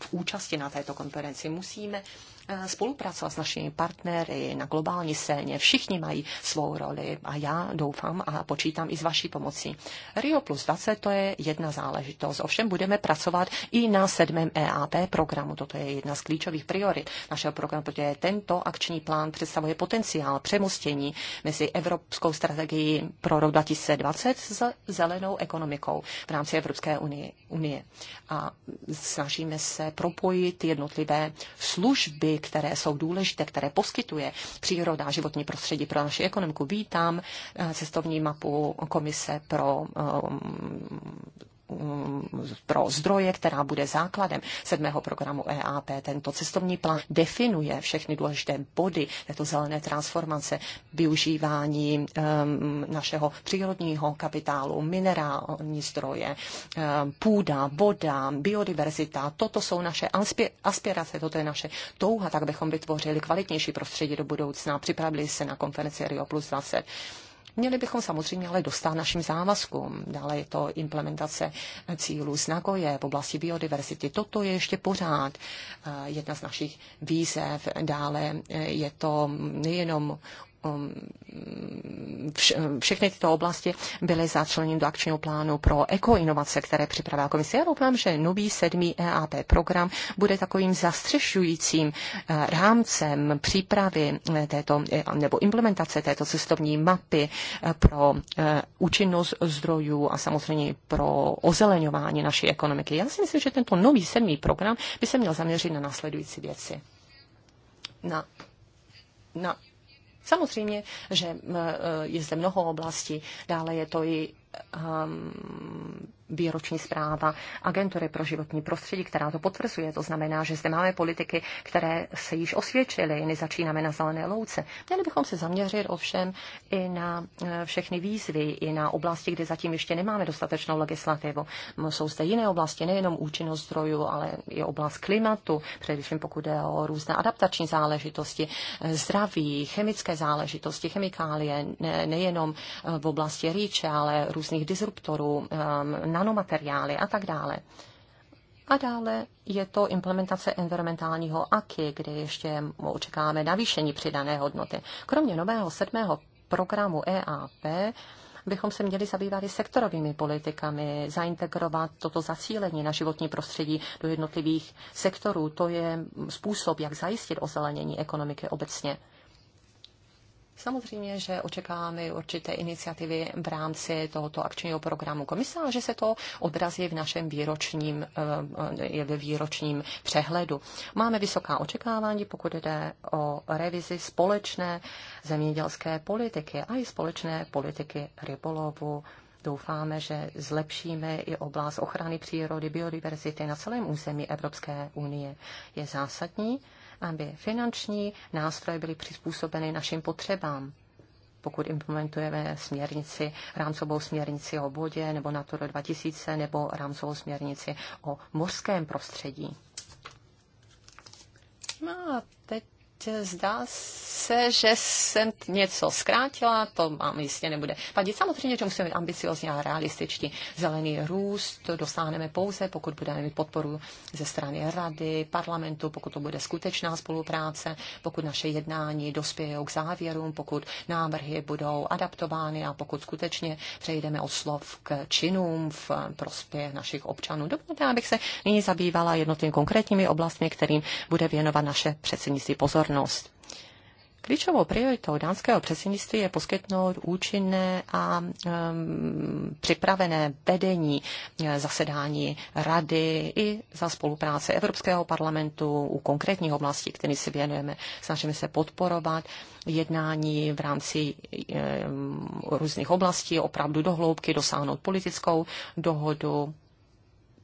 v účasti na této konferenci. Musíme Eh, spolupracovat s našimi partnery na globální scéně. Všichni mají svou roli a já doufám a počítám i s vaší pomocí. Rio plus 20 to je jedna záležitost. Ovšem budeme pracovat i na sedmém EAP programu. Toto je jedna z klíčových priorit našeho programu, protože tento akční plán představuje potenciál přemostění mezi evropskou strategií pro rok 2020 s zelenou ekonomikou v rámci Evropské unie. unie. A snažíme se propojit jednotlivé služby které jsou důležité, které poskytuje příroda a životní prostředí pro naši ekonomiku. Vítám eh, cestovní mapu Komise pro eh, pro zdroje, která bude základem sedmého programu EAP. Tento cestovní plán definuje všechny důležité body této zelené transformace, využívání našeho přírodního kapitálu, minerální zdroje, půda, voda, biodiverzita. Toto jsou naše aspirace, toto je naše touha, tak bychom vytvořili kvalitnější prostředí do budoucna, připravili se na konferenci Rio plus 20 Měli bychom samozřejmě ale dostat našim závazkům. Dále je to implementace cílů z Nagoje v oblasti biodiverzity. Toto je ještě pořád eh, jedna z našich výzev. Dále eh, je to nejenom Um, všechny tyto oblasti byly začleněny do akčního plánu pro ekoinovace, které připravila komise. Já doufám, že nový sedmý EAP program bude takovým zastřešujícím eh, rámcem přípravy eh, této, eh, nebo implementace této cestovní mapy pro účinnost zdrojů a samozřejmě pro ozeleňování naší ekonomiky. Já si myslím, že tento nový sedmý program by se měl zaměřit na následující věci. Na na Samozřejmě, že e, je zde mnoho oblastí, dále je to i um, výroční zpráva Agentury pro životní prostředí, která to potvrzuje. To znamená, že zde máme politiky, které se již osvědčily. My začínáme na zelené louce. Měli bychom se zaměřit ovšem i na e, všechny výzvy, i na oblasti, kde zatím ještě nemáme dostatečnou legislativu. Jsou zde jiné oblasti, nejenom účinnost zdrojů, ale i oblast klimatu, především pokud jde o různé adaptační záležitosti, e, zdraví, chemické záležitosti, chemikálie, ne, nejenom e, v oblasti rýče, ale různých disruptorů, um, nanomateriály a tak dále. A dále je to implementace environmentálního AKI, kde ještě očekáváme navýšení přidané hodnoty. Kromě nového sedmého programu EAP bychom se měli zabývat i sektorovými politikami, zaintegrovat toto zacílení na životní prostředí do jednotlivých sektorů. To je způsob, jak zajistit ozelenění ekonomiky obecně. Samozřejmě, že očekáváme určité iniciativy v rámci tohoto akčního programu komise a že se to odrazí v našem výročním, eh, v výročním přehledu. Máme vysoká očekávání, pokud jde o revizi společné zemědělské politiky a i společné politiky rybolovu. Doufáme, že zlepšíme i oblast ochrany přírody, biodiverzity na celém území Evropské unie. Je zásadní, aby finanční nástroje byly přizpůsobeny našim potřebám pokud implementujeme směrnici, rámcovou směrnici o vodě nebo Natura 2000 nebo rámcovou směrnici o mořském prostředí. No a teď zdá se, že jsem něco zkrátila, to vám jistě nebude padit. Samozřejmě, že musíme být ambiciozní a realističtí. Zelený růst dosáhneme pouze, pokud budeme mít podporu ze strany rady, parlamentu, pokud to bude skutečná spolupráce, pokud naše jednání dospějou k závěrům, pokud návrhy budou adaptovány a pokud skutečně přejdeme od slov k činům v prospěch našich občanů. Dovolte, abych se nyní zabývala jednotlivými konkrétními oblastmi, kterým bude věnovat naše předsednictví pozor pozornost. Klíčovou prioritou dánského předsednictví je poskytnout účinné a um, připravené vedení e, zasedání rady i za spolupráce Evropského parlamentu u konkrétních oblastí, které si věnujeme. Snažíme se podporovat jednání v rámci um, různých oblastí, opravdu dohloubky, dosáhnout politickou dohodu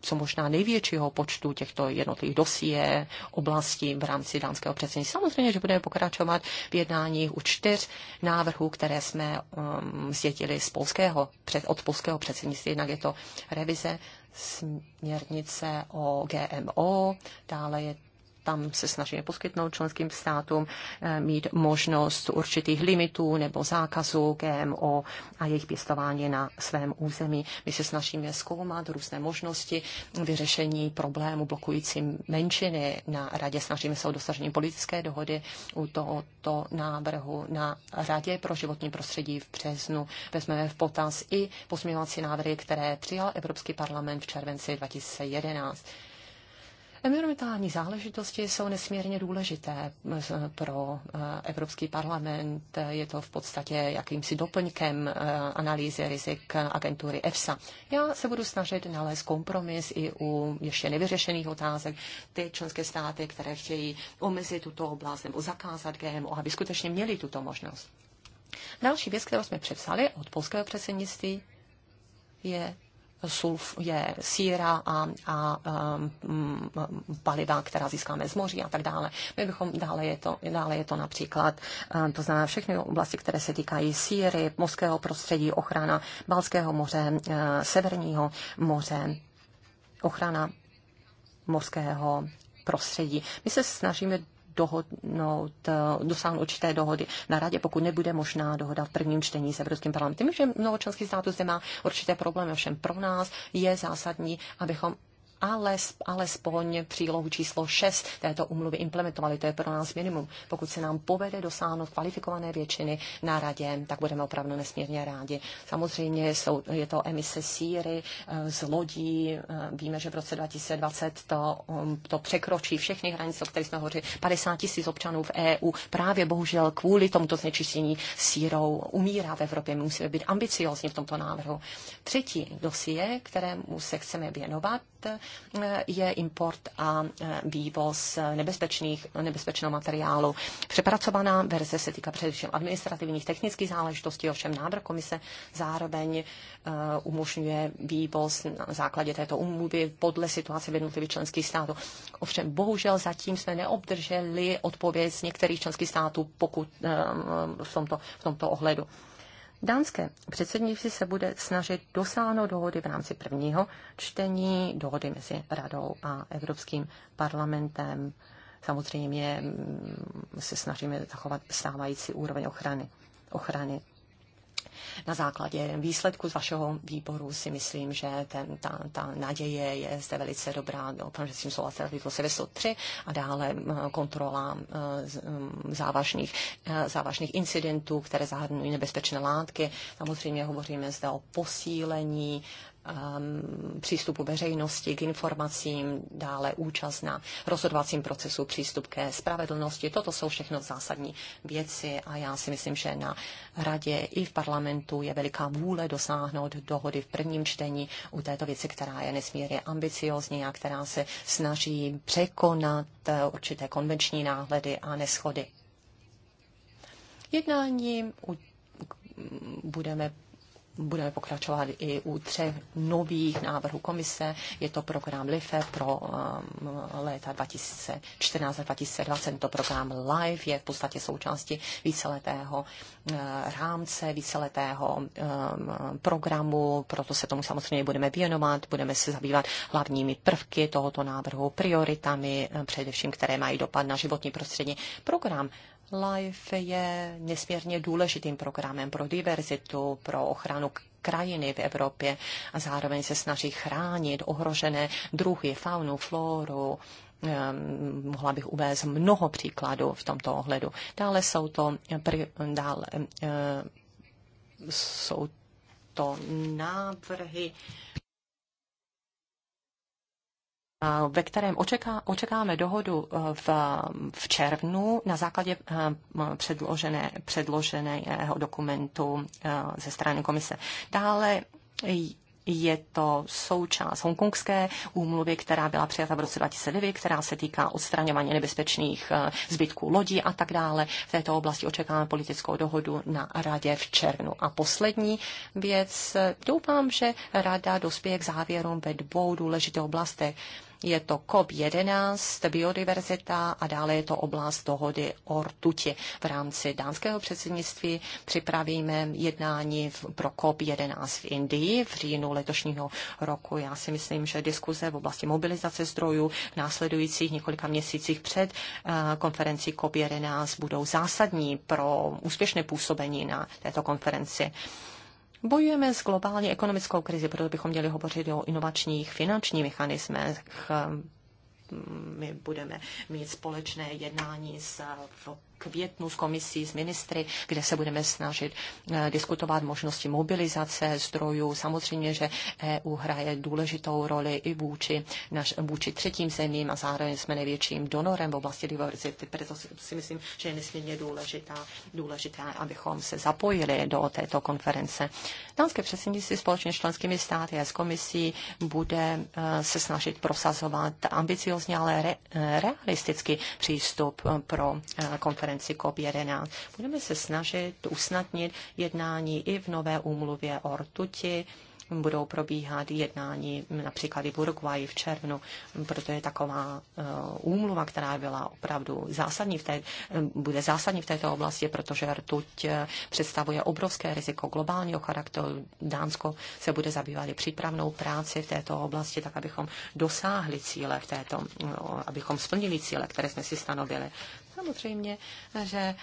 co možná největšího počtu těchto jednotlivých dosie oblasti v rámci dánského předsednictví. Samozřejmě, že budeme pokračovat v jednáních u čtyř návrhů, které jsme um, zjetili z polského, před, od polského předsednictví. Jednak je to revize směrnice o GMO, dále je tam se snažíme poskytnout členským státům eh, mít možnost určitých limitů nebo zákazů GMO a jejich pěstování na svém území. My se snažíme zkoumat různé možnosti vyřešení problému blokující menšiny na radě. Snažíme se o dosažení politické dohody u tohoto návrhu na radě pro životní prostředí v březnu. Vezmeme v potaz i pozměňovací návrhy, které přijal Evropský parlament v červenci 2011. Environmentální záležitosti jsou nesmírně důležité eh, pro eh, Evropský parlament. Je to v podstatě jakýmsi doplňkem eh, analýzy rizik agentury EFSA. Já se budu snažit nalézt kompromis i u ještě nevyřešených otázek. Ty členské státy, které chtějí omezit tuto oblast nebo zakázat GMO, aby skutečně měli tuto možnost. Další věc, kterou jsme přepsali od polského předsednictví, je sulf, je síra a, a um, paliva, která získáme z moří a tak dále. My bychom, dále je to, dále je to například, um, to znamená všechny oblasti, které se týkají síry, mořského prostředí, ochrana Balského moře, uh, Severního moře, ochrana mořského prostředí. My se snažíme dohodnout, eh, dosáhnout určité dohody na radě, pokud nebude možná dohoda v prvním čtení s Evropským parlamentem. Vím, že mnoho členských států zde má určité problémy, ovšem pro nás je zásadní, abychom ale, alespoň přílohu číslo 6 této umluvy implementovali. To je pro nás minimum. Pokud se nám povede dosáhnout kvalifikované většiny na radě, tak budeme opravdu nesmírně rádi. Samozřejmě jsou, je to emise síry eh, z lodí. Eh, víme, že v roce 2020 to, um, to překročí všechny hranice, o kterých jsme hovořili, 50 tisíc občanů v EU. Právě bohužel kvůli tomuto znečištění sírou umírá v Evropě. My musíme být ambiciozní v tomto návrhu. Třetí dosie, kterému se chceme věnovat, Eh, je import a eh, vývoz eh, nebezpečných, nebezpečného materiálu. Přepracovaná verze se týká především administrativních technických záležitostí, ovšem návrh komise zároveň umožňuje vývoz na základě této umluvy podle situace v jednotlivých členských států. Ovšem bohužel zatím jsme neobdrželi odpověď z některých členských států, pokud v tomto, v tomto ohledu. Dánské předsednictví se bude snažit dosáhnout dohody v rámci prvního čtení, dohody mezi Radou a Evropským parlamentem. Samozřejmě mm, se snažíme zachovat stávající úroveň ochrany. ochrany na základě výsledku z vašeho výboru si myslím, že ten, ta, ta naděje je zde velice dobrá. Doufám, že s tím souhlasíte artikl 703 a dále kontrola závažných, e, závažných incidentů, které zahrnují nebezpečné látky. Samozřejmě hovoříme zde o posílení um, přístupu veřejnosti k informacím, dále účast na rozhodovacím procesu, přístup ke spravedlnosti. Toto jsou všechno zásadní věci a já si myslím, že na radě i v parlamentu je veliká vůle dosáhnout dohody v prvním čtení u této věci, která je nesmírně ambiciozní a která se snaží překonat eh, určité konvenční náhledy a neschody. Jednání budeme budeme pokračovat i u třech nových návrhů komise. Je to program LIFE pro um, léta 2014 a 2020. Tento program LIFE je v podstatě součástí víceletého uh, rámce, víceletého um, programu, proto se tomu samozřejmě budeme věnovat, budeme se zabývat hlavními prvky tohoto návrhu, prioritami, eh, především které mají dopad na životní prostředí. Program Life je nesmírně důležitým programem pro diverzitu, pro ochranu krajiny v Evropě a zároveň se snaží chránit ohrožené druhy, faunu, floru. Ehm, mohla bych uvést mnoho příkladů v tomto ohledu. Dále jsou to, dále, ehm, jsou to návrhy ve kterém očeká, očekáme dohodu e, v, v červnu na základě e, předložené, předloženého dokumentu e, ze strany komise. Dále je to součást hongkongské úmluvy, která byla přijata v roce 2009, která se týká odstraňování nebezpečných zbytků lodí a tak dále. V této oblasti očekáváme politickou dohodu na radě v červnu. A poslední věc, doufám, že rada dospěje k závěrům ve dvou důležitých oblastech. Je to COP11, biodiverzita a dále je to oblast dohody o rtuti. V rámci dánského předsednictví připravíme jednání pro COP11 v Indii v říjnu letošního roku. Já si myslím, že diskuze v oblasti mobilizace zdrojů v následujících několika měsících před eh, konferenci COP11 budou zásadní pro úspěšné působení na této konferenci. Bojujeme s globální ekonomickou krizi, proto bychom měli hovořit o inovačních finančních mechanismech. My budeme mít společné jednání s květnu s komisí, s ministry, kde se budeme snažit eh, diskutovat možnosti mobilizace zdrojů. Samozřejmě, že EU hraje důležitou roli i vůči, naš, vůči třetím zemím a zároveň jsme největším donorem v oblasti diverzity. Proto si myslím, že je nesmírně důležitá, důležité, abychom se zapojili do této konference. Dánské předsednictví společně s členskými státy a s komisí bude eh, se snažit prosazovat ambiciozně, ale re, eh, realistický přístup pro konferenci konferenci COP11. Budeme se snažit usnadnit jednání i v nové úmluvě o rtuti, budou probíhat jednání například i v Uruguayi v červnu, je taková eh, úmluva, která byla opravdu zásadní v té, eh, bude zásadní v této oblasti, protože rtuť eh, představuje obrovské riziko globálního charakteru. Dánsko se bude zabývat i přípravnou práci v této oblasti, tak abychom dosáhli cíle v této, abychom splnili cíle, které jsme si stanovili. Samozřejmě, že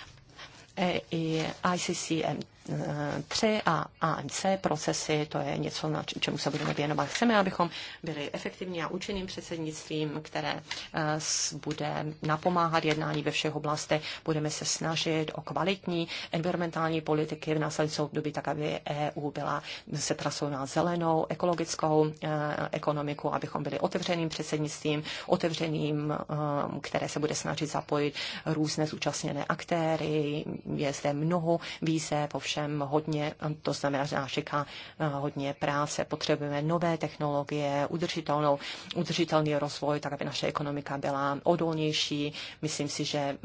e i ICCM 3 a AMC procesy, to je něco, na čemu se budeme věnovat. Chceme, abychom byli efektivní a účinným předsednictvím, které eh, bude napomáhat jednání ve všech oblastech. Budeme se snažit o kvalitní environmentální politiky v následujícím období, tak aby EU byla se na zelenou, ekologickou eh, ekonomiku, abychom byli otevřeným předsednictvím, otevřeným, eh, které se bude snažit zapojit různé zúčastněné aktéry. Je zde mnoho výzev, ovšem ovšem hodně, to znamená, že nás čeká eh, hodně práce. Potřebujeme nové technologie, udržitelnou, udržitelný rozvoj, tak aby naše ekonomika byla odolnější. Myslím si, že eh,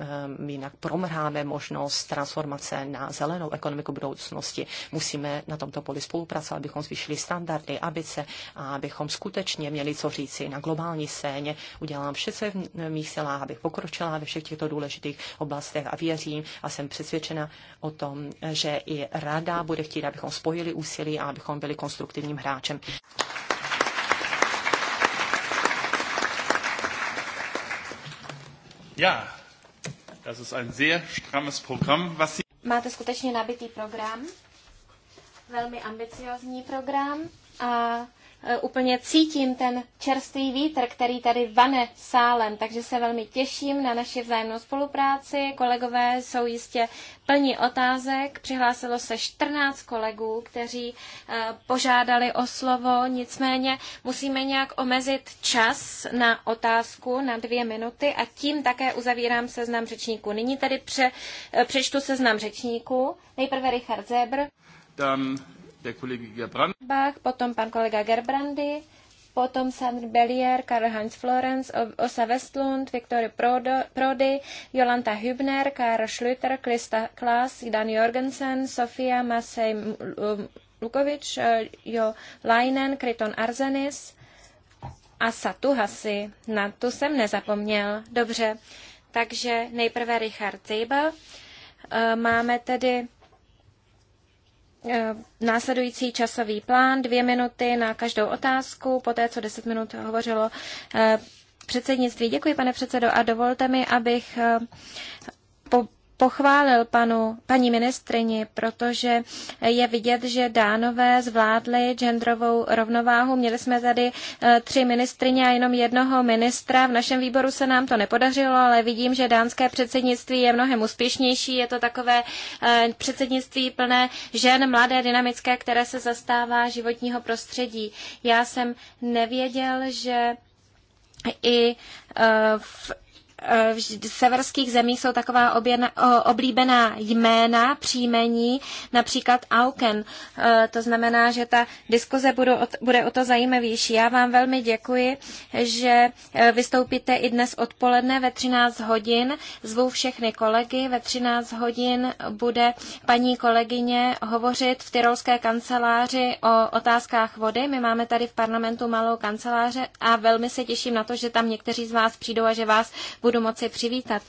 jinak promrháme možnost transformace na zelenou ekonomiku budoucnosti. Musíme na tomto poli spolupracovat, abychom zvýšili standardy, ambice a abychom skutečně měli co říci na globální scéně. Udělám vše, co je v mých silách, abych pokročila ve všech těchto důležitých oblastech a věřím a jsem přesvědčena o tom, že i rada bude chtít, abychom spojili úsilí a abychom byli konstruktivním hráčem. Ja, das ist ein sehr strammes Programm, was Sie Máte skutečně nabitý program, velmi ambiciozní program a E, úplně cítím ten čerstvý vítr, který tady vane sálem, takže se velmi těším na naši vzájemnou spolupráci. Kolegové jsou jistě plní otázek. Přihlásilo se 14 kolegů, kteří e, požádali o slovo, nicméně musíme nějak omezit čas na otázku na dvě minuty a tím také uzavírám seznam řečníků. Nyní tedy pře, e, přečtu seznam řečníků. Nejprve Richard Zebr. Dan Bach, potom pan kolega Gerbrandy, potom Sandr Bellier, Karl-Heinz Florenz, Osa Westlund, Viktory Prody, Jolanta Hübner, Karl Schlüter, Krista Klaas, Dan Jorgensen, Sofia Masej Lukovič, eh, Jo Leinen, Kryton Arzenis a Satu Hasi. Na tu jsem nezapomněl. Dobře, takže nejprve Richard Zeibel. Eh, máme tedy Eh, následující časový plán, dvě minuty na každou otázku, poté co deset minut hovořilo eh, předsednictví. Děkuji, pane předsedo, a dovolte mi, abych eh, po pochválil panu, paní ministrini, protože je vidět, že dánové zvládli genderovou rovnováhu. Měli jsme tady eh, tři ministrině a jenom jednoho ministra. V našem výboru se nám to nepodařilo, ale vidím, že dánské předsednictví je mnohem úspěšnější. Je to takové eh, předsednictví plné žen, mladé, dynamické, které se zastává životního prostředí. Já jsem nevěděl, že i eh, v v severských zemích jsou taková oběna, oblíbená jména, příjmení, například Auken. E, to znamená, že ta diskuze bude o, bude o to zajímavější. Já vám velmi děkuji, že e, vystoupíte i dnes odpoledne ve 13 hodin. Zvu všechny kolegy. Ve 13 hodin bude paní kolegyně hovořit v Tyrolské kanceláři o otázkách vody. My máme tady v parlamentu malou kanceláře a velmi se těším na to, že tam někteří z vás přijdou a že vás budu moci přivítat.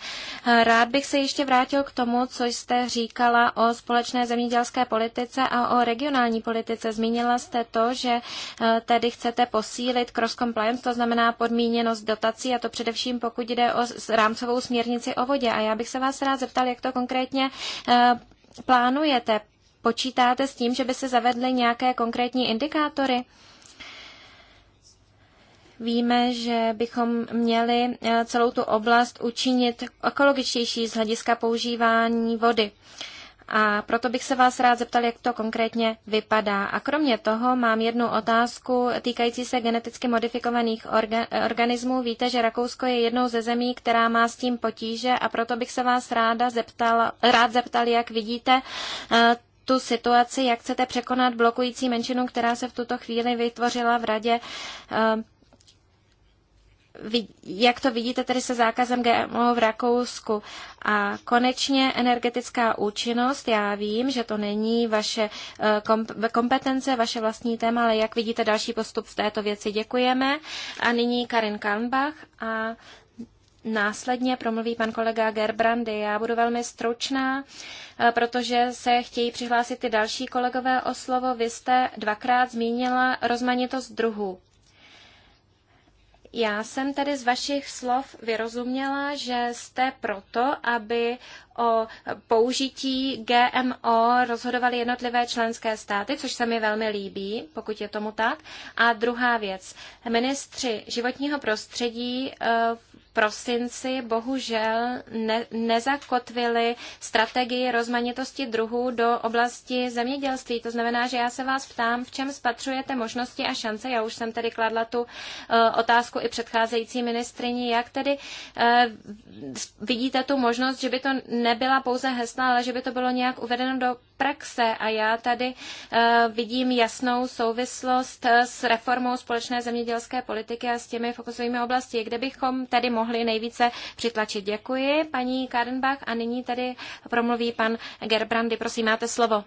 Rád bych se ještě vrátil k tomu, co jste říkala o společné zemědělské politice a o regionální politice. Zmínila jste to, že eh, tedy chcete posílit cross-compliance, to znamená podmíněnost dotací, a to především pokud jde o rámcovou směrnici o vodě. A já bych se vás rád zeptal, jak to konkrétně eh, plánujete. Počítáte s tím, že by se zavedly nějaké konkrétní indikátory? Víme, že bychom měli eh, celou tu oblast učinit ekologičtější z hlediska používání vody. A proto bych se vás rád zeptal, jak to konkrétně vypadá. A kromě toho mám jednu otázku týkající se geneticky modifikovaných orga, eh, organismů. Víte, že Rakousko je jednou ze zemí, která má s tím potíže a proto bych se vás ráda zeptal, rád zeptal, jak vidíte eh, tu situaci, jak chcete překonat blokující menšinu, která se v tuto chvíli vytvořila v radě jak to vidíte tedy se zákazem GMO v Rakousku. A konečně energetická účinnost. Já vím, že to není vaše eh, kompetence, vaše vlastní téma, ale jak vidíte další postup v této věci. Děkujeme. A nyní Karin Kalmbach a Následně promluví pan kolega Gerbrandy. Já budu velmi stručná, eh, protože se chtějí přihlásit i další kolegové o slovo. Vy jste dvakrát zmínila rozmanitost druhů. Já jsem tedy z vašich slov vyrozuměla, že jste proto, aby o použití GMO rozhodovaly jednotlivé členské státy, což se mi velmi líbí, pokud je tomu tak. A druhá věc. Ministři životního prostředí v eh, prosinci bohužel ne, nezakotvili strategii rozmanitosti druhů do oblasti zemědělství. To znamená, že já se vás ptám, v čem spatřujete možnosti a šance. Já už jsem tedy kladla tu uh, otázku i předcházející ministrině, jak tedy uh, vidíte tu možnost, že by to nebyla pouze hesla, ale že by to bylo nějak uvedeno do praxe. A já tady uh, vidím jasnou souvislost s reformou společné zemědělské politiky a s těmi fokusovými oblasti, kde bychom tedy mohli mohli nejvíce přitlačit. Děkuji, paní Kardenbach, a nyní tady promluví pan Gerbrandy. Prosím, máte slovo.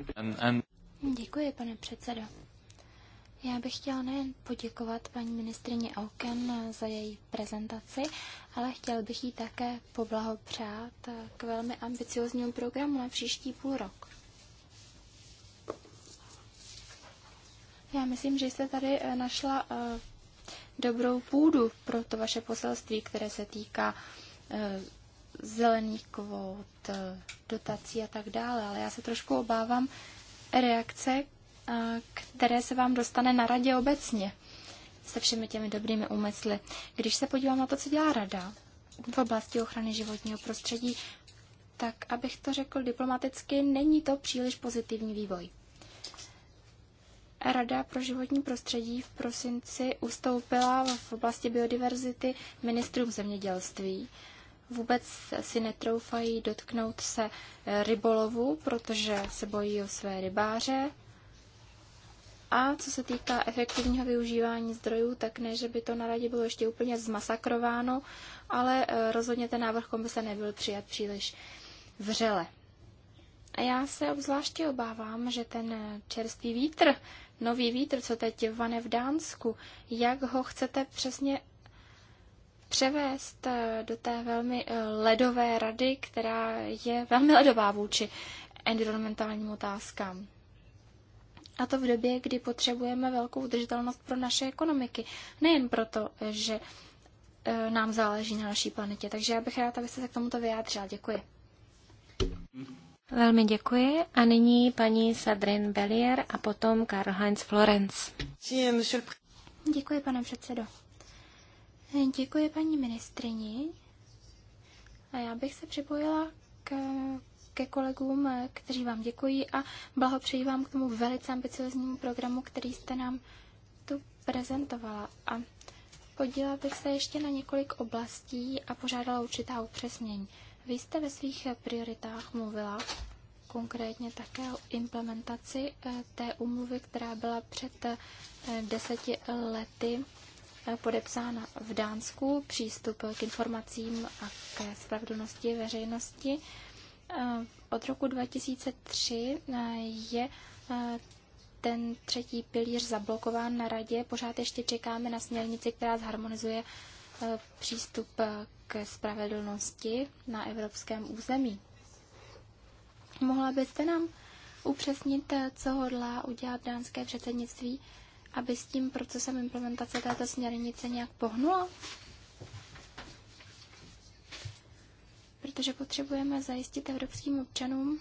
Děkuji, pane předsedo. Já bych chtěla nejen poděkovat paní ministrině Auken za její prezentaci, ale chtěl bych jí také poblahopřát k velmi ambicioznímu programu na příští půl rok. Já myslím, že jste tady eh, našla eh, dobrou půdu pro to vaše poselství, které se týká eh, zelených kvót, eh, dotací a tak dále, ale já se trošku obávám reakce, eh, které se vám dostane na radě obecně se všemi těmi dobrými úmysly. Když se podívám na to, co dělá rada v oblasti ochrany životního prostředí, tak abych to řekl diplomaticky, není to příliš pozitivní vývoj. Rada pro životní prostředí v prosinci ustoupila v oblasti biodiverzity ministrům zemědělství. Vůbec si netroufají dotknout se eh, rybolovu, protože se bojí o své rybáře. A co se týká efektivního využívání zdrojů, tak ne, že by to na radě bylo ještě úplně zmasakrováno, ale eh, rozhodně ten návrh komise nebyl přijat příliš vřele. A já se obzvláště obávám, že ten eh, čerstvý vítr, nový vítr, co teď vane v Dánsku, jak ho chcete přesně převést eh, do té velmi eh, ledové rady, která je velmi ledová vůči environmentálním otázkám. A to v době, kdy potřebujeme velkou udržitelnost pro naše ekonomiky. Nejen proto, že eh, nám záleží na naší planetě. Takže já bych ráda, abyste se k tomuto vyjádřila. Děkuji. Velmi děkuji. A nyní paní Sadrin Bellier a potom Karl Heinz Florenz. Děkuji, pane předsedo. Děkuji paní ministrini. A já bych se připojila k, ke kolegům, kteří vám děkují a blahopřeji vám k tomu velice ambicioznímu programu, který jste nám tu prezentovala. A podílela bych se ještě na několik oblastí a požádala určitá upřesnění. Vy jste ve svých eh, prioritách mluvila konkrétně také o implementaci eh, té umluvy, která byla před eh, deseti lety podepsána v Dánsku, přístup k informacím a ke spravedlnosti veřejnosti. Od roku 2003 je ten třetí pilíř zablokován na radě. Pořád ještě čekáme na směrnici, která zharmonizuje přístup ke spravedlnosti na evropském území. Mohla byste nám upřesnit, eh, co hodlá udělat dánské předsednictví, aby s tím procesem implementace této směrnice nějak pohnulo? Protože potřebujeme zajistit evropským občanům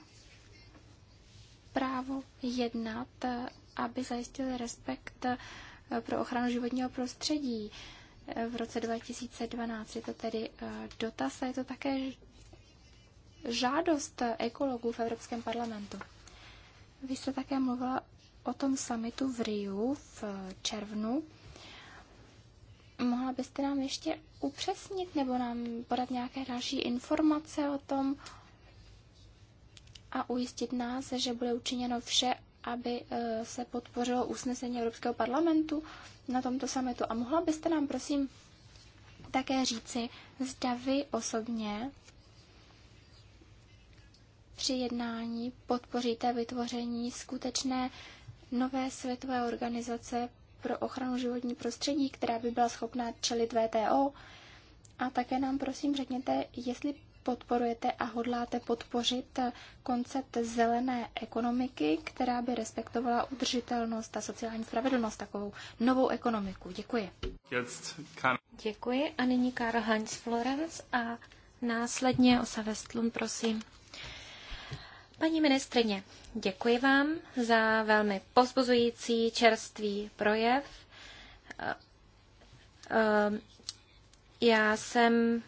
právo jednat, eh, aby zajistili respekt eh, pro ochranu životního prostředí, v roce 2012. Je to tedy eh, dotaz a je to také žádost ekologů v Evropském parlamentu. Vy jste také mluvila o tom samitu v Riu v červnu. Mohla byste nám ještě upřesnit nebo nám podat nějaké další informace o tom a ujistit nás, že bude učiněno vše, aby eh, se podpořilo usnesení Evropského parlamentu na tomto summitu. A mohla byste nám, prosím, také říci, zda vy osobně při jednání podpoříte vytvoření skutečné nové světové organizace pro ochranu životní prostředí, která by byla schopná čelit VTO. A také nám prosím řekněte, jestli podporujete a hodláte podpořit koncept zelené ekonomiky, která by respektovala udržitelnost a sociální spravedlnost, takovou novou ekonomiku. Děkuji. Děkuji a nyní Karl Heinz Florence a následně Osa Westlund, prosím. Paní ministrině, děkuji vám za velmi pozbuzující čerstvý projev. Eh, eh, já jsem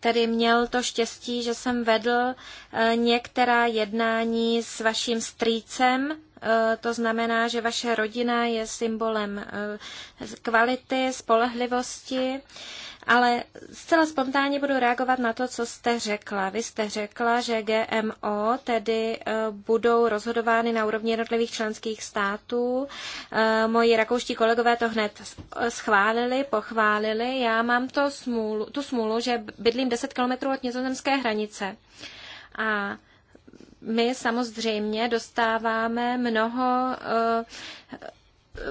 tedy měl to štěstí, že jsem vedl eh, některá jednání s vaším strýcem. Eh, to znamená, že vaše rodina je symbolem eh, kvality, spolehlivosti ale zcela spontánně budu reagovat na to, co jste řekla. Vy jste řekla, že GMO tedy eh, budou rozhodovány na úrovni jednotlivých členských států. Eh, moji rakouští kolegové to hned schválili, pochválili. Já mám to smůlu, tu smůlu, že bydlím 10 kilometrů od nizozemské hranice. A my samozřejmě dostáváme mnoho eh,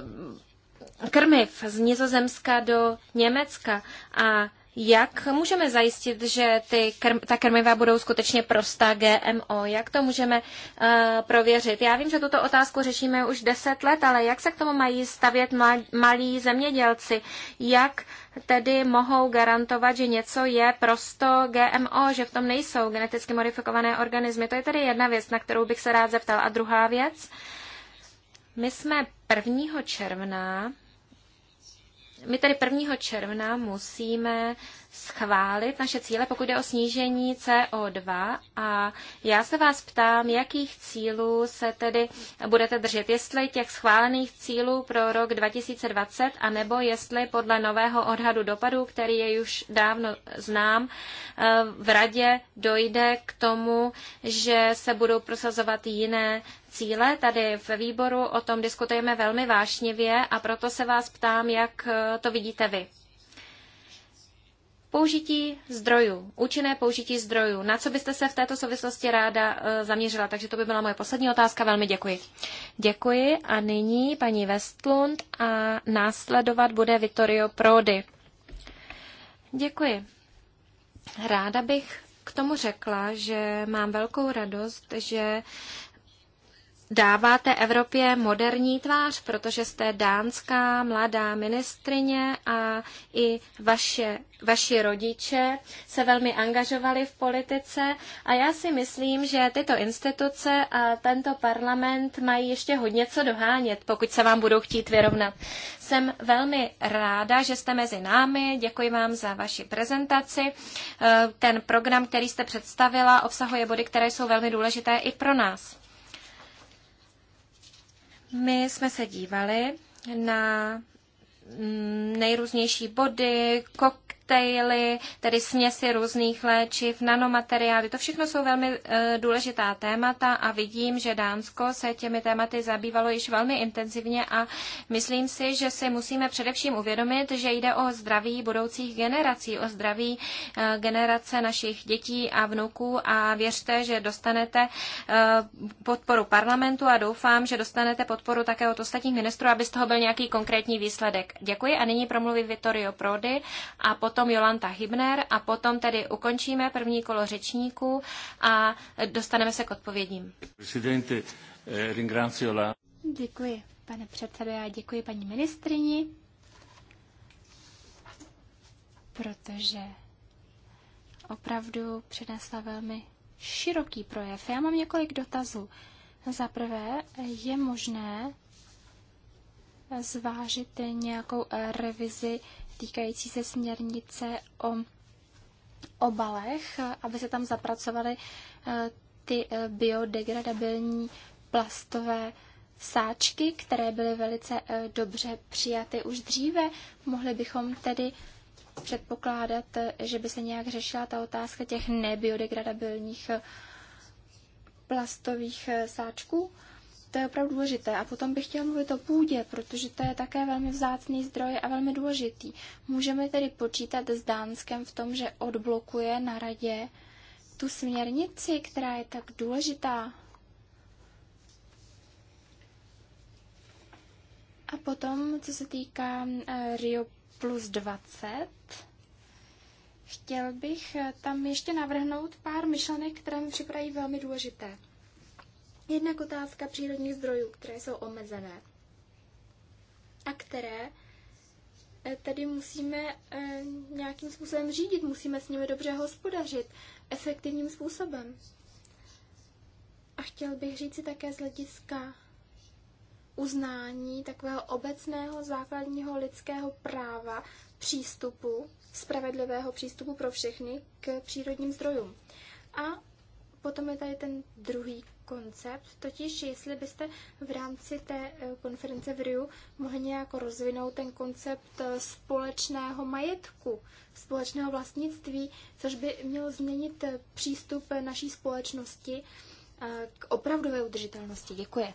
krmiv z Nizozemska do Německa a jak můžeme zajistit, že ty krm, ta krmiva budou skutečně prostá GMO? Jak to můžeme uh, prověřit? Já vím, že tuto otázku řešíme už deset let, ale jak se k tomu mají stavět mal, malí zemědělci? Jak tedy mohou garantovat, že něco je prosto GMO, že v tom nejsou geneticky modifikované organismy? To je tedy jedna věc, na kterou bych se rád zeptal. A druhá věc? My jsme 1. června my tady 1. června musíme schválit naše cíle, pokud jde o snížení CO2. A já se vás ptám, jakých cílů se tedy budete držet, jestli těch schválených cílů pro rok 2020, anebo jestli podle nového odhadu dopadu, který je už dávno znám, eh, v radě dojde k tomu, že se budou prosazovat jiné cíle. Tady v výboru o tom diskutujeme velmi vášnivě a proto se vás ptám, jak eh, to vidíte vy. Použití zdrojů, účinné použití zdrojů. Na co byste se v této souvislosti ráda eh, zaměřila? Takže to by byla moje poslední otázka. Velmi děkuji. Děkuji a nyní paní Westlund a následovat bude Vittorio Prodi. Děkuji. Ráda bych k tomu řekla, že mám velkou radost, že dáváte Evropě moderní tvář, protože jste dánská mladá ministrině a i vaše, vaši rodiče se velmi angažovali v politice a já si myslím, že tyto instituce a tento parlament mají ještě hodně co dohánět, pokud se vám budou chtít vyrovnat. Jsem velmi ráda, že jste mezi námi, děkuji vám za vaši prezentaci. E, ten program, který jste představila, obsahuje body, které jsou velmi důležité i pro nás. My jsme se dívali na mm, nejrůznější body, koktejly, tedy směsi různých léčiv, nanomateriály. To všechno jsou velmi eh, důležitá témata a vidím, že Dánsko se těmi tématy zabývalo již velmi intenzivně a myslím si, že si musíme především uvědomit, že jde o zdraví budoucích generací, o zdraví eh, generace našich dětí a vnuků a věřte, že dostanete eh, podporu parlamentu a doufám, že dostanete podporu také od ostatních ministrů, aby z toho byl nějaký konkrétní výsledek. Děkuji a nyní promluví Vittorio Prodi a potom potom Jolanta Hibner a potom tedy ukončíme první kolo řečníků a dostaneme se k odpovědím. Eh, děkuji, pane předsedo, a děkuji paní ministrini, protože opravdu přinesla velmi široký projev. Já mám několik dotazů. Za prvé, je možné zvážit nějakou revizi týkající se směrnice o obalech, aby se tam zapracovaly eh, ty eh, biodegradabilní plastové sáčky, které byly velice eh, dobře přijaty už dříve. Mohli bychom tedy předpokládat, že by se nějak řešila ta otázka těch nebiodegradabilních plastových sáčků to je opravdu důležité. A potom bych chtěla mluvit o půdě, protože to je také velmi vzácný zdroj a velmi důležitý. Můžeme tedy počítat s Dánskem v tom, že odblokuje na radě tu směrnici, která je tak důležitá. A potom, co se týká eh, Rio plus 20, chtěl bych eh, tam ještě navrhnout pár myšlenek, které mi připadají velmi důležité. Jednak otázka přírodních zdrojů, které jsou omezené a které eh, tedy musíme eh, nějakým způsobem řídit, musíme s nimi dobře hospodařit efektivním způsobem. A chtěl bych říct si také z hlediska uznání takového obecného základního lidského práva přístupu, spravedlivého přístupu pro všechny k přírodním zdrojům. A Potom je tady ten druhý koncept, totiž jestli byste v rámci té eh, konference v Riu mohli nějak rozvinout ten koncept eh, společného majetku, společného vlastnictví, což by mělo změnit eh, přístup naší společnosti k opravdové udržitelnosti. Děkuji.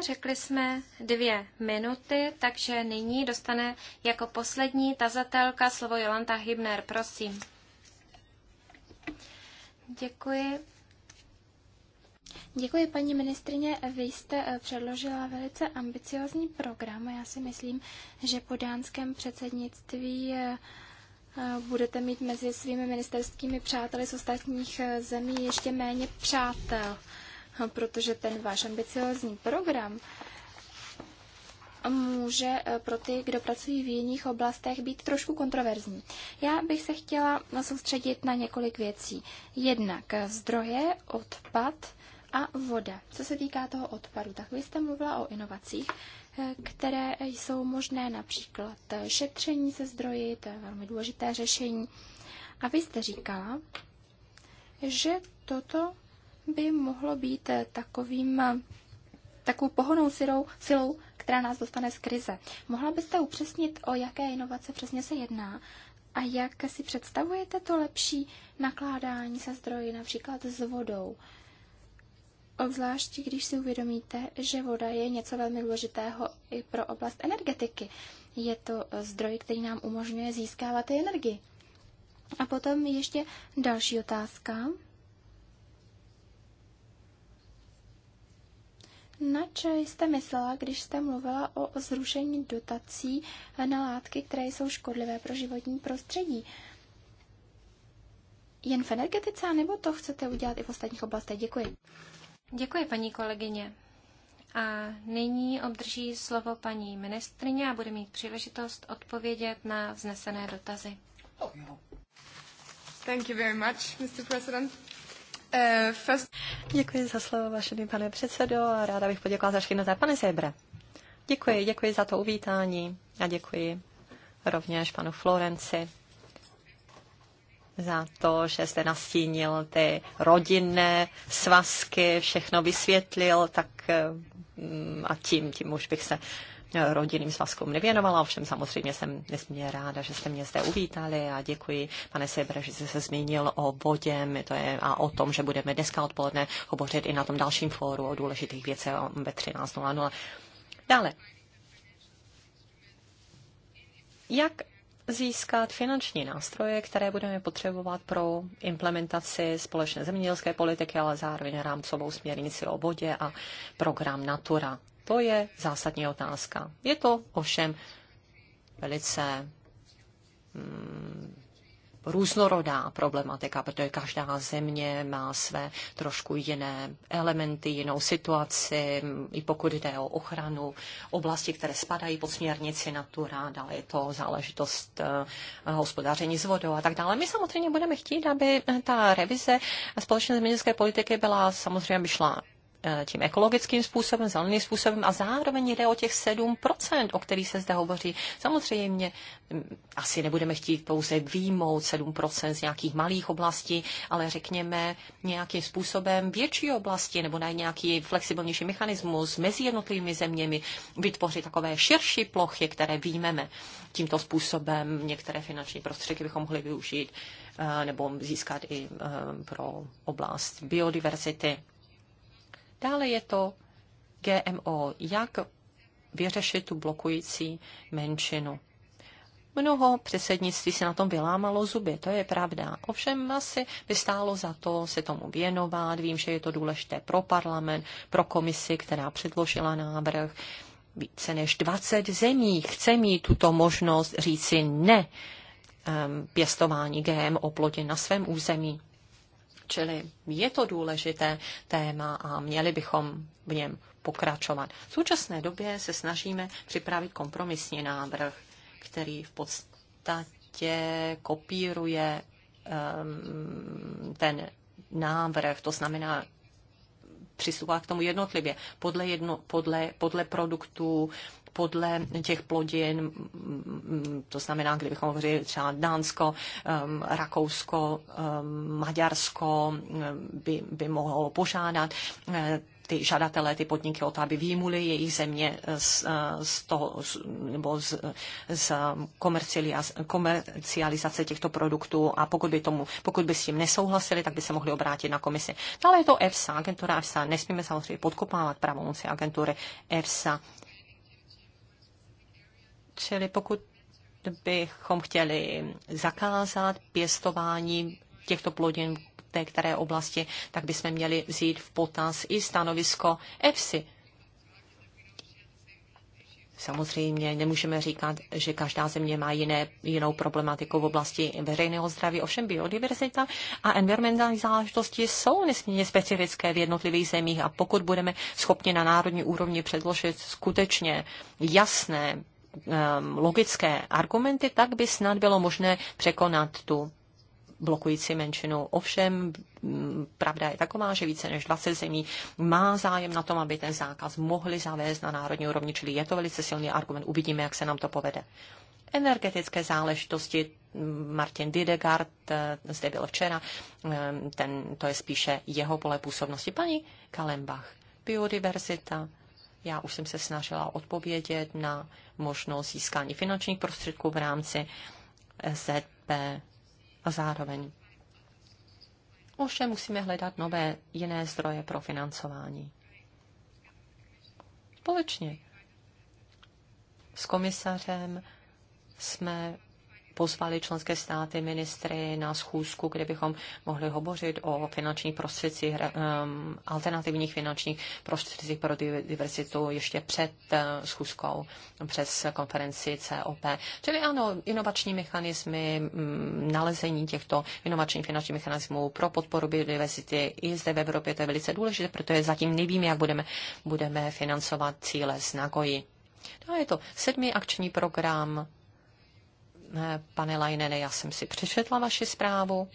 Řekli jsme dvě minuty, takže nyní dostane jako poslední tazatelka slovo Jolanta Hybner. Prosím. Děkuji. Děkuji, paní ministrině. Vy jste eh, předložila velice ambiciozní program a já si myslím, že po dánském předsednictví eh, eh, budete mít mezi svými ministerskými přáteli z ostatních zemí ještě méně přátel, protože ten váš ambiciozní program může eh, pro ty, kdo pracují v jiných oblastech, být trošku kontroverzní. Já bych se chtěla soustředit na několik věcí. Jednak eh, zdroje, odpad a voda. Co se týká toho odpadu, tak vy jste mluvila o inovacích, eh, které jsou možné například šetření se zdroji, to je velmi důležité řešení. A vy jste říkala, že toto by mohlo být takovým takovou pohonou silou, silou která nás dostane z krize. Mohla byste upřesnit, o jaké inovace přesně se jedná a jak si představujete to lepší nakládání se zdroji, například s vodou? Obzvláště, když si uvědomíte, že voda je něco velmi důležitého i pro oblast energetiky. Je to e, zdroj, který nám umožňuje získávat energii. A potom ještě další otázka, Nač jste myslela, když jste mluvila o zrušení dotací na látky, které jsou škodlivé pro životní prostředí? Jen v energetice, nebo to chcete udělat i v ostatních oblastech? Děkuji. Děkuji, paní kolegyně. A nyní obdrží slovo paní ministrině a bude mít příležitost odpovědět na vznesené dotazy. Oh, Thank you very much, Mr. President. Eh, děkuji za slovo, vašený pane předsedo, a ráda bych poděkovala za všechno za pane Zebre. Děkuji, děkuji za to uvítání a děkuji rovněž panu Florenci za to, že jste nastínil ty rodinné svazky, všechno vysvětlil, tak eh, a tím, tím už bych se rodinným svazkům nevěnovala, ovšem samozřejmě jsem nesmírně ráda, že jste mě zde uvítali a děkuji, pane Sebre, že jste se zmínil o vodě to je, a o tom, že budeme dneska odpoledne hovořit i na tom dalším fóru o důležitých věcech ve 13.00. Dále. Jak získat finanční nástroje, které budeme potřebovat pro implementaci společné zemědělské politiky, ale zároveň rámcovou směrnici o vodě a program Natura to je zásadní otázka. Je to ovšem velice mm, různorodá problematika, protože každá země má své trošku jiné elementy, jinou situaci, i pokud jde o ochranu oblasti, které spadají pod směrnici Natura, dále je to záležitost eh, hospodaření s vodou a tak dále. My samozřejmě budeme chtít, aby ta revize společné zemědělské politiky byla samozřejmě by šla Eh, tím ekologickým způsobem, zeleným způsobem a zároveň jde o těch 7%, o kterých se zde hovoří. Samozřejmě mm, asi nebudeme chtít pouze výjmout 7% z nějakých malých oblastí, ale řekněme nějakým způsobem větší oblasti nebo na nějaký flexibilnější mechanismus mezi jednotlivými zeměmi, vytvořit takové širší plochy, které výjmeme tímto způsobem. Některé finanční prostředky bychom mohli využít eh, nebo získat i eh, pro oblast biodiverzity. Dále je to GMO, jak vyřešit tu blokující menšinu. Mnoho předsednictví si na tom vylámalo zuby, to je pravda. Ovšem asi by stálo za to se tomu věnovat. Vím, že je to důležité pro parlament, pro komisi, která předložila návrh. Více než 20 zemí chce mít tuto možnost říci ne ehm, pěstování GMO plodin na svém území. Čili je to důležité téma a měli bychom v něm pokračovat. V současné době se snažíme připravit kompromisní návrh, který v podstatě kopíruje ehm, ten návrh, to znamená přistupovat k tomu jednotlivě, podle, jedno, podle, podle produktů, podle těch plodin, to znamená, kdybychom hovořili třeba Dánsko, um, Rakousko, um, Maďarsko um, by, by mohlo požádat uh, ty žadatelé, ty podniky o to, aby výjimuli jejich země uh, z, uh, z toho, z, nebo z, z komercializace těchto produktů a pokud by, tomu, pokud by s tím nesouhlasili, tak by se mohli obrátit na komisi. No, ale je to EFSA, agentura EFSA, nesmíme samozřejmě podkopávat pravomoci agentury EFSA Čili pokud bychom chtěli zakázat pěstování těchto plodin v té které oblasti, tak bychom měli vzít v potaz i stanovisko EFSI. Samozřejmě nemůžeme říkat, že každá země má jiné, jinou problematiku v oblasti veřejného zdraví. Ovšem biodiverzita a environmentální záležitosti jsou nesmírně specifické v jednotlivých zemích a pokud budeme schopni na národní úrovni předložit skutečně jasné Um, logické argumenty, tak by snad bylo možné překonat tu blokující menšinu. Ovšem, mm, pravda je taková, že více než 20 zemí má zájem na tom, aby ten zákaz mohli zavést na národní úrovni, čili je to velice silný argument. Uvidíme, jak se nám to povede. Energetické záležitosti, mm, Martin Didegard eh, zde byl včera, eh, ten, to je spíše jeho pole působnosti. Paní Kalembach, biodiverzita, já už jsem se snažila odpovědět na možnost získání finančních prostředků v rámci ZP a zároveň. Ovšem musíme hledat nové jiné zdroje pro financování. Společně s komisařem jsme pozvali členské státy, ministry na schůzku, kde bychom mohli hovořit o finančních prostředcích, eh, mm, alternativních finančních prostředcích pro diverzitu ještě před eh, schůzkou, přes konferenci COP. Čili ano, inovační mechanismy, mm, nalezení těchto inovačních finančních mechanismů pro podporu biodiverzity i zde v Evropě, to je velice důležité, protože zatím nevíme, jak budeme, budeme financovat cíle z Nagoji. No, je to sedmý akční program Eh, pane Lajnene, já jsem si přečetla vaši zprávu.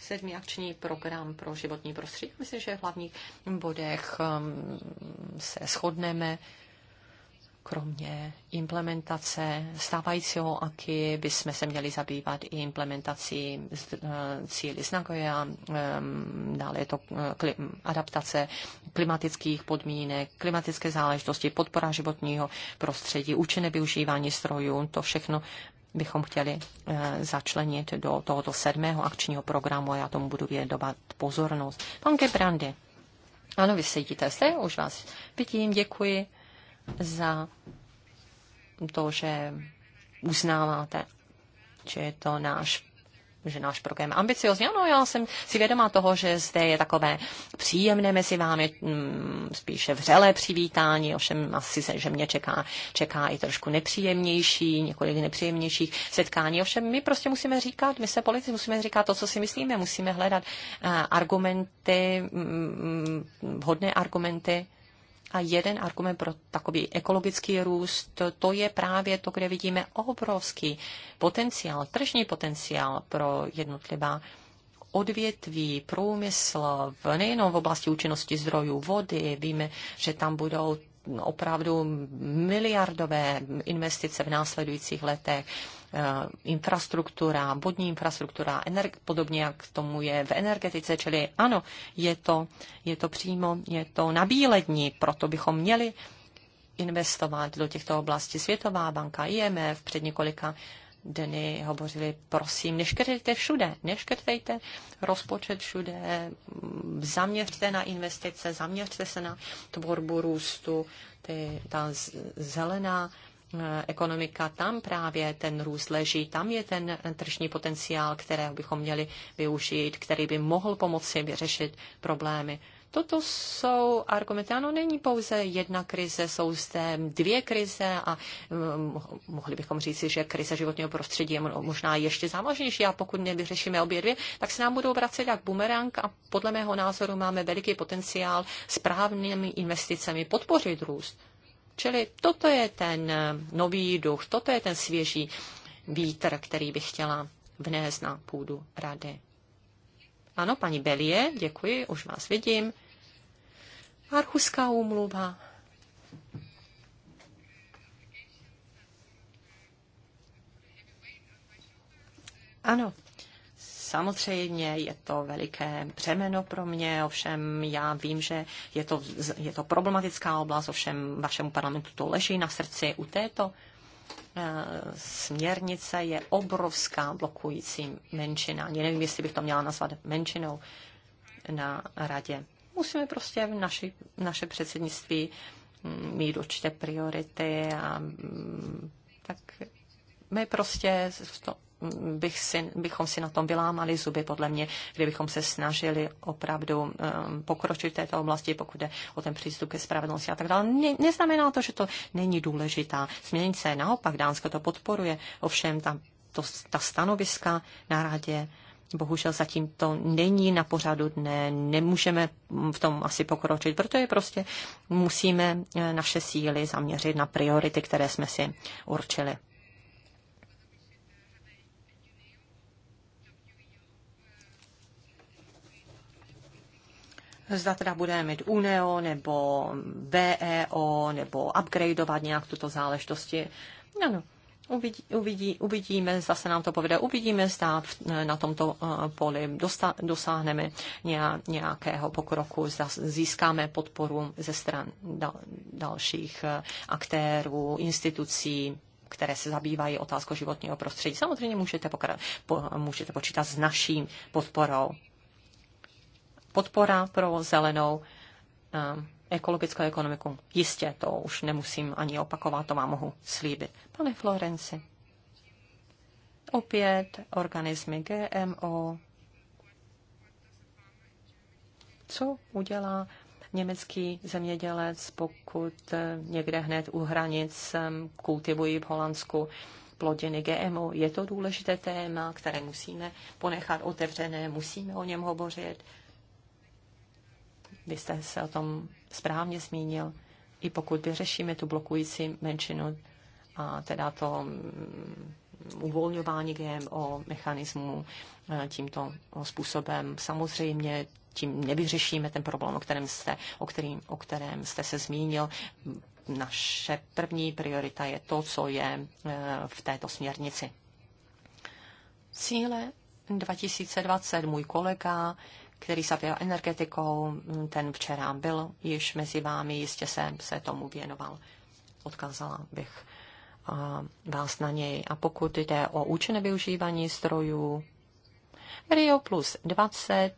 Sedmý akční program pro životní prostředí. Myslím, že v hlavních bodech ehm, se shodneme kromě implementace stávajícího AKI bychom se měli zabývat i implementací eh, cíly z Nagoya, eh, dále je to eh, adaptace klimatických podmínek, klimatické záležitosti, podpora životního prostředí, účinné využívání strojů, to všechno bychom chtěli začlenit do tohoto sedmého akčního programu a já tomu budu vědovat pozornost. Pan Gebrandy, ano, vy sedíte zde, už vás vidím, děkuji za to, že uznáváte, že je to náš že náš program je ambiciozní. Ano, já jsem si vědomá toho, že zde je takové příjemné mezi vámi, mm, spíše vřelé přivítání, ovšem asi se, že mě čeká, čeká i trošku nepříjemnější, několik nepříjemnějších setkání. Ovšem my prostě musíme říkat, my se politici musíme říkat to, co si myslíme, musíme hledat eh, argumenty, mm, mm, vhodné argumenty a jeden argument pro takový ekologický růst, to je právě to, kde vidíme obrovský potenciál, tržní potenciál pro jednotlivá odvětví, průmysl, nejenom v oblasti účinnosti zdrojů vody, víme, že tam budou opravdu miliardové investice v následujících letech, eh, infrastruktura, vodní infrastruktura, energ- podobně jak tomu je v energetice, čili ano, je to, je to přímo, je to nabílední, proto bychom měli investovat do těchto oblastí. Světová banka, IMF před několika Deny hovořili, prosím, neškrtejte všude, neškrtejte rozpočet všude, zaměřte na investice, zaměřte se na tvorbu růstu, ty, ta zelená eh, ekonomika, tam právě ten růst leží, tam je ten tržní potenciál, kterého bychom měli využít, který by mohl pomoci vyřešit problémy Toto jsou argumenty. Ano, není pouze jedna krize, jsou zde dvě krize a mm, mohli bychom říci, že krize životního prostředí je možná ještě závažnější a pokud nevyřešíme obě dvě, tak se nám budou vracet jak bumerang a podle mého názoru máme veliký potenciál správnými investicemi podpořit růst. Čili toto je ten eh, nový duch, toto je ten svěží vítr, který bych chtěla vnést na půdu rady. Ano, paní Belie, děkuji, už vás vidím. Archuská úmluva. Ano, samozřejmě je to veliké břemeno pro mě, ovšem já vím, že je to, je to problematická oblast, ovšem vašemu parlamentu to leží na srdci. U této Eh, směrnice je obrovská blokující menšina. Já nevím, jestli bych to měla nazvat menšinou na radě. Musíme prostě v naši, naše předsednictví mm, mít určité priority a mm, tak my prostě v to, bych si, bychom si na tom vylámali zuby, podle mě, kdybychom se snažili opravdu um, pokročit v této oblasti, pokud jde o ten přístup ke spravedlnosti a tak dále. Ne, neznamená to, že to není důležitá směrnice. Naopak Dánsko to podporuje, ovšem tam to, ta stanoviska na radě bohužel zatím to není na pořadu dne, nemůžeme v tom asi pokročit, protože prostě musíme eh, naše síly zaměřit na priority, které jsme si určili. zda teda budeme mít UNEO nebo BEO nebo upgradeovat nějak tuto záležitosti. Ano, uvidí, uvidí, uvidíme, zda se nám to povede, uvidíme, zda na tomto eh, poli dosta, dosáhneme nějakého pokroku, zda získáme podporu ze stran dal, dalších eh, aktérů, institucí, které se zabývají otázkou životního prostředí. Samozřejmě můžete, pokra- po, můžete počítat s naším podporou podpora pro zelenou um, ekologickou ekonomiku. Jistě, to už nemusím ani opakovat, to vám mohu slíbit. Pane Florenci, opět organismy GMO. Co udělá německý zemědělec, pokud eh, někde hned u hranic kultivují v Holandsku plodiny GMO. Je to důležité téma, které musíme ponechat otevřené, musíme o něm hovořit, vy jste se o tom správně zmínil, i pokud vyřešíme tu blokující menšinu a teda to mm, uvolňování GMO mechanismu e, tímto způsobem. Samozřejmě tím nevyřešíme ten problém, o kterém jste, o, kterým, o kterém jste se zmínil. Naše první priorita je to, co je e, v této směrnici. Cíle 2020 můj kolega který zabývá energetikou, ten včera byl již mezi vámi, jistě jsem se tomu věnoval. Odkázala bych vás na něj. A pokud jde o účinné využívání strojů, Rio plus 20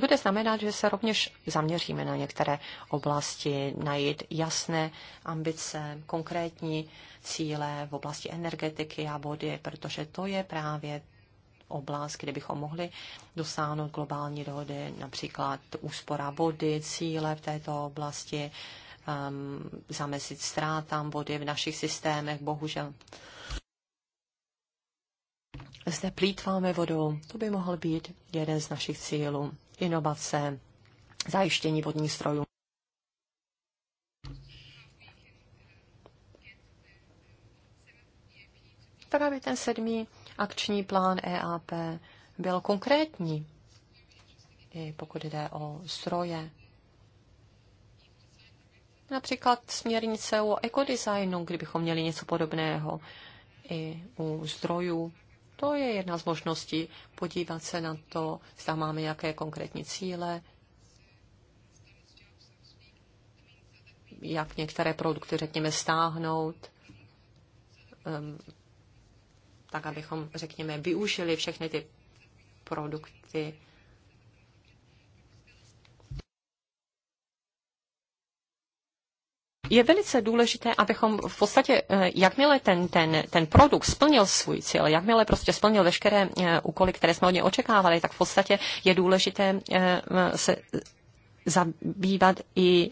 bude znamenat, že se rovněž zaměříme na některé oblasti, najít jasné ambice, konkrétní cíle v oblasti energetiky a vody, protože to je právě oblast, kde bychom mohli dosáhnout globální dohody, například úspora vody, cíle v této oblasti, um, zamezit ztrátám vody v našich systémech, bohužel. Zde plítváme vodou, to by mohl být jeden z našich cílů. Inovace, zajištění vodních strojů. právě ten sedmý akční plán EAP byl konkrétní, i pokud jde o zdroje. Například směrnice o ekodesignu, kdybychom měli něco podobného i u zdrojů. To je jedna z možností podívat se na to, zda máme jaké konkrétní cíle, jak některé produkty, řekněme, stáhnout, ehm, tak abychom, řekněme, využili všechny ty produkty. Je velice důležité, abychom v podstatě, eh, jakmile ten, ten, ten produkt splnil svůj cíl, jakmile prostě splnil veškeré eh, úkoly, které jsme od něj očekávali, tak v podstatě je důležité eh, se zabývat i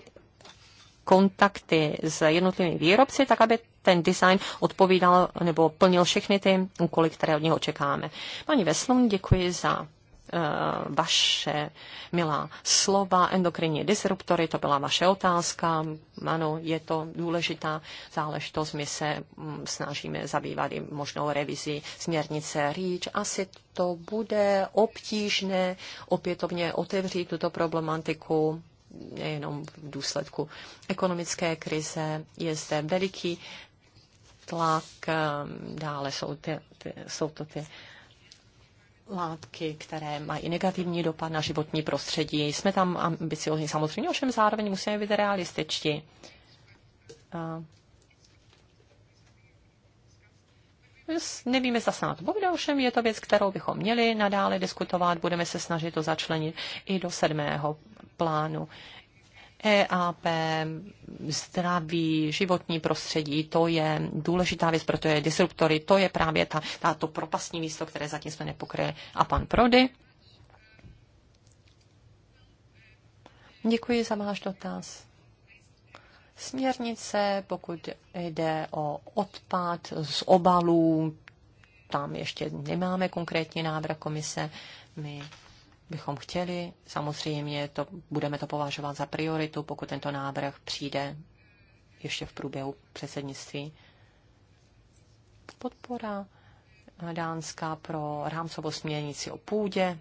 kontakty s jednotlivými výrobci, tak aby ten design odpovídal nebo plnil všechny ty úkoly, které od něho čekáme. Paní Veslun, děkuji za eh, vaše milá slova, endokrinní disruptory, to byla vaše otázka. Ano, je to důležitá záležitost. My se mm, snažíme zabývat i možnou revizi směrnice REACH. Asi to bude obtížné opětovně otevřít tuto problematiku nejenom v důsledku ekonomické krize. Je zde veliký tlak, ehm, dále jsou, ty, ty, jsou to ty látky, které mají negativní dopad na životní prostředí. Jsme tam ambiciozní samozřejmě, ovšem zároveň musíme být realističtí. Ehm, nevíme, zda se na to bude, ovšem je to věc, kterou bychom měli nadále diskutovat, budeme se snažit to začlenit i do sedmého plánu EAP, zdraví, životní prostředí, to je důležitá věc, proto je disruptory, to je právě ta, tato propastní místo, které zatím jsme nepokryli. A pan Prody? Děkuji za váš dotaz. Směrnice, pokud jde o odpad z obalů, tam ještě nemáme konkrétní návrh komise. My bychom chtěli. Samozřejmě to, budeme to považovat za prioritu, pokud tento návrh přijde ještě v průběhu předsednictví. Podpora eh, Dánska pro rámcovou směrnici o půdě.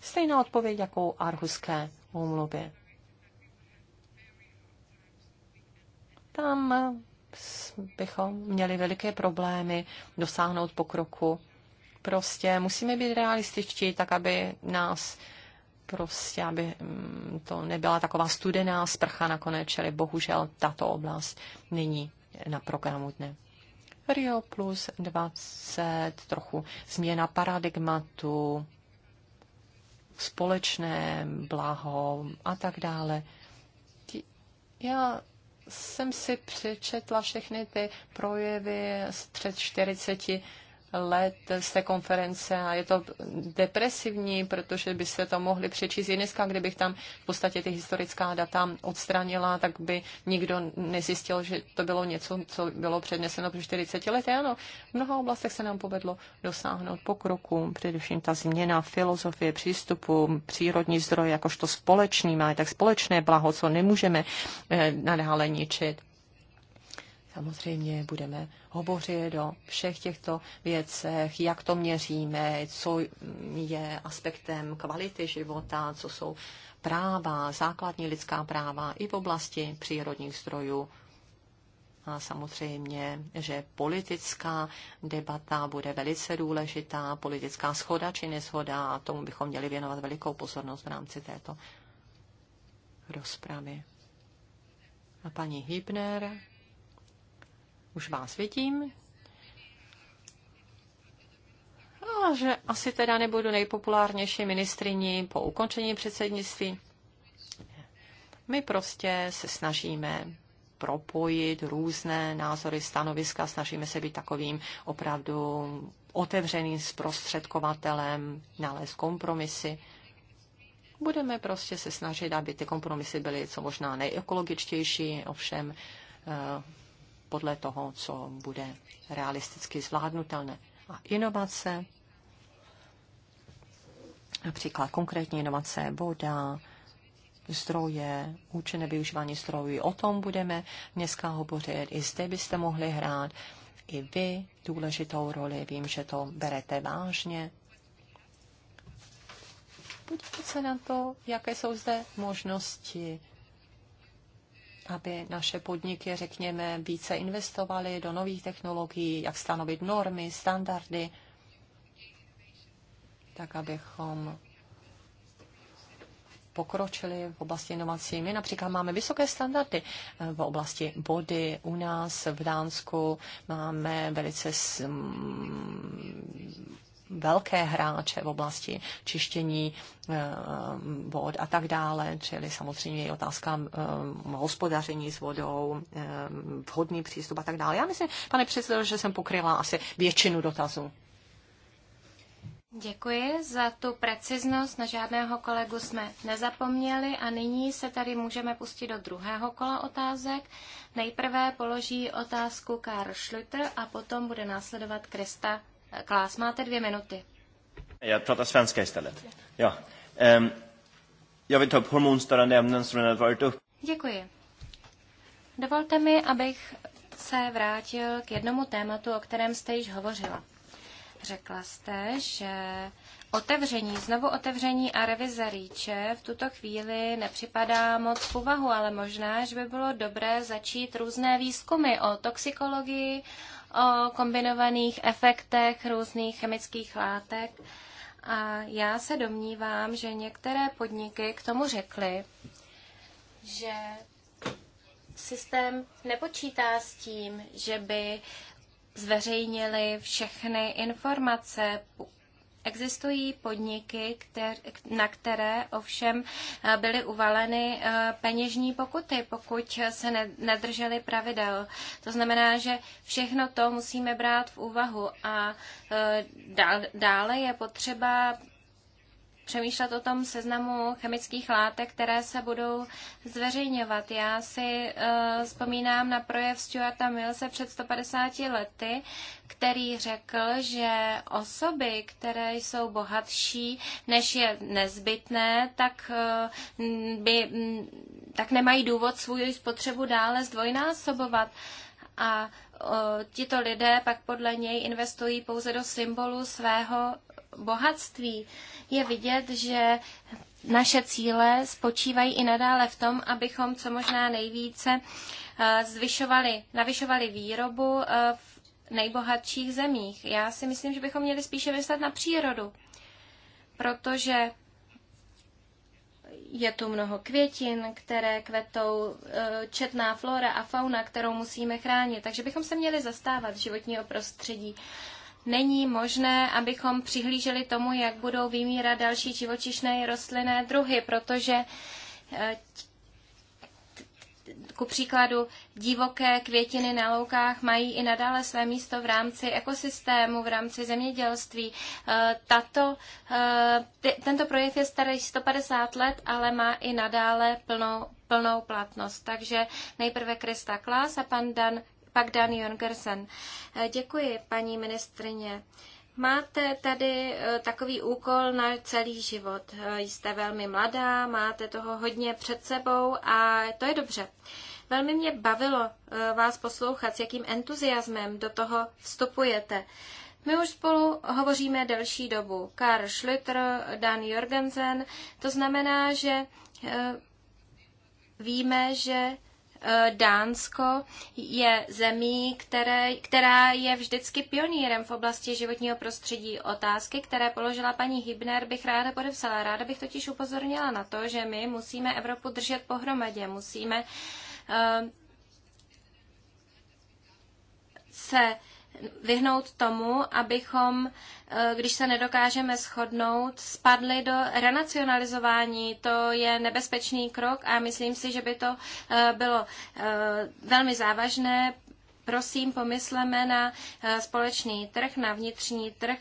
Stejná odpověď jako u Arhuské úmluvy. Tam eh, bychom měli veliké problémy dosáhnout pokroku Prostě musíme být realističtí, tak aby nás prostě, aby mm, to nebyla taková studená sprcha nakonec, čili bohužel tato oblast není na programu dne. Rio plus 20, trochu změna paradigmatu, společné blaho a tak dále. Já jsem si přečetla všechny ty projevy z před 40 let z té konference a je to depresivní, protože byste to mohli přečíst i dneska, kdybych tam v podstatě ty historická data odstranila, tak by nikdo nezjistil, že to bylo něco, co bylo předneseno před 40 lety. Ano, v mnoha oblastech se nám povedlo dosáhnout pokroku, především ta změna filozofie přístupu, přírodní zdroje jakožto společný tak společné blaho, co nemůžeme eh, nadále ničit. Samozřejmě budeme hovořit o všech těchto věcech, jak to měříme, co je aspektem kvality života, co jsou práva, základní lidská práva i v oblasti přírodních zdrojů. A samozřejmě, že politická debata bude velice důležitá, politická schoda či neschoda, a tomu bychom měli věnovat velikou pozornost v rámci této rozpravy. A paní Hibner už vás vidím. A že asi teda nebudu nejpopulárnější ministriní po ukončení předsednictví. My prostě se snažíme propojit různé názory, stanoviska, snažíme se být takovým opravdu otevřeným zprostředkovatelem, nalézt kompromisy. Budeme prostě se snažit, aby ty kompromisy byly co možná nejekologičtější, ovšem eh, podle toho, co bude realisticky zvládnutelné. A inovace, například konkrétní inovace, voda, zdroje, účinné využívání zdrojů. O tom budeme dneska hovořit. I zde byste mohli hrát i vy důležitou roli. Vím, že to berete vážně. Podívejte se na to, jaké jsou zde možnosti aby naše podniky, řekněme, více investovaly do nových technologií, jak stanovit normy, standardy, tak abychom pokročili v oblasti inovací. My například máme vysoké standardy eh, v oblasti body. U nás v Dánsku máme velice velké hráče v oblasti čištění eh, vod a tak dále, čili samozřejmě i otázka eh, hospodaření s vodou, eh, vhodný přístup a tak dále. Já myslím, pane předsedo, že jsem pokryla asi většinu dotazů. Děkuji za tu preciznost. Na žádného kolegu jsme nezapomněli a nyní se tady můžeme pustit do druhého kola otázek. Nejprve položí otázku Karl Schlüter a potom bude následovat Krista Klas, máte dvě minuty. Já pratar svenska istället. Ja. Um, jag vill ta upp hormonstörande ämnen som har varit upp. Děkuji. Dovolte mi, abych se vrátil k jednomu tématu, o kterém jste již hovořila. Řekla jste, že otevření, znovu otevření a revize rýče v tuto chvíli nepřipadá moc v úvahu, ale možná, že by bylo dobré začít různé výzkumy o toxikologii, o kombinovaných efektech různých chemických látek. A já se domnívám, že některé podniky k tomu řekly, že systém nepočítá s tím, že by zveřejnili všechny informace Existují podniky, na které ovšem eh, byly uvaleny eh, peněžní pokuty, pokud se nedrželi pravidel. To znamená, že všechno to musíme brát v úvahu a eh, dále je potřeba přemýšlet o tom seznamu chemických látek, které se budou zveřejňovat. Já si uh, vzpomínám na projev Stuarta Millse před 150 lety, který řekl, že osoby, které jsou bohatší, než je nezbytné, tak, uh, by, tak nemají důvod svůj spotřebu dále zdvojnásobovat. A eh, tito lidé pak podle něj investují pouze do symbolu svého bohatství, je vidět, že naše cíle spočívají i nadále v tom, abychom co možná nejvíce eh, zvyšovali, navyšovali výrobu eh, v nejbohatších zemích. Já si myslím, že bychom měli spíše myslet na přírodu, protože je tu mnoho květin, které kvetou, eh, četná flora a fauna, kterou musíme chránit. Takže bychom se měli zastávat životního prostředí není možné, abychom přihlíželi tomu, jak budou vymírat další živočišné rostlinné druhy, protože eh, ku příkladu divoké květiny na loukách mají i nadále své místo v rámci ekosystému, v rámci zemědělství. Eh, tato, eh, tento projekt je starý 150 let, ale má i nadále plnou, plnou platnost. Takže nejprve Krista Klas a pan Dan pak Dan eh, Děkuji, paní ministrině. Máte tady eh, takový úkol na celý život. Eh, jste velmi mladá, máte toho hodně před sebou a to je dobře. Velmi mě bavilo vás poslouchat, s jakým entuziasmem do toho vstupujete. My už spolu hovoříme delší dobu. Karl Schlüter, Dan Jorgensen. To znamená, že víme, že Eh, Dánsko je zemí, které, která je vždycky pionýrem v oblasti životního prostředí. Otázky, které položila paní Hibner, bych ráda podepsala. Ráda bych totiž upozornila na to, že my musíme Evropu držet pohromadě, musíme uh, se vyhnout tomu, abychom, eh, když se nedokážeme shodnout, spadli do renacionalizování. To je nebezpečný krok a myslím si, že by to eh, bylo eh, velmi závažné. Prosím, pomysleme na společný trh, na vnitřní trh.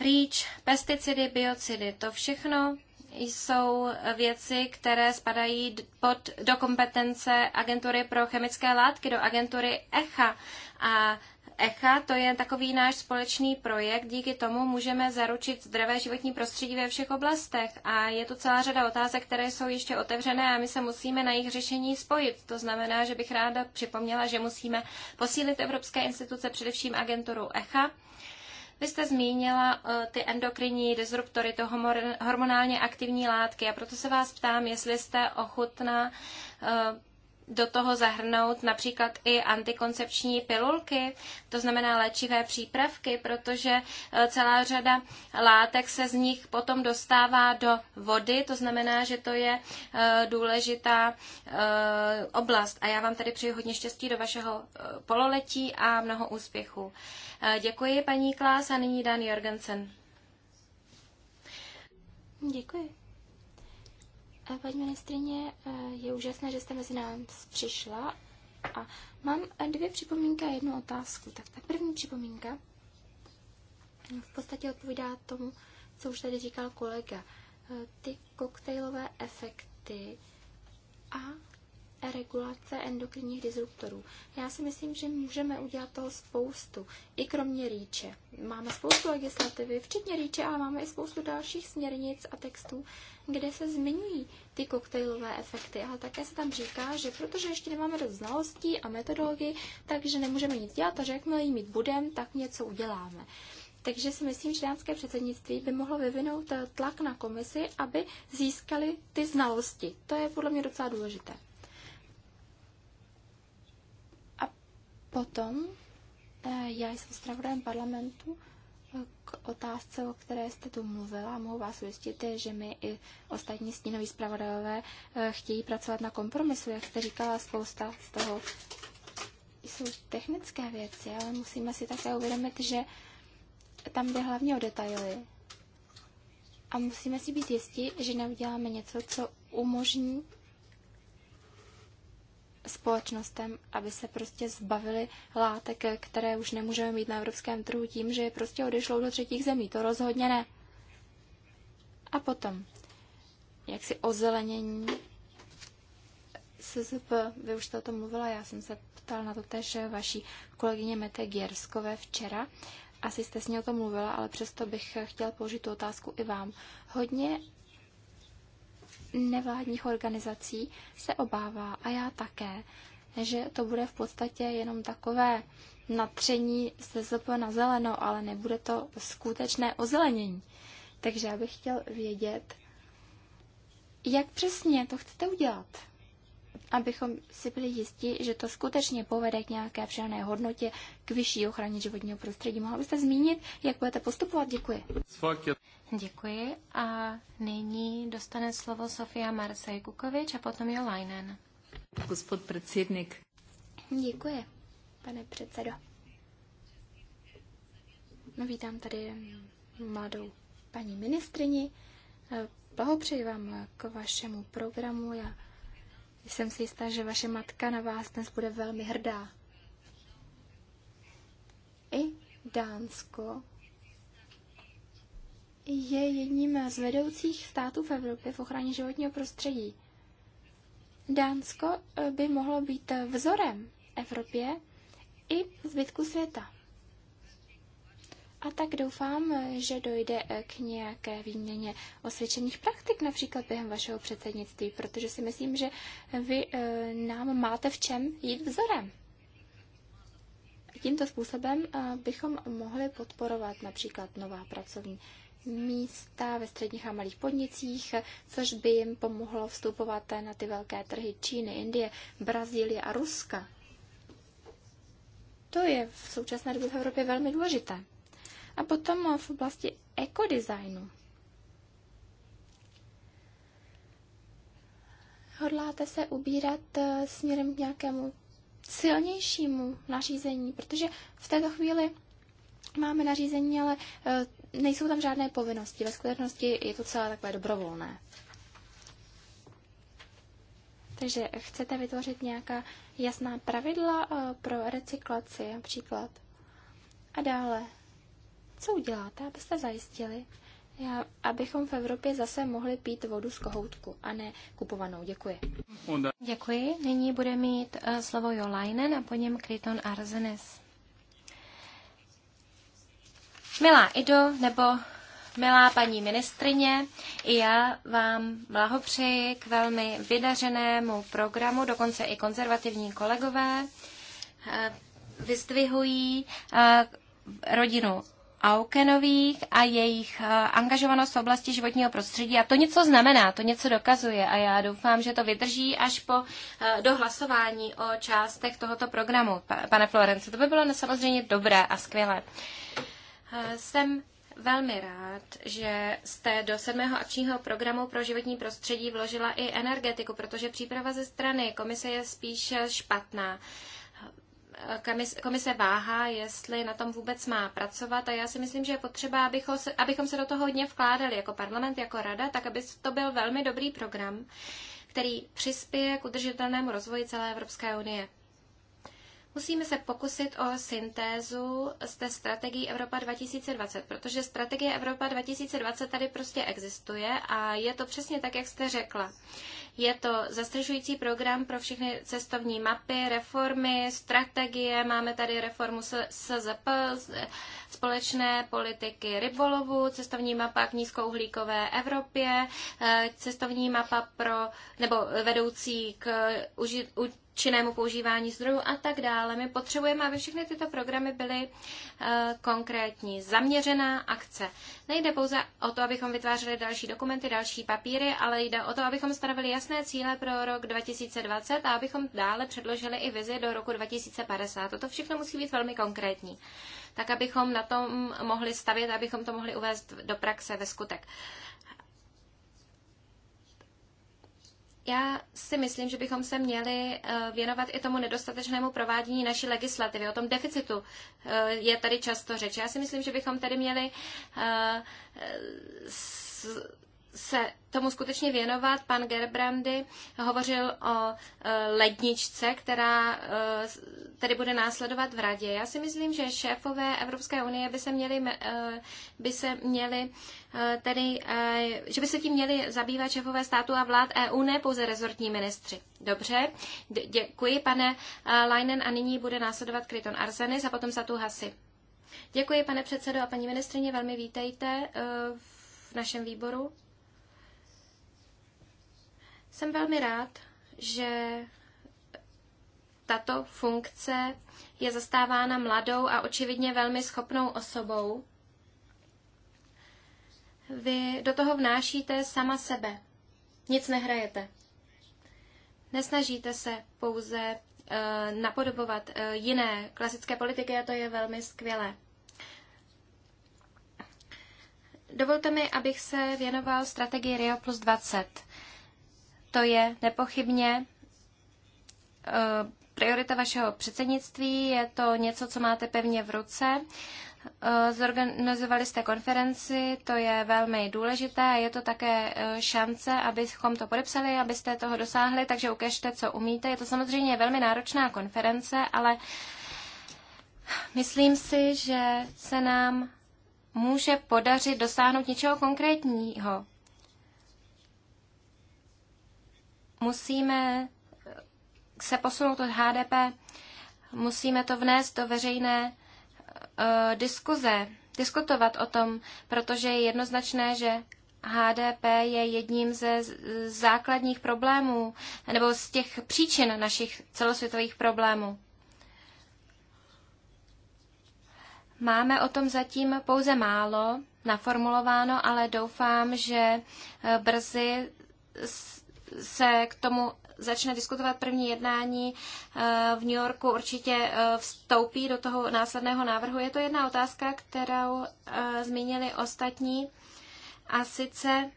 Rýč, pesticidy, biocidy, to všechno jsou věci, které spadají pod, do kompetence agentury pro chemické látky, do agentury ECHA. A ECHA to je takový náš společný projekt, díky tomu můžeme zaručit zdravé životní prostředí ve všech oblastech. A je tu celá řada otázek, které jsou ještě otevřené a my se musíme na jejich řešení spojit. To znamená, že bych ráda připomněla, že musíme posílit evropské instituce, především agenturu ECHA vy jste zmínila eh, ty endokrinní disruptory, to hormonálně aktivní látky a proto se vás ptám, jestli jste ochutná eh, do toho zahrnout například i antikoncepční pilulky, to znamená léčivé přípravky, protože eh, celá řada látek se z nich potom dostává do vody, to znamená, že to je eh, důležitá eh, oblast. A já vám tady přeji hodně štěstí do vašeho pololetí a mnoho úspěchů. Děkuji paní Klás a nyní Dan Jorgensen. Děkuji. Paní ministrině, eh, je úžasné, že jste mezi nás přišla a mám dvě připomínky a jednu otázku. Tak ta první připomínka v podstatě odpovídá tomu, co už tady říkal kolega. Eh, ty koktejlové efekty a regulace endokrinních disruptorů. Já si myslím, že můžeme udělat toho spoustu, i kromě rýče. Máme spoustu legislativy, včetně rýče, ale máme i spoustu dalších směrnic a textů, kde se zmiňují ty koktejlové efekty, ale také se tam říká, že protože ještě nemáme dost znalostí a metodologii, takže nemůžeme nic dělat a že jakmile jí mít budem, tak něco uděláme. Takže si myslím, že dánské předsednictví by mohlo vyvinout eh, tlak na komisi, aby získali ty znalosti. To je podle mě docela důležité. Potom eh, já jsem zpravodajem parlamentu eh, k otázce, o které jste tu mluvila. Mohu vás ujistit, eh, že my i ostatní stínoví zpravodajové chtějí pracovat na kompromisu. Jak jste říkala, spousta z toho jsou technické věci, ale musíme si také uvědomit, že tam jde hlavně o detaily. A musíme si být jistí, že neuděláme něco, co umožní společnostem, aby se prostě zbavili látek, které už nemůžeme mít na evropském trhu tím, že je prostě odešlou do třetích zemí. To rozhodně ne. A potom, jak si ozelenění SZP, vy už jste o tom mluvila, já jsem se ptala na to tež vaší kolegyně Mete Gierskové včera. Asi jste s ní o tom mluvila, ale přesto bych chtěl položit tu otázku i vám. Hodně nevládních organizací se obává, a já také, že to bude v podstatě jenom takové natření SZP na zeleno, ale nebude to skutečné ozelenění. Takže já bych chtěl vědět, jak přesně to chcete udělat, abychom si byli jistí, že to skutečně povede k nějaké přidané hodnotě, k vyšší ochraně životního prostředí. Mohla byste zmínit, jak budete postupovat? Děkuji. Děkuji a nyní dostane slovo Sofia Marsej Kukovič a potom jo Lajnen. Gospod předsednik. Děkuji, pane předsedo. No, vítám tady mladou paní ministrini. Blahopřeji vám k vašemu programu. Já jsem si jistá, že vaše matka na vás dnes bude velmi hrdá. I Dánsko je jedním z vedoucích států v Evropě v ochraně životního prostředí. Dánsko eh, by mohlo být eh, vzorem Evropě i zbytku světa. A tak doufám, eh, že dojde k nějaké výměně osvědčených praktik, například během vašeho předsednictví, protože si myslím, že vy nám máte v čem jít vzorem. Tímto způsobem bychom mohli podporovat například nová pracovní místa ve středních a malých podnicích, což by jim pomohlo vstupovat na ty velké trhy Číny, Indie, Brazílie a Ruska. To je v současné době v Evropě velmi důležité. A potom v oblasti ekodesignu. Hodláte se ubírat eh, směrem k nějakému silnějšímu nařízení, protože v této chvíli máme nařízení, ale eh, nejsou tam žádné povinnosti. Ve skutečnosti je to celé takové dobrovolné. Takže chcete vytvořit nějaká jasná pravidla eh, pro recyklaci například. A dále, co uděláte, abyste zajistili, abychom v Evropě zase mohli pít vodu z kohoutku a ne kupovanou. Děkuji. Děkuji. Nyní bude mít eh, slovo Jolainen a po něm Kryton Arzenes. Milá Ido nebo milá paní ministrině, i já vám blahopřeji k velmi vydařenému programu, dokonce i konzervativní kolegové eh, vyzdvihují eh, rodinu Aukenových a jejich eh, angažovanost v oblasti životního prostředí. A to něco znamená, to něco dokazuje a já doufám, že to vydrží až po dohlasování o částech tohoto programu, pane Florence. To by bylo samozřejmě dobré a skvělé. Eh, jsem velmi rád, že jste do sedmého akčního programu pro životní prostředí vložila i energetiku, protože příprava ze strany komise je spíš špatná. Eh, komise váhá, jestli na tom vůbec má pracovat a já si myslím, že je potřeba, abychom se, abychom se do toho hodně vkládali jako parlament, jako rada, tak aby to byl velmi dobrý program, který přispěje k udržitelnému rozvoji celé Evropské unie. Musíme se pokusit o syntézu z té strategii Evropa 2020, protože strategie Evropa 2020 tady prostě existuje a je to přesně tak, jak jste řekla. Je to zastřežující program pro všechny cestovní mapy, reformy, strategie, máme tady reformu SZP, společné politiky rybolovu, cestovní mapa k nízkouhlíkové Evropě, eh, cestovní mapa pro, nebo vedoucí k uži, u, činnému používání zdrojů a tak dále. My potřebujeme, aby všechny tyto programy byly eh, konkrétní, zaměřená akce. Nejde pouze o to, abychom vytvářeli další dokumenty, další papíry, ale jde o to, abychom stanovili jasné cíle pro rok 2020 a abychom dále předložili i vizi do roku 2050. Toto všechno musí být velmi konkrétní, tak abychom na tom mohli stavět, abychom to mohli uvést do praxe ve skutek. Já si myslím, že bychom se měli eh, věnovat i tomu nedostatečnému provádění naší legislativy. O tom deficitu eh, je tady často řeč. Já si myslím, že bychom tady měli eh, se tomu skutečně věnovat. Pan Gerbrandy hovořil o e, ledničce, která e, tedy bude následovat v radě. Já si myslím, že šéfové Evropské unie by se měli, e, by se měli tedy, že by se tím měli zabývat šéfové státu a vlád EU, ne pouze rezortní ministři. Dobře, děkuji pane Leinen a nyní bude následovat Kryton Arsenis a potom Satu Hasi. Děkuji, pane předsedo a paní ministrině, velmi vítejte v našem výboru. Jsem velmi rád, že tato funkce je zastávána mladou a očividně velmi schopnou osobou. Vy do toho vnášíte sama sebe. Nic nehrajete. Nesnažíte se pouze eh, napodobovat eh, jiné klasické politiky a to je velmi skvělé. Dovolte mi, abych se věnoval strategii Rio plus 20. To je nepochybně eh, priorita vašeho předsednictví, je to něco, co máte pevně v ruce. Eh, zorganizovali jste konferenci, to je velmi důležité a je to také eh, šance, abychom to podepsali, abyste toho dosáhli, takže ukažte, co umíte. Je to samozřejmě velmi náročná konference, ale myslím si, že se nám může podařit dosáhnout něčeho konkrétního. musíme eh, se posunout od HDP, musíme to vnést do veřejné uh, diskuze, diskutovat o tom, protože je jednoznačné, že HDP je jedním ze základních problémů nebo z těch příčin našich celosvětových problémů. Máme o tom zatím pouze málo naformulováno, ale doufám, že eh, brzy se k tomu začne diskutovat první jednání eh, v New Yorku, určitě eh, vstoupí do toho následného návrhu. Je to jedna otázka, kterou eh, zmínili ostatní, a sice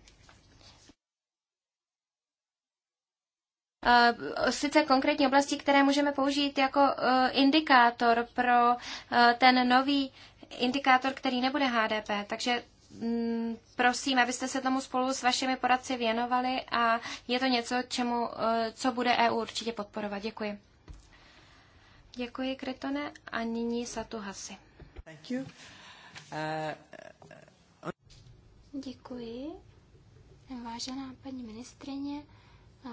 sice konkrétní oblasti, které můžeme použít jako indikátor pro ten nový indikátor, který nebude HDP. Takže Mm, prosím, abyste se tomu spolu s vašimi poradci věnovali a je to něco, čemu, eh, co bude EU určitě podporovat. Děkuji. Děkuji, kretone A nyní Satu Hasi. Thank you. Uh, eh, on... Eh, Děkuji. Vážená paní ministrině,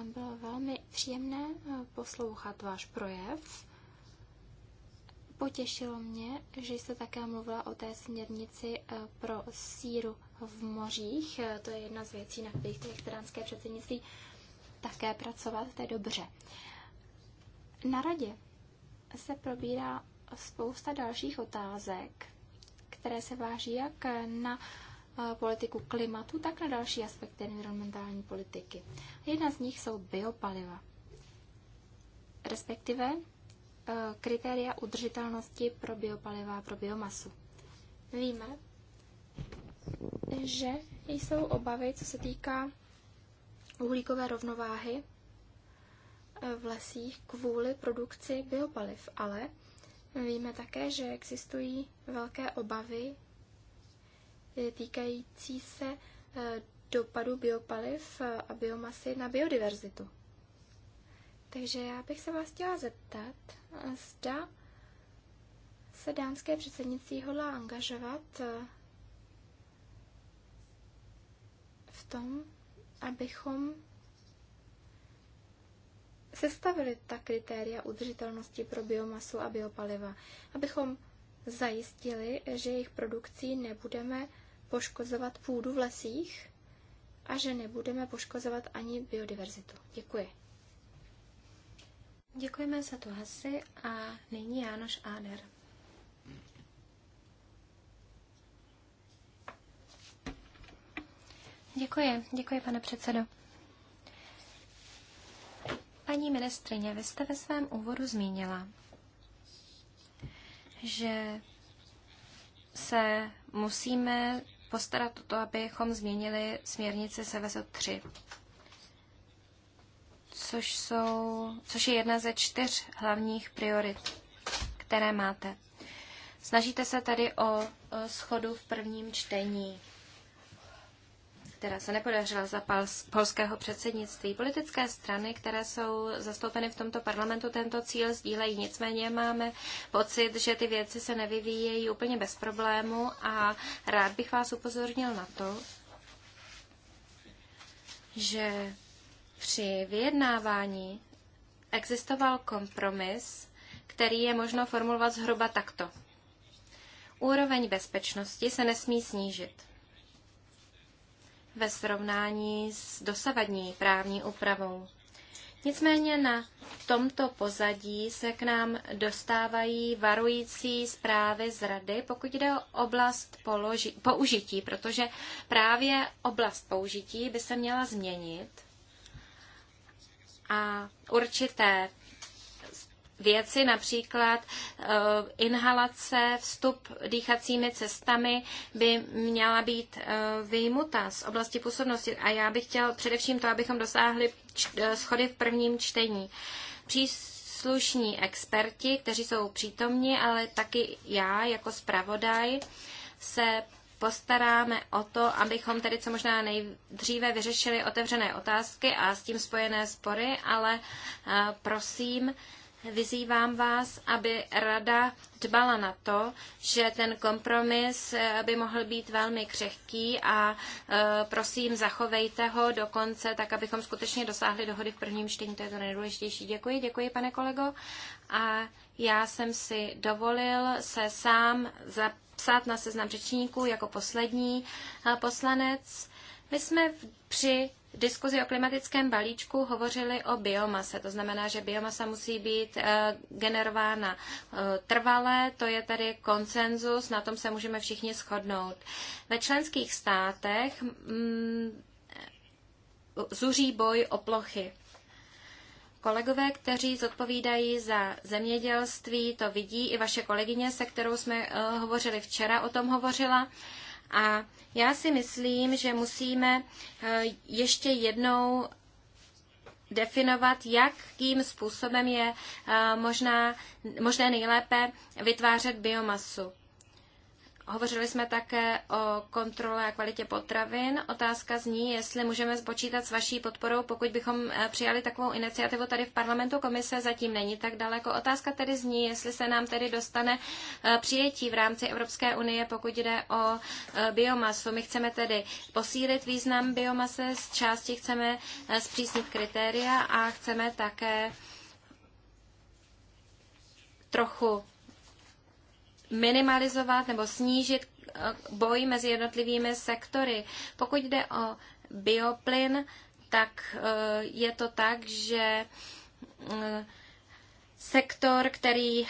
bylo velmi příjemné poslouchat váš projev. Potěšilo mě, že jste také mluvila o té směrnici eh, pro síru v mořích. Eh, to je jedna z věcí, na kterých lektoránské předsednictví také pracovat, to je dobře. Na radě se probírá spousta dalších otázek, které se váží jak na eh, politiku klimatu, tak na další aspekty environmentální politiky. Jedna z nich jsou biopaliva, respektive Eh, kritéria udržitelnosti pro biopaliva a pro biomasu. Víme, že jsou obavy, co se týká uhlíkové rovnováhy eh, v lesích kvůli produkci biopaliv, ale víme také, že existují velké obavy eh, týkající se dopadu biopaliv a biomasy na biodiverzitu. Takže já bych se vás chtěla zeptat, zda se dánské předsednictví hodlá angažovat eh, v tom, abychom sestavili ta kritéria udržitelnosti pro biomasu a biopaliva, abychom zajistili, že jejich produkcí nebudeme poškozovat půdu v lesích a že nebudeme poškozovat ani biodiverzitu. Děkuji. Děkujeme za tu hasy a nyní Jánoš Áder. Děkuji, děkuji, pane předsedo. Paní ministrině, vy jste ve svém úvodu zmínila, že se musíme postarat o to, abychom změnili směrnici SEVESO 3 což, jsou, což je jedna ze čtyř hlavních priorit, které máte. Snažíte se tady o schodu v prvním čtení, která se nepodařila za polského předsednictví. Politické strany, které jsou zastoupeny v tomto parlamentu, tento cíl sdílejí. Nicméně máme pocit, že ty věci se nevyvíjejí úplně bez problému a rád bych vás upozornil na to, že při vyjednávání existoval kompromis, který je možno formulovat zhruba takto. Úroveň bezpečnosti se nesmí snížit. Ve srovnání s dosavadní právní úpravou. Nicméně na tomto pozadí se k nám dostávají varující zprávy z Rady, pokud jde o oblast použití, protože právě oblast použití by se měla změnit a určité věci, například eh, inhalace, vstup dýchacími cestami by měla být eh, vyjmuta z oblasti působnosti. A já bych chtěl především to, abychom dosáhli eh, schody v prvním čtení. Příslušní experti, kteří jsou přítomni, ale taky já jako zpravodaj, se postaráme o to, abychom tedy co možná nejdříve vyřešili otevřené otázky a s tím spojené spory, ale eh, prosím, vyzývám vás, aby rada dbala na to, že ten kompromis eh, by mohl být velmi křehký a eh, prosím, zachovejte ho do konce, tak abychom skutečně dosáhli dohody v prvním čtení. To je to nejdůležitější. Děkuji, děkuji, pane kolego. A já jsem si dovolil se sám zapojit psát na seznam řečníků jako poslední eh, poslanec. My jsme při diskuzi o klimatickém balíčku hovořili o biomase. To znamená, že biomasa musí být eh, generována eh, trvale, to je tady konsenzus, na tom se můžeme všichni shodnout. Ve členských státech mm, zuří boj o plochy. Kolegové, kteří zodpovídají za zemědělství, to vidí. I vaše kolegyně, se kterou jsme eh, hovořili včera, o tom hovořila. A já si myslím, že musíme eh, ještě jednou definovat, jakým způsobem je eh, možná, možné nejlépe vytvářet biomasu. Hovořili jsme také o kontrole a kvalitě potravin. Otázka zní, jestli můžeme spočítat s vaší podporou, pokud bychom eh, přijali takovou iniciativu tady v parlamentu. Komise zatím není tak daleko. Otázka tedy zní, jestli se nám tedy dostane eh, přijetí v rámci Evropské unie, pokud jde o eh, biomasu. My chceme tedy posílit význam biomase, z části chceme zpřísnit kritéria a chceme také trochu minimalizovat nebo snížit eh, boj mezi jednotlivými sektory. Pokud jde o bioplyn, tak eh, je to tak, že eh, sektor, který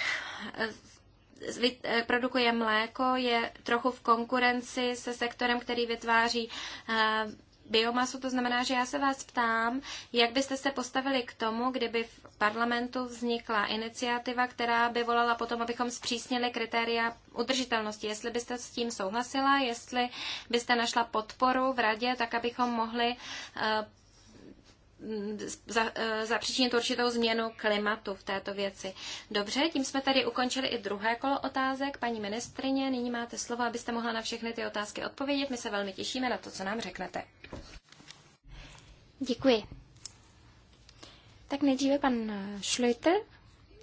produkuje mléko, je trochu v konkurenci se sektorem, který vytváří biomasu. To znamená, že já se vás ptám, jak byste se postavili k tomu, kdyby v parlamentu vznikla iniciativa, která by volala potom, abychom zpřísnili kritéria udržitelnosti. Jestli byste s tím souhlasila, jestli byste našla podporu v radě, tak abychom mohli eh, za, eh, zapříčinit určitou změnu klimatu v této věci. Dobře, tím jsme tady ukončili i druhé kolo otázek. Paní ministrině, nyní máte slovo, abyste mohla na všechny ty otázky odpovědět. My se velmi těšíme na to, co nám řeknete. Děkuji. Tak nejdříve pan eh, Schlöter,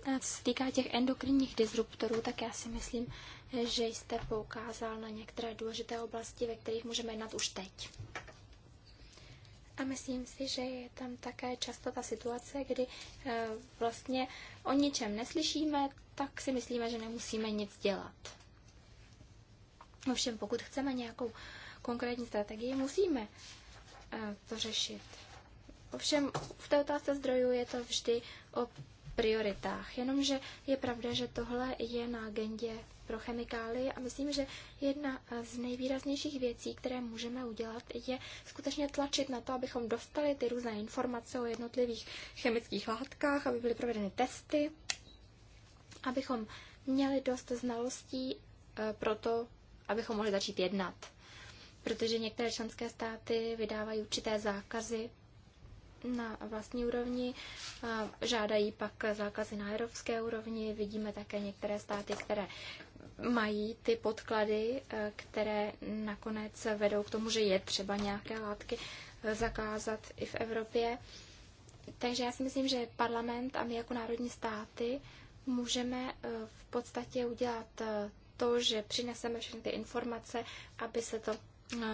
eh, co se týká těch endokrinních disruptorů, tak já si myslím, eh, že jste poukázal na některé důležité oblasti, ve kterých můžeme jednat už teď. A myslím si, že je tam také často ta situace, kdy vlastně o ničem neslyšíme, tak si myslíme, že nemusíme nic dělat. Ovšem, pokud chceme nějakou konkrétní strategii, musíme to řešit. Ovšem v té otázce zdrojů je to vždy o prioritách. Jenomže je pravda, že tohle je na agendě pro chemikálie a myslím, že jedna z nejvýraznějších věcí, které můžeme udělat, je skutečně tlačit na to, abychom dostali ty různé informace o jednotlivých chemických látkách, aby byly provedeny testy, abychom měli dost znalostí e, pro to, abychom mohli začít jednat. Protože některé členské státy vydávají určité zákazy na vlastní úrovni, žádají pak zákazy na evropské úrovni. Vidíme také některé státy, které mají ty podklady, e, které nakonec vedou k tomu, že je třeba nějaké látky e, zakázat i v Evropě. Takže já si myslím, že parlament a my jako národní státy můžeme e, v podstatě udělat to, že přineseme všechny ty informace, aby se to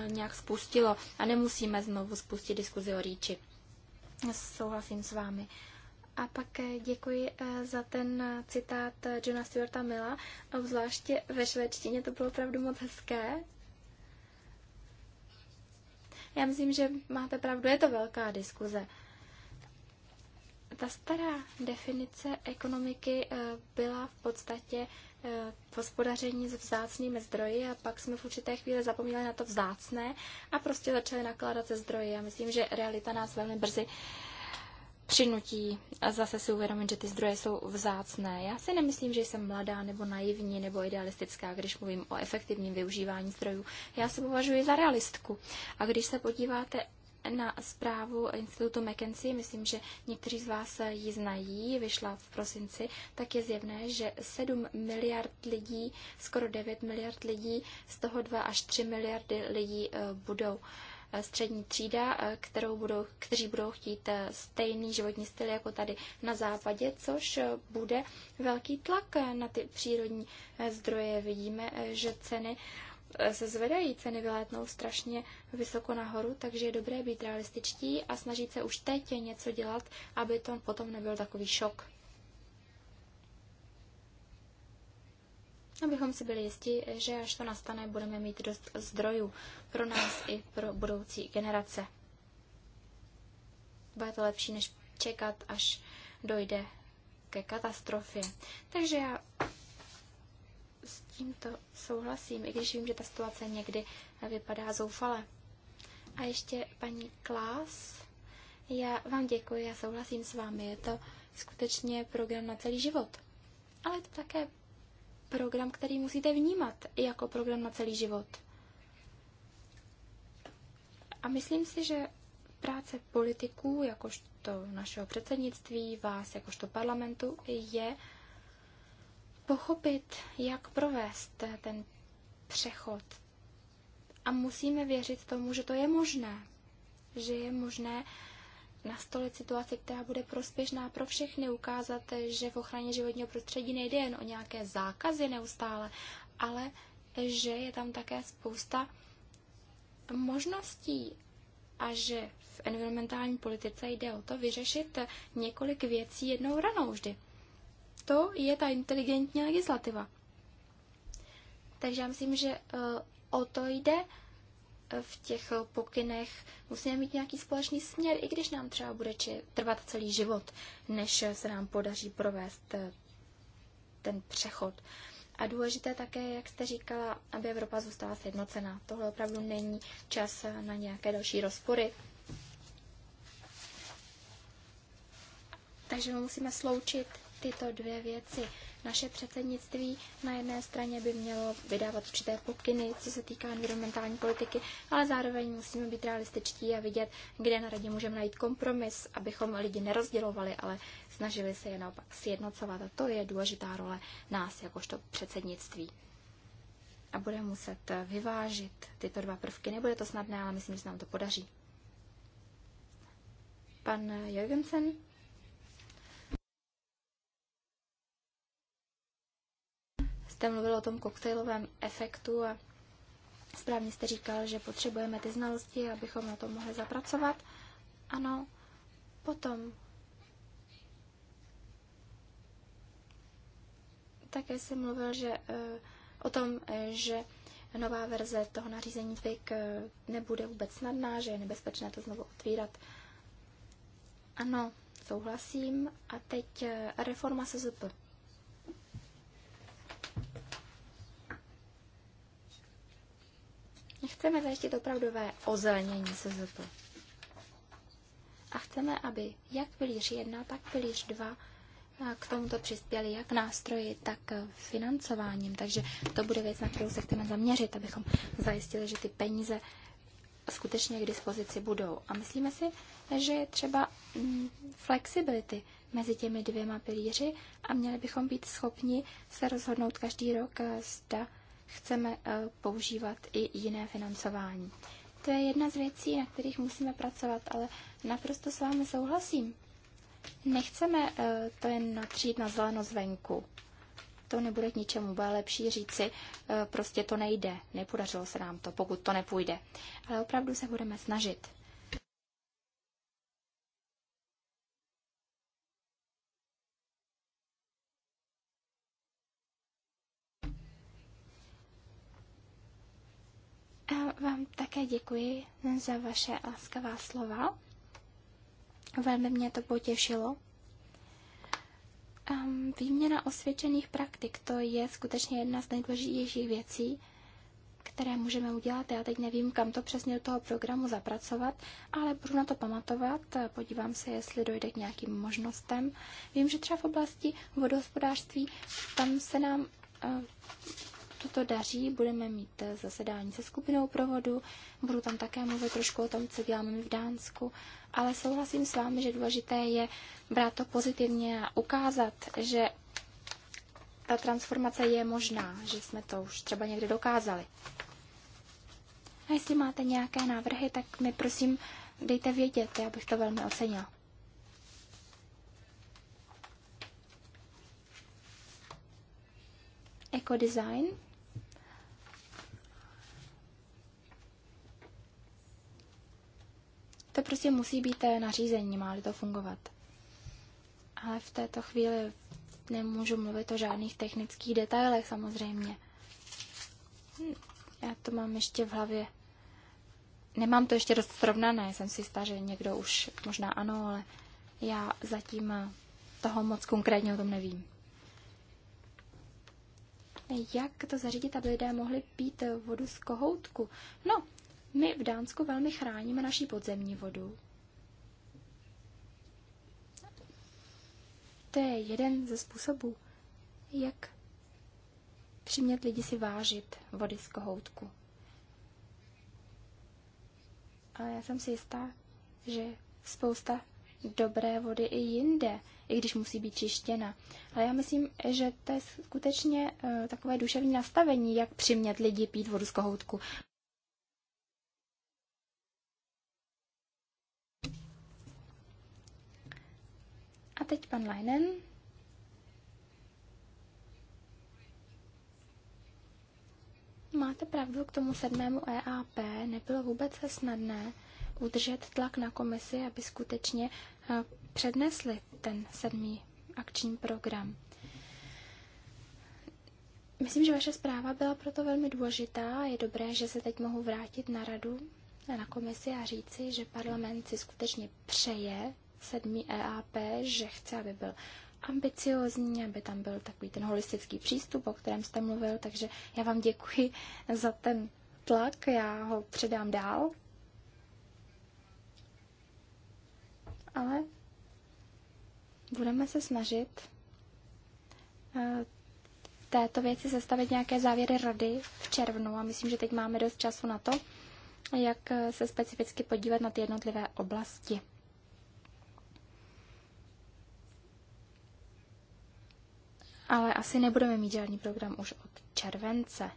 nějak spustilo a nemusíme znovu spustit diskuzi o rýči. Souhlasím s vámi. A pak eh, děkuji eh, za ten eh, citát Johna Stuarta Milla, obzvláště ve švédštině to bylo opravdu moc hezké. Já myslím, že máte pravdu, je to velká diskuze. Ta stará definice ekonomiky byla v podstatě hospodaření s vzácnými zdroji a pak jsme v určité chvíli zapomněli na to vzácné a prostě začali nakládat se zdroji. A myslím, že realita nás velmi brzy přinutí a zase si uvědomit, že ty zdroje jsou vzácné. Já si nemyslím, že jsem mladá nebo naivní nebo idealistická, když mluvím o efektivním využívání zdrojů. Já se považuji za realistku. A když se podíváte na zprávu institutu McKinsey, myslím, že někteří z vás ji znají, vyšla v prosinci, tak je zjevné, že 7 miliard lidí, skoro 9 miliard lidí, z toho 2 až 3 miliardy lidí eh, budou eh, střední třída, eh, kterou budou, kteří budou chtít stejný životní styl jako tady na západě, což bude velký tlak na ty přírodní zdroje. Vidíme, že ceny se zvedají, ceny vylétnou strašně vysoko nahoru, takže je dobré být realističtí a snažit se už teď něco dělat, aby to potom nebyl takový šok. Abychom si byli jistí, že až to nastane, budeme mít dost zdrojů pro nás i pro budoucí generace. Bude to lepší, než čekat, až dojde ke katastrofě. Takže já s tímto souhlasím, i když vím, že ta situace někdy vypadá zoufale. A ještě paní Klás, já vám děkuji, já souhlasím s vámi, je to skutečně program na celý život. Ale je to také program, který musíte vnímat jako program na celý život. A myslím si, že práce politiků, jakožto našeho předsednictví, vás, jakožto parlamentu, je pochopit, jak provést ten přechod. A musíme věřit tomu, že to je možné. Že je možné nastolit situaci, která bude prospěšná pro všechny, ukázat, že v ochraně životního prostředí nejde jen o nějaké zákazy neustále, ale že je tam také spousta možností a že v environmentální politice jde o to vyřešit několik věcí jednou ranou vždy to je ta inteligentní legislativa. Takže já myslím, že eh, o to jde eh, v těch eh, pokynech. Musíme mít nějaký společný směr, i když nám třeba bude či, trvat celý život, než se nám podaří provést ten přechod. A důležité také, jak jste říkala, aby Evropa zůstala sjednocená. Tohle opravdu není čas na nějaké další rozpory. Takže musíme sloučit tyto dvě věci. Naše předsednictví na jedné straně by mělo vydávat určité pokyny, co se týká environmentální politiky, ale zároveň musíme být realističtí a vidět, kde na radě můžeme najít kompromis, abychom lidi nerozdělovali, ale snažili se je naopak sjednocovat. A to je důležitá role nás, jakožto předsednictví. A bude muset vyvážit tyto dva prvky. Nebude to snadné, ale myslím, že se nám to podaří. Pan Jorgensen jste mluvil o tom koktejlovém efektu a správně jste říkal, že potřebujeme ty znalosti, abychom na to mohli zapracovat. Ano, potom také jsem mluvil že, eh, o tom, eh, že nová verze toho nařízení TVIK eh, nebude vůbec snadná, že je nebezpečné to znovu otvírat. Ano, souhlasím. A teď reforma SZP. Chceme zajistit opravdové ozelenění SZP. A chceme, aby jak pilíř 1, tak pilíř 2 eh, k tomuto přispěli jak nástroji, tak eh, financováním. Takže to bude věc, na kterou se chceme zaměřit, abychom zajistili, že ty peníze skutečně k dispozici budou. A myslíme si, že je třeba mm, flexibility mezi těmi dvěma pilíři a měli bychom být schopni se rozhodnout každý rok, eh, zda chceme eh, používat i jiné financování. To je jedna z věcí, na kterých musíme pracovat, ale naprosto s vámi souhlasím. Nechceme eh, to jen natřít na zeleno zvenku. To nebude k ničemu, bude lepší říci, eh, prostě to nejde, nepodařilo se nám to, pokud to nepůjde. Ale opravdu se budeme snažit. děkuji za vaše laskavá slova. Velmi mě to potěšilo. Um, výměna osvědčených praktik, to je skutečně jedna z nejdůležitějších věcí, které můžeme udělat. Já teď nevím, kam to přesně do toho programu zapracovat, ale budu na to pamatovat. Podívám se, jestli dojde k nějakým možnostem. Vím, že třeba v oblasti vodohospodářství tam se nám eh, toto daří, budeme mít eh, zasedání se skupinou provodu, budu tam také mluvit trošku o tom, co děláme v Dánsku, ale souhlasím s vámi, že důležité je brát to pozitivně a ukázat, že ta transformace je možná, že jsme to už třeba někde dokázali. A jestli máte nějaké návrhy, tak mi prosím dejte vědět, já bych to velmi ocenila. Eco Design. To prostě musí být nařízení, má-li to fungovat. Ale v této chvíli nemůžu mluvit o žádných technických detailech samozřejmě. Hm, já to mám ještě v hlavě. Nemám to ještě dost srovnané, jsem si jistá, že někdo už možná ano, ale já zatím toho moc konkrétně o tom nevím. Jak to zařídit, aby lidé mohli pít vodu z kohoutku? No, my v Dánsku velmi chráníme naší podzemní vodu. To je jeden ze způsobů, jak přimět lidi si vážit vody z kohoutku. Ale já jsem si jistá, že spousta dobré vody i jinde, i když musí být čištěna. Ale já myslím, že to je skutečně eh, takové duševní nastavení, jak přimět lidi pít vodu z kohoutku. A teď pan Leinen. Máte pravdu, k tomu sedmému EAP nebylo vůbec snadné udržet tlak na komisi, aby skutečně eh, přednesli ten sedmý akční program. Myslím, že vaše zpráva byla proto velmi důležitá. Je dobré, že se teď mohu vrátit na radu a na komisi a říci, že parlament si skutečně přeje sedmý EAP, že chce, aby byl ambiciozní, aby tam byl takový ten holistický přístup, o kterém jste mluvil, takže já vám děkuji za ten tlak, já ho předám dál. Ale budeme se snažit eh, této věci sestavit nějaké závěry rady v červnu a myslím, že teď máme dost času na to, jak eh, se specificky podívat na ty jednotlivé oblasti. ale asi nebudeme mít žádný program už od července.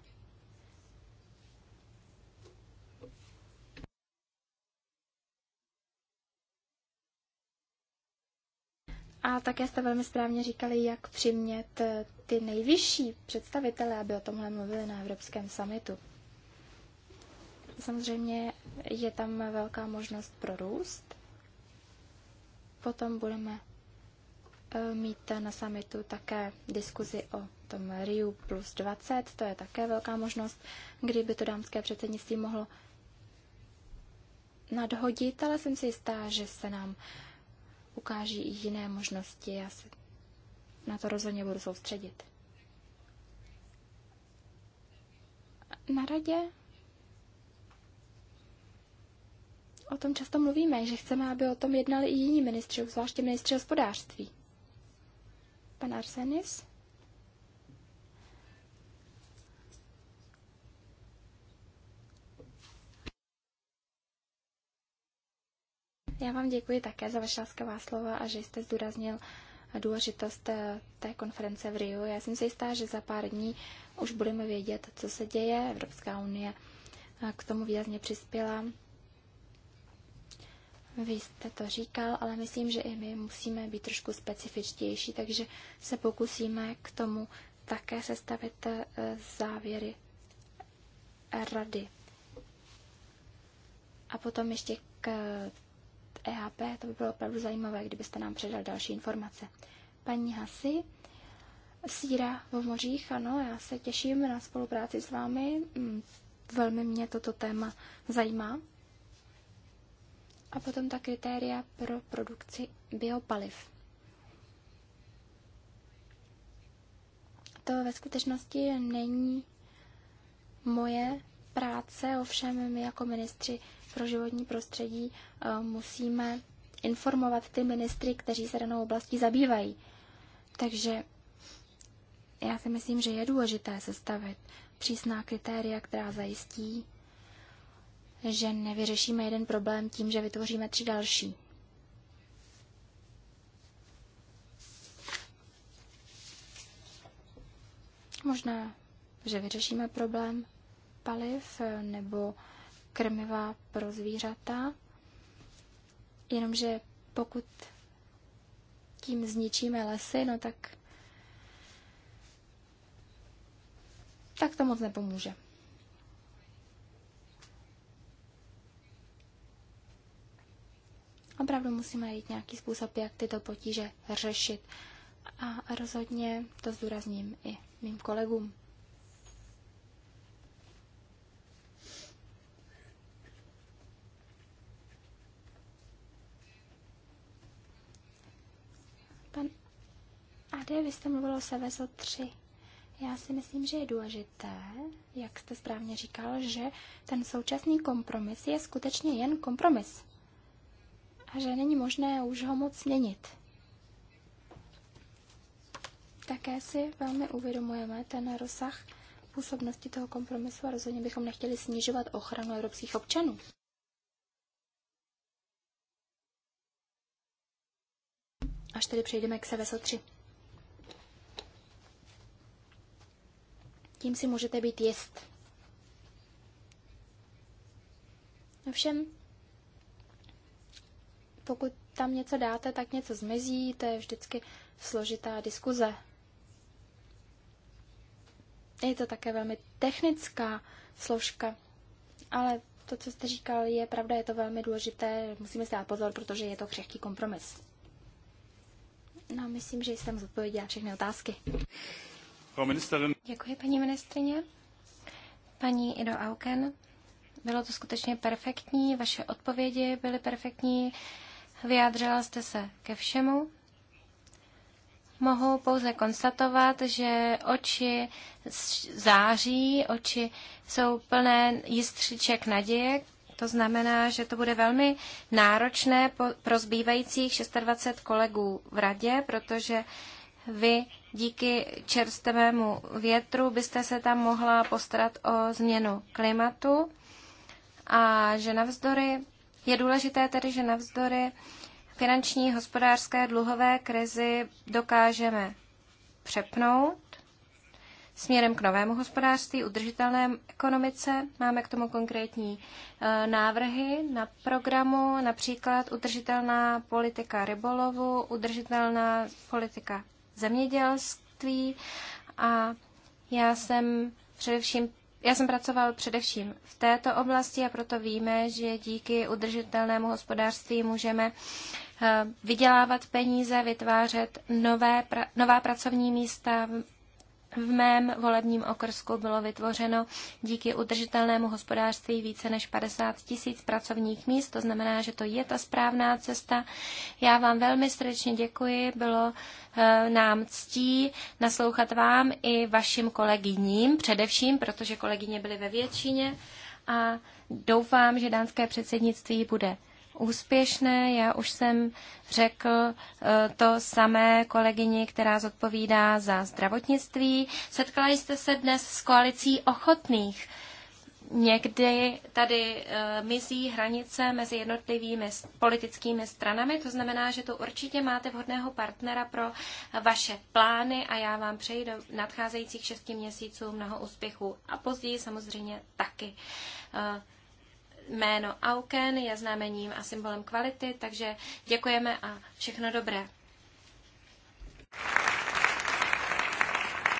A také jste velmi správně říkali, jak přimět eh, ty nejvyšší představitele, aby o tomhle mluvili na Evropském summitu. Samozřejmě je tam velká možnost pro růst. Potom budeme mít na summitu také diskuzi o tom Riu plus 20, to je také velká možnost, kdyby to dámské předsednictví mohlo nadhodit, ale jsem si jistá, že se nám ukáží i jiné možnosti. Já se na to rozhodně budu soustředit. Na radě o tom často mluvíme, že chceme, aby o tom jednali i jiní ministři, zvláště ministři hospodářství. Pan Arsenis? Já vám děkuji také za vaše láskavá slova a že jste zdůraznil důležitost eh, té konference v Riu. Já jsem si jistá, že za pár dní už budeme vědět, co se děje. Evropská unie eh, k tomu výrazně přispěla vy jste to říkal, ale myslím, že i my musíme být trošku specifičtější, takže se pokusíme k tomu také sestavit eh, závěry rady. A potom ještě k EHP, e to by bylo opravdu zajímavé, kdybyste nám předal další informace. Paní Hasi, síra v mořích, ano, já se těším na spolupráci s vámi. Mm, velmi mě toto téma zajímá a potom ta kritéria pro produkci biopaliv. To ve skutečnosti není moje práce, ovšem my jako ministři pro životní prostředí eh, musíme informovat ty ministry, kteří se danou oblastí zabývají. Takže já si myslím, že je důležité sestavit přísná kritéria, která zajistí, že nevyřešíme jeden problém tím, že vytvoříme tři další. Možná, že vyřešíme problém paliv eh, nebo krmiva pro zvířata, jenomže pokud tím zničíme lesy, no tak tak to moc nepomůže. Opravdu musíme najít nějaký způsob, jak tyto potíže řešit. A rozhodně to zdůrazním i mým kolegům. Pan Ade, vy jste mluvil o Seveso 3. Já si myslím, že je důležité, jak jste správně říkal, že ten současný kompromis je skutečně jen kompromis a že není možné už ho moc měnit. Také si velmi uvědomujeme ten rozsah působnosti toho kompromisu a rozhodně bychom nechtěli snižovat ochranu evropských občanů. Až tedy přejdeme k Seveso 3. Tím si můžete být jist. Ovšem, pokud tam něco dáte, tak něco zmizí, to je vždycky složitá diskuze. Je to také velmi technická složka, ale to, co jste říkal, je pravda, je to velmi důležité, musíme si dát pozor, protože je to křehký kompromis. No, myslím, že jsem zodpověděla všechny otázky. Děkuji, paní ministrině. Paní Ido Auken, bylo to skutečně perfektní, vaše odpovědi byly perfektní. Vyjádřila jste se ke všemu. Mohu pouze konstatovat, že oči září, oči jsou plné jistřiček naděje. To znamená, že to bude velmi náročné pro zbývajících 26 kolegů v radě, protože vy díky čerstvému větru byste se tam mohla postarat o změnu klimatu a že navzdory je důležité tedy, že navzdory finanční, hospodářské, dluhové krizi dokážeme přepnout směrem k novému hospodářství, udržitelné ekonomice. Máme k tomu konkrétní e, návrhy na programu, například udržitelná politika rybolovu, udržitelná politika zemědělství a já jsem především já jsem pracoval především v této oblasti a proto víme, že díky udržitelnému hospodářství můžeme eh, vydělávat peníze, vytvářet nové, nová pracovní místa, v mém volebním okrsku bylo vytvořeno díky udržitelnému hospodářství více než 50 tisíc pracovních míst, to znamená, že to je ta správná cesta. Já vám velmi srdečně děkuji, bylo eh, nám ctí naslouchat vám i vašim kolegyním, především, protože kolegyně byly ve většině a doufám, že dánské předsednictví bude úspěšné. Já už jsem řekl eh, to samé kolegyni, která zodpovídá za zdravotnictví. Setkali jste se dnes s koalicí ochotných. Někdy tady eh, mizí hranice mezi jednotlivými politickými stranami, to znamená, že tu určitě máte vhodného partnera pro vaše plány a já vám přeji do nadcházejících šesti měsíců mnoho úspěchů a později samozřejmě taky. Eh, Jméno Auken je znamením a symbolem kvality, takže děkujeme a všechno dobré.